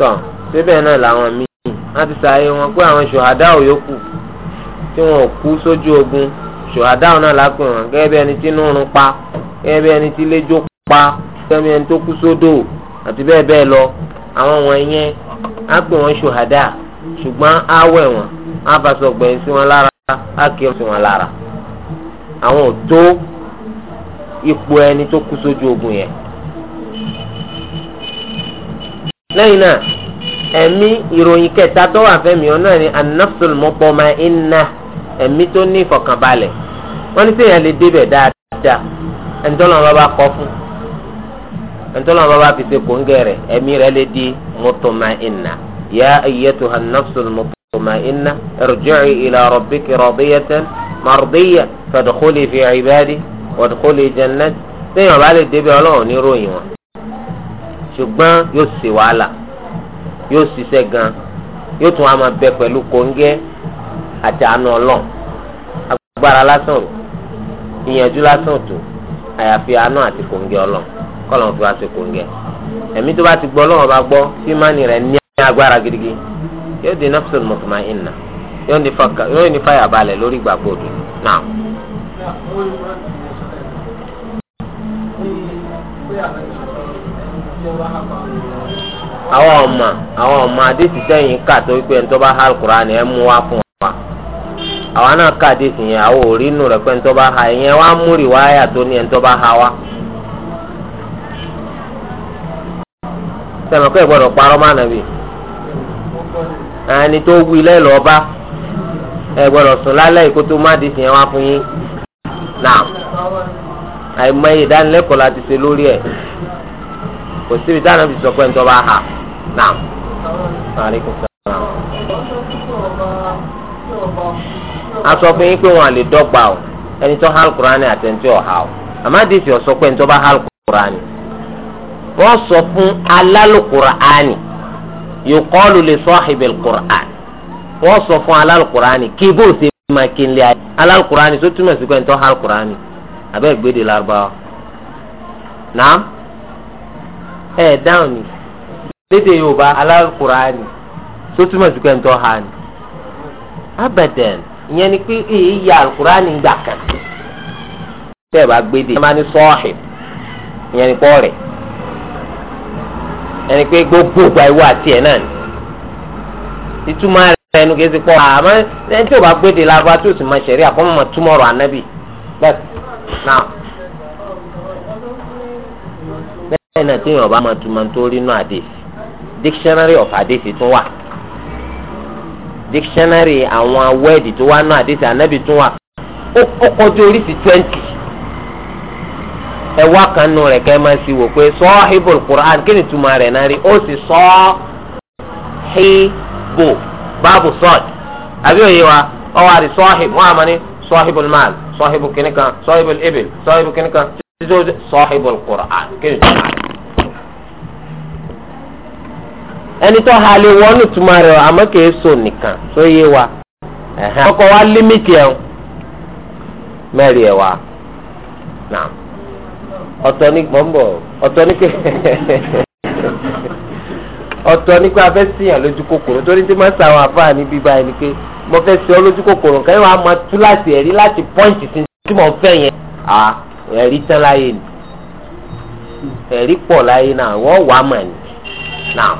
tọ̀ síbẹ̀ náà làwọn míì wọ́n ti sàyè wọn pé àwọn ṣòhádà ò yókù tí wọn ò kú sójú ogun ṣòhádà náà lápè wọn gẹ́gẹ́ bí ẹni tí inú run pa gẹ́gẹ́ bí ẹni tí léjò pa gẹ́gẹ́ bí ẹni tó kú sódò àti bẹ́ẹ̀ bẹ́ẹ̀ lọ àwọn wọ̀nyẹn á pè wọn ṣòhádà ṣùgbọ́n á wẹ̀ wọn á bàṣọ gbẹ̀yìn sí wọn lára á kí wọn sí wọn lára àwọn ò tó ipò ẹni tó kú sójú ogun yẹn lẹ́yìn náà ẹ̀mí ìròyìn kẹta tó wà fẹ́mi ọ náà ni anafsul mọ́pọ́mà iná ẹ̀mí tó ní ìfọ̀kànbalẹ̀ wọ́n ní sèyàn lè débẹ̀ dáadáa ẹ̀ńtọ́lọ́n bá bá kọ́ fún ẹ̀ńtọ́lọ́n bá bá fi ṣe kóńgẹ́ rẹ̀ ẹ̀mí rẹ̀ lè di mọ́pọ́mà iná yá ayẹ́tò anafsul mọ́pọ́mà iná ẹ̀rọ̀jọ́rì ìlà rọ̀bíkì rọ̀bíyẹ́tẹ́n mọ̀rọ̀bíyẹ́ fẹ̀dọ̀kọ́lẹ̀ fi ìbáàdì ṣùgbọ́n yóò ṣe wàhálà yóò ṣiṣẹ́ gan yóò tún wá máa bẹ pẹ̀lú kóńgẹ́ àti àánú ọlọ́run agbára lásán rò ìyànjú lásán tó àyàfi àánú àti kóńgẹ́ ọlọ́run kọ́lọ́n fi wá ṣe kóńgẹ́ ẹ̀mí tó bá ti gbọ́ ọlọ́run bá gbọ́ tí mánì rẹ̀ ní agbára gidigidi yóò di nafsul mutma'inna yóò ní fàyà balẹ̀ lórí ìgbàgbọ́ òdò náà àwọn ọmọ àwọn ọmọ àdéhùn sẹ́yìn kà tó wípé ẹni tó bá ha Al-Qur'ani ẹ̀ mú wá fún wa àwọn náà kà àdéhùn yẹn àwọn ò rí inú rẹ̀ pé ẹni tó bá ha ìyẹn wá mú rìwáyà tó ní ẹni tó bá ha wá. sẹ́mi ọkọ̀ ìgbọ́dọ̀ parọ́ má nàbì ẹni tó wí lẹ́lọ́ọ́ bá ẹ gbọ́dọ̀ sùn lálẹ́ yìí kó tó má àdéhùn yẹn wá fún yín náà àìmọye ìdánilẹ́kọ̀ọ́ la ti ṣe lórí ẹ̀ kò síbi táwọn fi sọ pé ń tọ́ba hà náà. a sọ fún yín pé wọn à lè dọ́gba o ẹni tó hàn kúránì àtẹ̀ntì ọ̀hà o àmọ́ àdìsí ọ̀sọ́ pé ń tọ́ba hàn kúránì wọ́n sọ fún alálùkùránì yòókọ́lù lè sọ àhìbẹ̀lì kùránì wọ́n sọ fún alálùkùránì kí bó ṣe máa kí n lé ayé alálùkùránì tó túmọ̀ sí pé ń tọ́ hàn kúránì abẹ́ gbé de lárúbáwá. Naam. ẹ̀ eh, dáhùn ni lédè yorùbá alákùránì tó túmọ̀ sí pé ha ni abẹ́dẹ̀n ìyẹn ni pé èyí ya alukurani gbà kan tẹ́ ẹ bá gbé de máa ní sọ́ọ̀hìn gbogbo ìgbà ìwọ àti ẹ̀ náà ni ìtumọ̀ rẹ̀ ẹnu kìí ti pọ̀ àmọ́ ẹni tí ò bá gbé de lábá máa ṣẹ̀rí túmọ̀ bẹ́ẹ̀ náà téèyàn máa túmọ̀ tó rí inú hadith dictionary of hadith tún wà dictionary àwọn wẹ́ẹ̀dì tó wà nù hadith ànábì tún wà ó kọjú oríṣi twenty ẹ kan nù rẹ̀ kẹ́ máa sì wò pé sọ́ọ́hìbò Qur'an kí ni túmọ̀ rẹ̀ náà rí ó sì sọ́ọ́hìbò báàbù sọ́ọ̀d àbí òye wa ọ wà rí sọ́ọ́hìbò wọn àmọ́ ní sọ́ọ́hìbò mal sọ́ọ́hìbò kìnìkan sọ́ọ́hìbò ibil sọ́ọ́hìbò kìnìkan sọ́ọ́hìbò Qur'an kí ni túmọ̀ rẹ̀. ẹni tó ha lè wọnú tuma rẹ àmọ́ so nìkan tó yé wa ọkọ wa límìtì ẹ mẹ́rin wa ọ̀tọ̀ ní gbọǹbọ ọ̀tọ̀ ní kékeré ọ̀tọ̀ ní pé a fẹ́ lójú kòkòrò torí tí máa ń sàwọn àfáà ní bíbá ẹni pé mo fẹ́ sè ọ́ lójú kòkòrò nǹkan wàá máa tú láti ẹ̀rí láti pọ́ǹtì sí mo fẹ́ yẹn ẹ̀rí tán láyé ni ẹ̀rí pọ̀ láyé náà wọ́n wàá náà.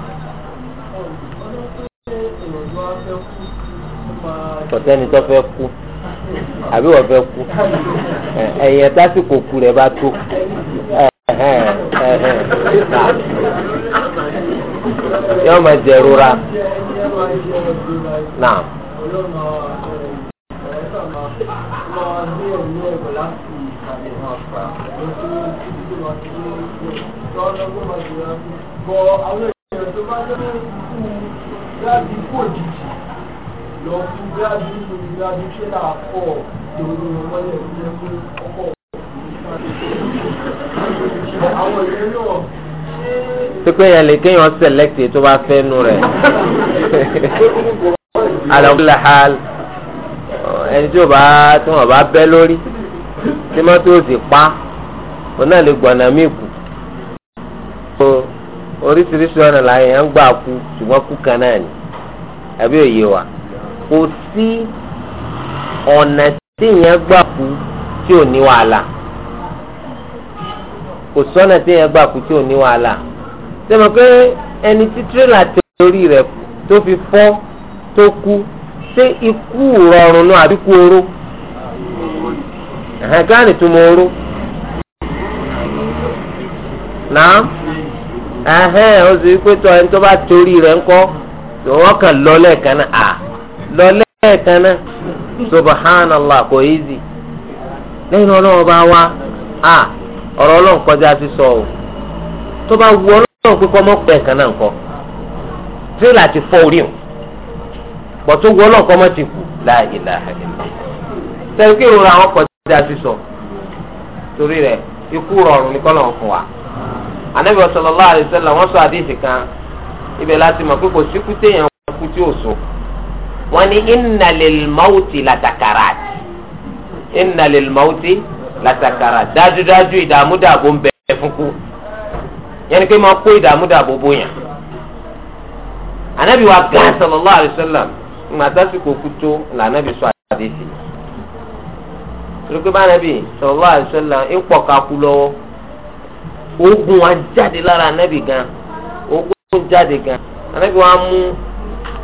ọ̀tẹ́ni tó fẹ́ kú àbí wọ́n fẹ́ kú ẹ̀yìn ẹ̀dá sì kò kú rẹ̀ bá tó. yọ ọmọ jẹrora rura, Bọ̀ àwọn èèyàn tó bá lọ́wọ́ ikú láti kó òjijì lọ fún gíráàdì nítorí gíráàdì tírélà pọ̀ lórí ọmọlẹ̀ tó jẹ́ pé ọkọ̀ àwọn ìwé náà pípé yẹn lè kéèyàn sẹlẹ̀kì tó bá fẹ́ nu rẹ̀ alàwùlà hàl ẹni tí o bá tí wọn bá bẹ́ lórí tí mọ́tò sì pa òun náà lè gbọ̀nà mí kù so oríṣiríṣi ọ̀nà làyẹn ń gbà kú ṣùgbọ́n kú kan náà ni àbí òye wa kò sí ọ̀nà tí yẹn gbà kú tí ò ní wàhálà kò sọ́nà tí yẹn gbà kú tí ò ní wàhálà ṣé mo pé ẹni tí tírélà torí rẹ̀ tó fi fọ́ tó kú ṣé ikú rọrùn náà àbí kú oró ẹ̀hẹ́n kí wọ́n á tún mọ oró náà ẹ̀hẹ́n ó sì pé tọ́ ẹni tó bá torí rẹ̀ ńkọ́ wọ́n kàn lọ lẹ́ẹ̀kan náà lọ lẹ́ẹ̀kan náà kò easy lẹ́yìn ọlọ́run bá wá a ọ̀rọ̀ ọlọ́run kọjá ti sọ o tó bá wu ọlọ́run pé kọ́ mọ́ pẹ́ kan náà ti fọ́ orí o pọ̀ tó wu ọlọ́run kọ́ mọ́ ti kù láàyè láàyè sẹ́yìn kí ìrora àwọn kọjá ti sọ wa anabi wọ́n sọ kan ibẹ̀ láti mọ̀ pé kò síkú téèyàn kú tí ò wọ́n ní inna lil mauti latakarat inna lil mauti latakarat dájúdájú ìdààmú dààbò ń bẹ fún kú yẹn ni pé máa kó ìdààmú dààbò bóyá anabi wa gan sallallahu alayhi wa sallam màtásìkò kútó là anabi sọ àdéhìí torípé bá anabi sallallahu alayhi wa sallam ń pọ̀ kakú lọ́wọ́ oògùn wa jáde lára anabi gan oògùn jáde gan anabi wa mú.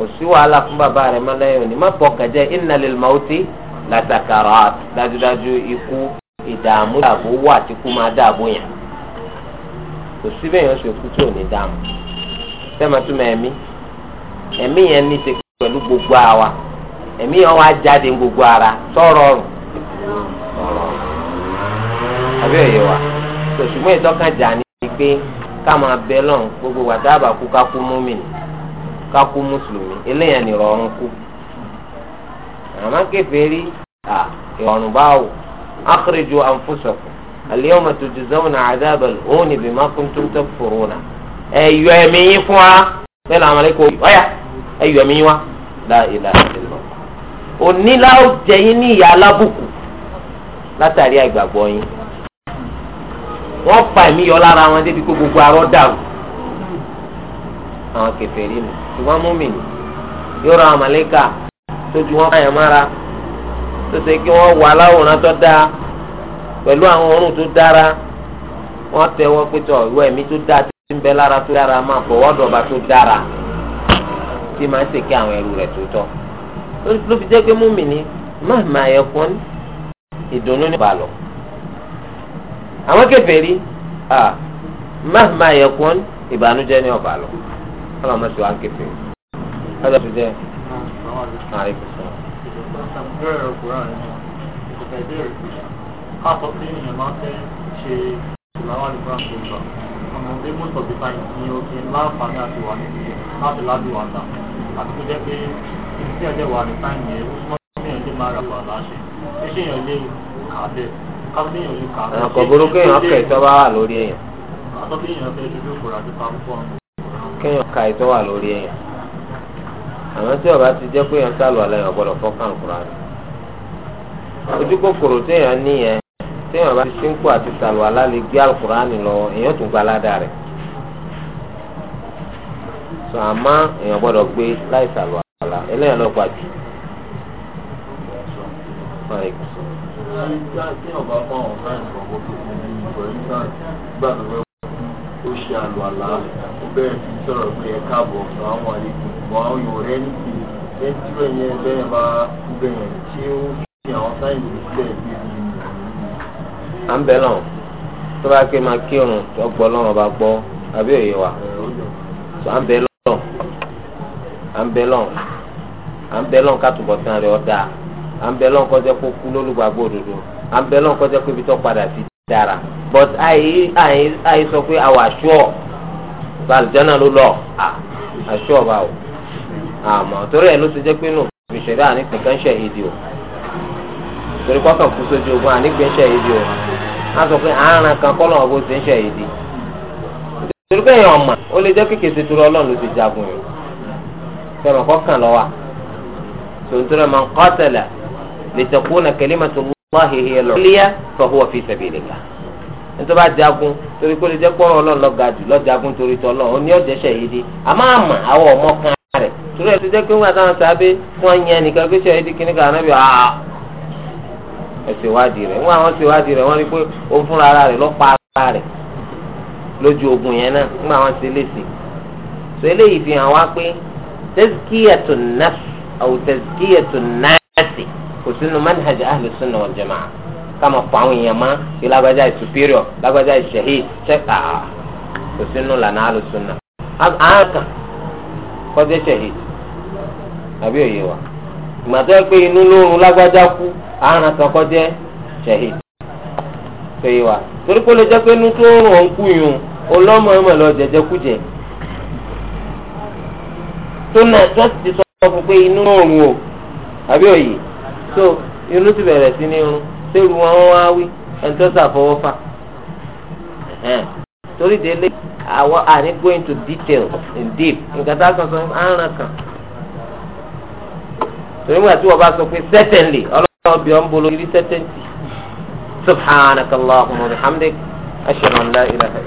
kò sí wàhálà fún bàbá rẹ̀ mọ́ lẹ́yìn òní má pọ̀ kẹjẹ inna lil mauti lasakarat dájúdájú ikú ìdààmú dààbò wà tí kú máa dààbò yàn kò sí bẹ́ẹ̀ yẹn ṣe kú tí ò ní dààmú sẹ́mọ̀túmọ̀ ẹ̀mí ẹ̀mí yẹn ní ṣe pẹ̀lú gbogbo àwa ẹ̀mí yẹn wá jáde gbogbo ara sọ̀rọ̀ ọ̀rùn àbí òye wa tòṣùmọ́ ìtọ́kànjà ni pé ká máa bẹ lọ́n gbogbo wàtáàbà kákú mùsùlùmí eléyàn ni rọrùn kú àmọ́ kèfèrí à ìrọ̀rùn báwò akhriju anfusakum al-yawma tujzawna adhab al-huni bima kuntum takfuruna ẹ yọ ẹ̀mí yín fún wa bẹ́ẹ̀ làwọn ẹlẹ́kọ̀ọ́ yìí ọ̀yà ẹ yọ ẹ̀mí yín wa la ilaha illallah onílà ó jẹ yín ní ìyá alábùkù látàrí àgbàgbọ́ yín wọ́n fa ẹ̀mí yọ lára wọn débi kó gbogbo arọ́ dàrú àwọn kèfèrí nù ṣùgbọ́n mọ́mìn yóò ra àmàlẹ́kà tójú wọn báyàn mára tó ṣe kí wọ́n wà láwòrán tó dáa pẹ̀lú àwọn òórùn tó dára wọ́n tẹ́wọ́ pétọ̀ ìwọ ẹ̀mí tó dáa tí ń bẹ lára tó dára máa fọwọ́ dọ̀ba tó dára tí máa ń ṣèké àwọn ẹrù rẹ̀ tó tọ́ ló fi jẹ́ pé mọ́mìn máa máa yẹ kún ìdùnnú ní ìbàlọ̀ àwọn kèfèrí máa máa yẹ kún ìbànújẹ́ ní ọ̀bàlọ̀ kọ́lá ọmọ tí wàá kéfì kọ́lá tó jẹ́ ààrẹ kò sọ. káàpọ̀ sí èèyàn máa fẹ́ ṣe ìlàwọ́ àdúgbò àti ìgbà ọmọ bí mo sọ̀tì ta ìsìn òkè láǹfààní àti wà níbi láti ládùn àdá àti tó jẹ́ pé ibi tí ẹ̀jẹ̀ wà ní táìmù yẹn ó súnmọ́ sí èèyàn lè máa ra wà láṣẹ ṣé ṣé ọkọ̀ burúkú bá wà lórí èèyàn kéèyàn ka ìtọ́ wà lórí èèyàn àmọ́ tí ọba ti jẹ́ pé èèyàn sálọ alẹ́ yẹn gbọ́dọ̀ fọ́kàn kúrò àná ojú kòkòrò téèyàn ní yẹn téèyàn bá ti ṣínkù àti sálọ alálẹ́ gbé alukurani lọ èèyàn tún gba aládàá rẹ̀ sọ àmọ́ èèyàn gbọ́dọ̀ gbé láì sálọ àlá eléyàn lọ pa jù. o ṣe ó bẹ̀rẹ̀ sí sọ̀rọ̀ pé àwọn àlejò àwọn rẹ̀ ní ti yẹn bẹ́ẹ̀ bá bẹ̀rẹ̀ tí ó fi àwọn sáyẹ̀nsì sílẹ̀ bí i. à ń bẹ̀ náà tó bá ké máa kírun tó gbọ́ lọ́rùn bá gbọ́ àbí òye wa à ń bẹ̀ lọ́n à ń à ń dára but àyè àyè àyè sọ pé àwọn àṣọ àlùjáná ló lọ àṣọ bá o àmọ́ torí ẹ̀ ló ti jẹ́ pé nù ṣe èdè o torí kọ́kàn kú sójú ogun ṣe èdè o wọ́n sọ pé àárín kan kọ́ lọ́wọ́ bó ti ń ṣe èdè torí pé èèyàn ọ̀mà ó lè jẹ́ kékeré ṣe torí ọlọ́run ló ti jagun yìí fẹ́ràn kọ́kàn lọ́wọ́ tòun tó ń kọ́ tẹ̀lẹ̀ lè tẹ̀kú na wọ́n hehe ẹ lọ. ìlíyà fọwọ́ fi sabilillah. nítorí bá jagun torí kó lè jẹ́ pọ́n ọlọ́run lọ́ga jù lọ́jagun torí tọ́lọ́ òní ọ̀jẹ̀ṣẹ̀ yìí di àmọ́ àmọ́ àwọn ọmọ kan rẹ̀. torí ẹ̀ ti jẹ́ pé wọ́n àtàwọn sábẹ́ wọ́n yan nìkan pé ṣe ẹ̀dí kíníkà anábì àá. ẹ ṣèwádìí rẹ̀ wọ́n àwọn ṣèwádìí rẹ̀ wọ́n rí pé òun fúnra ara rẹ̀ lọ́pa ara rẹ̀ lójú ogun yẹn náà nígbà wọn ti léṣe. sọ eléyìí fi hàn wá pé tazkiyatun nafs aw tazkiyatun nasi kò sínú manhaj ahlu sunna wal jamaa kama pa àwọn èèyàn mọ́ superior lágbájá yìí shahid ṣẹ́ka kò sínú lànà ahlu sunna aka kọjá shahid àbí òye wa ìgbàtọ́ ẹ pé inú lóorun lágbájá kú to kan kọjá shahid òye wa torí pé ó lè jẹ́ pé inú tó rùn òun so irun ti bẹ̀rẹ̀ sí ní irun sẹ́rù wọn wọ́n wá wí ẹni tó ṣàfọwọ́ fà torí délé àwọn àní go into detail in deep nǹkan tá a sọ sọ àrùn kan torí wọn àti wọn bá sọ pé certainly ọlọ́run bí wọn bolo irí certainty subhanakallahumma wa bihamdik ashhadu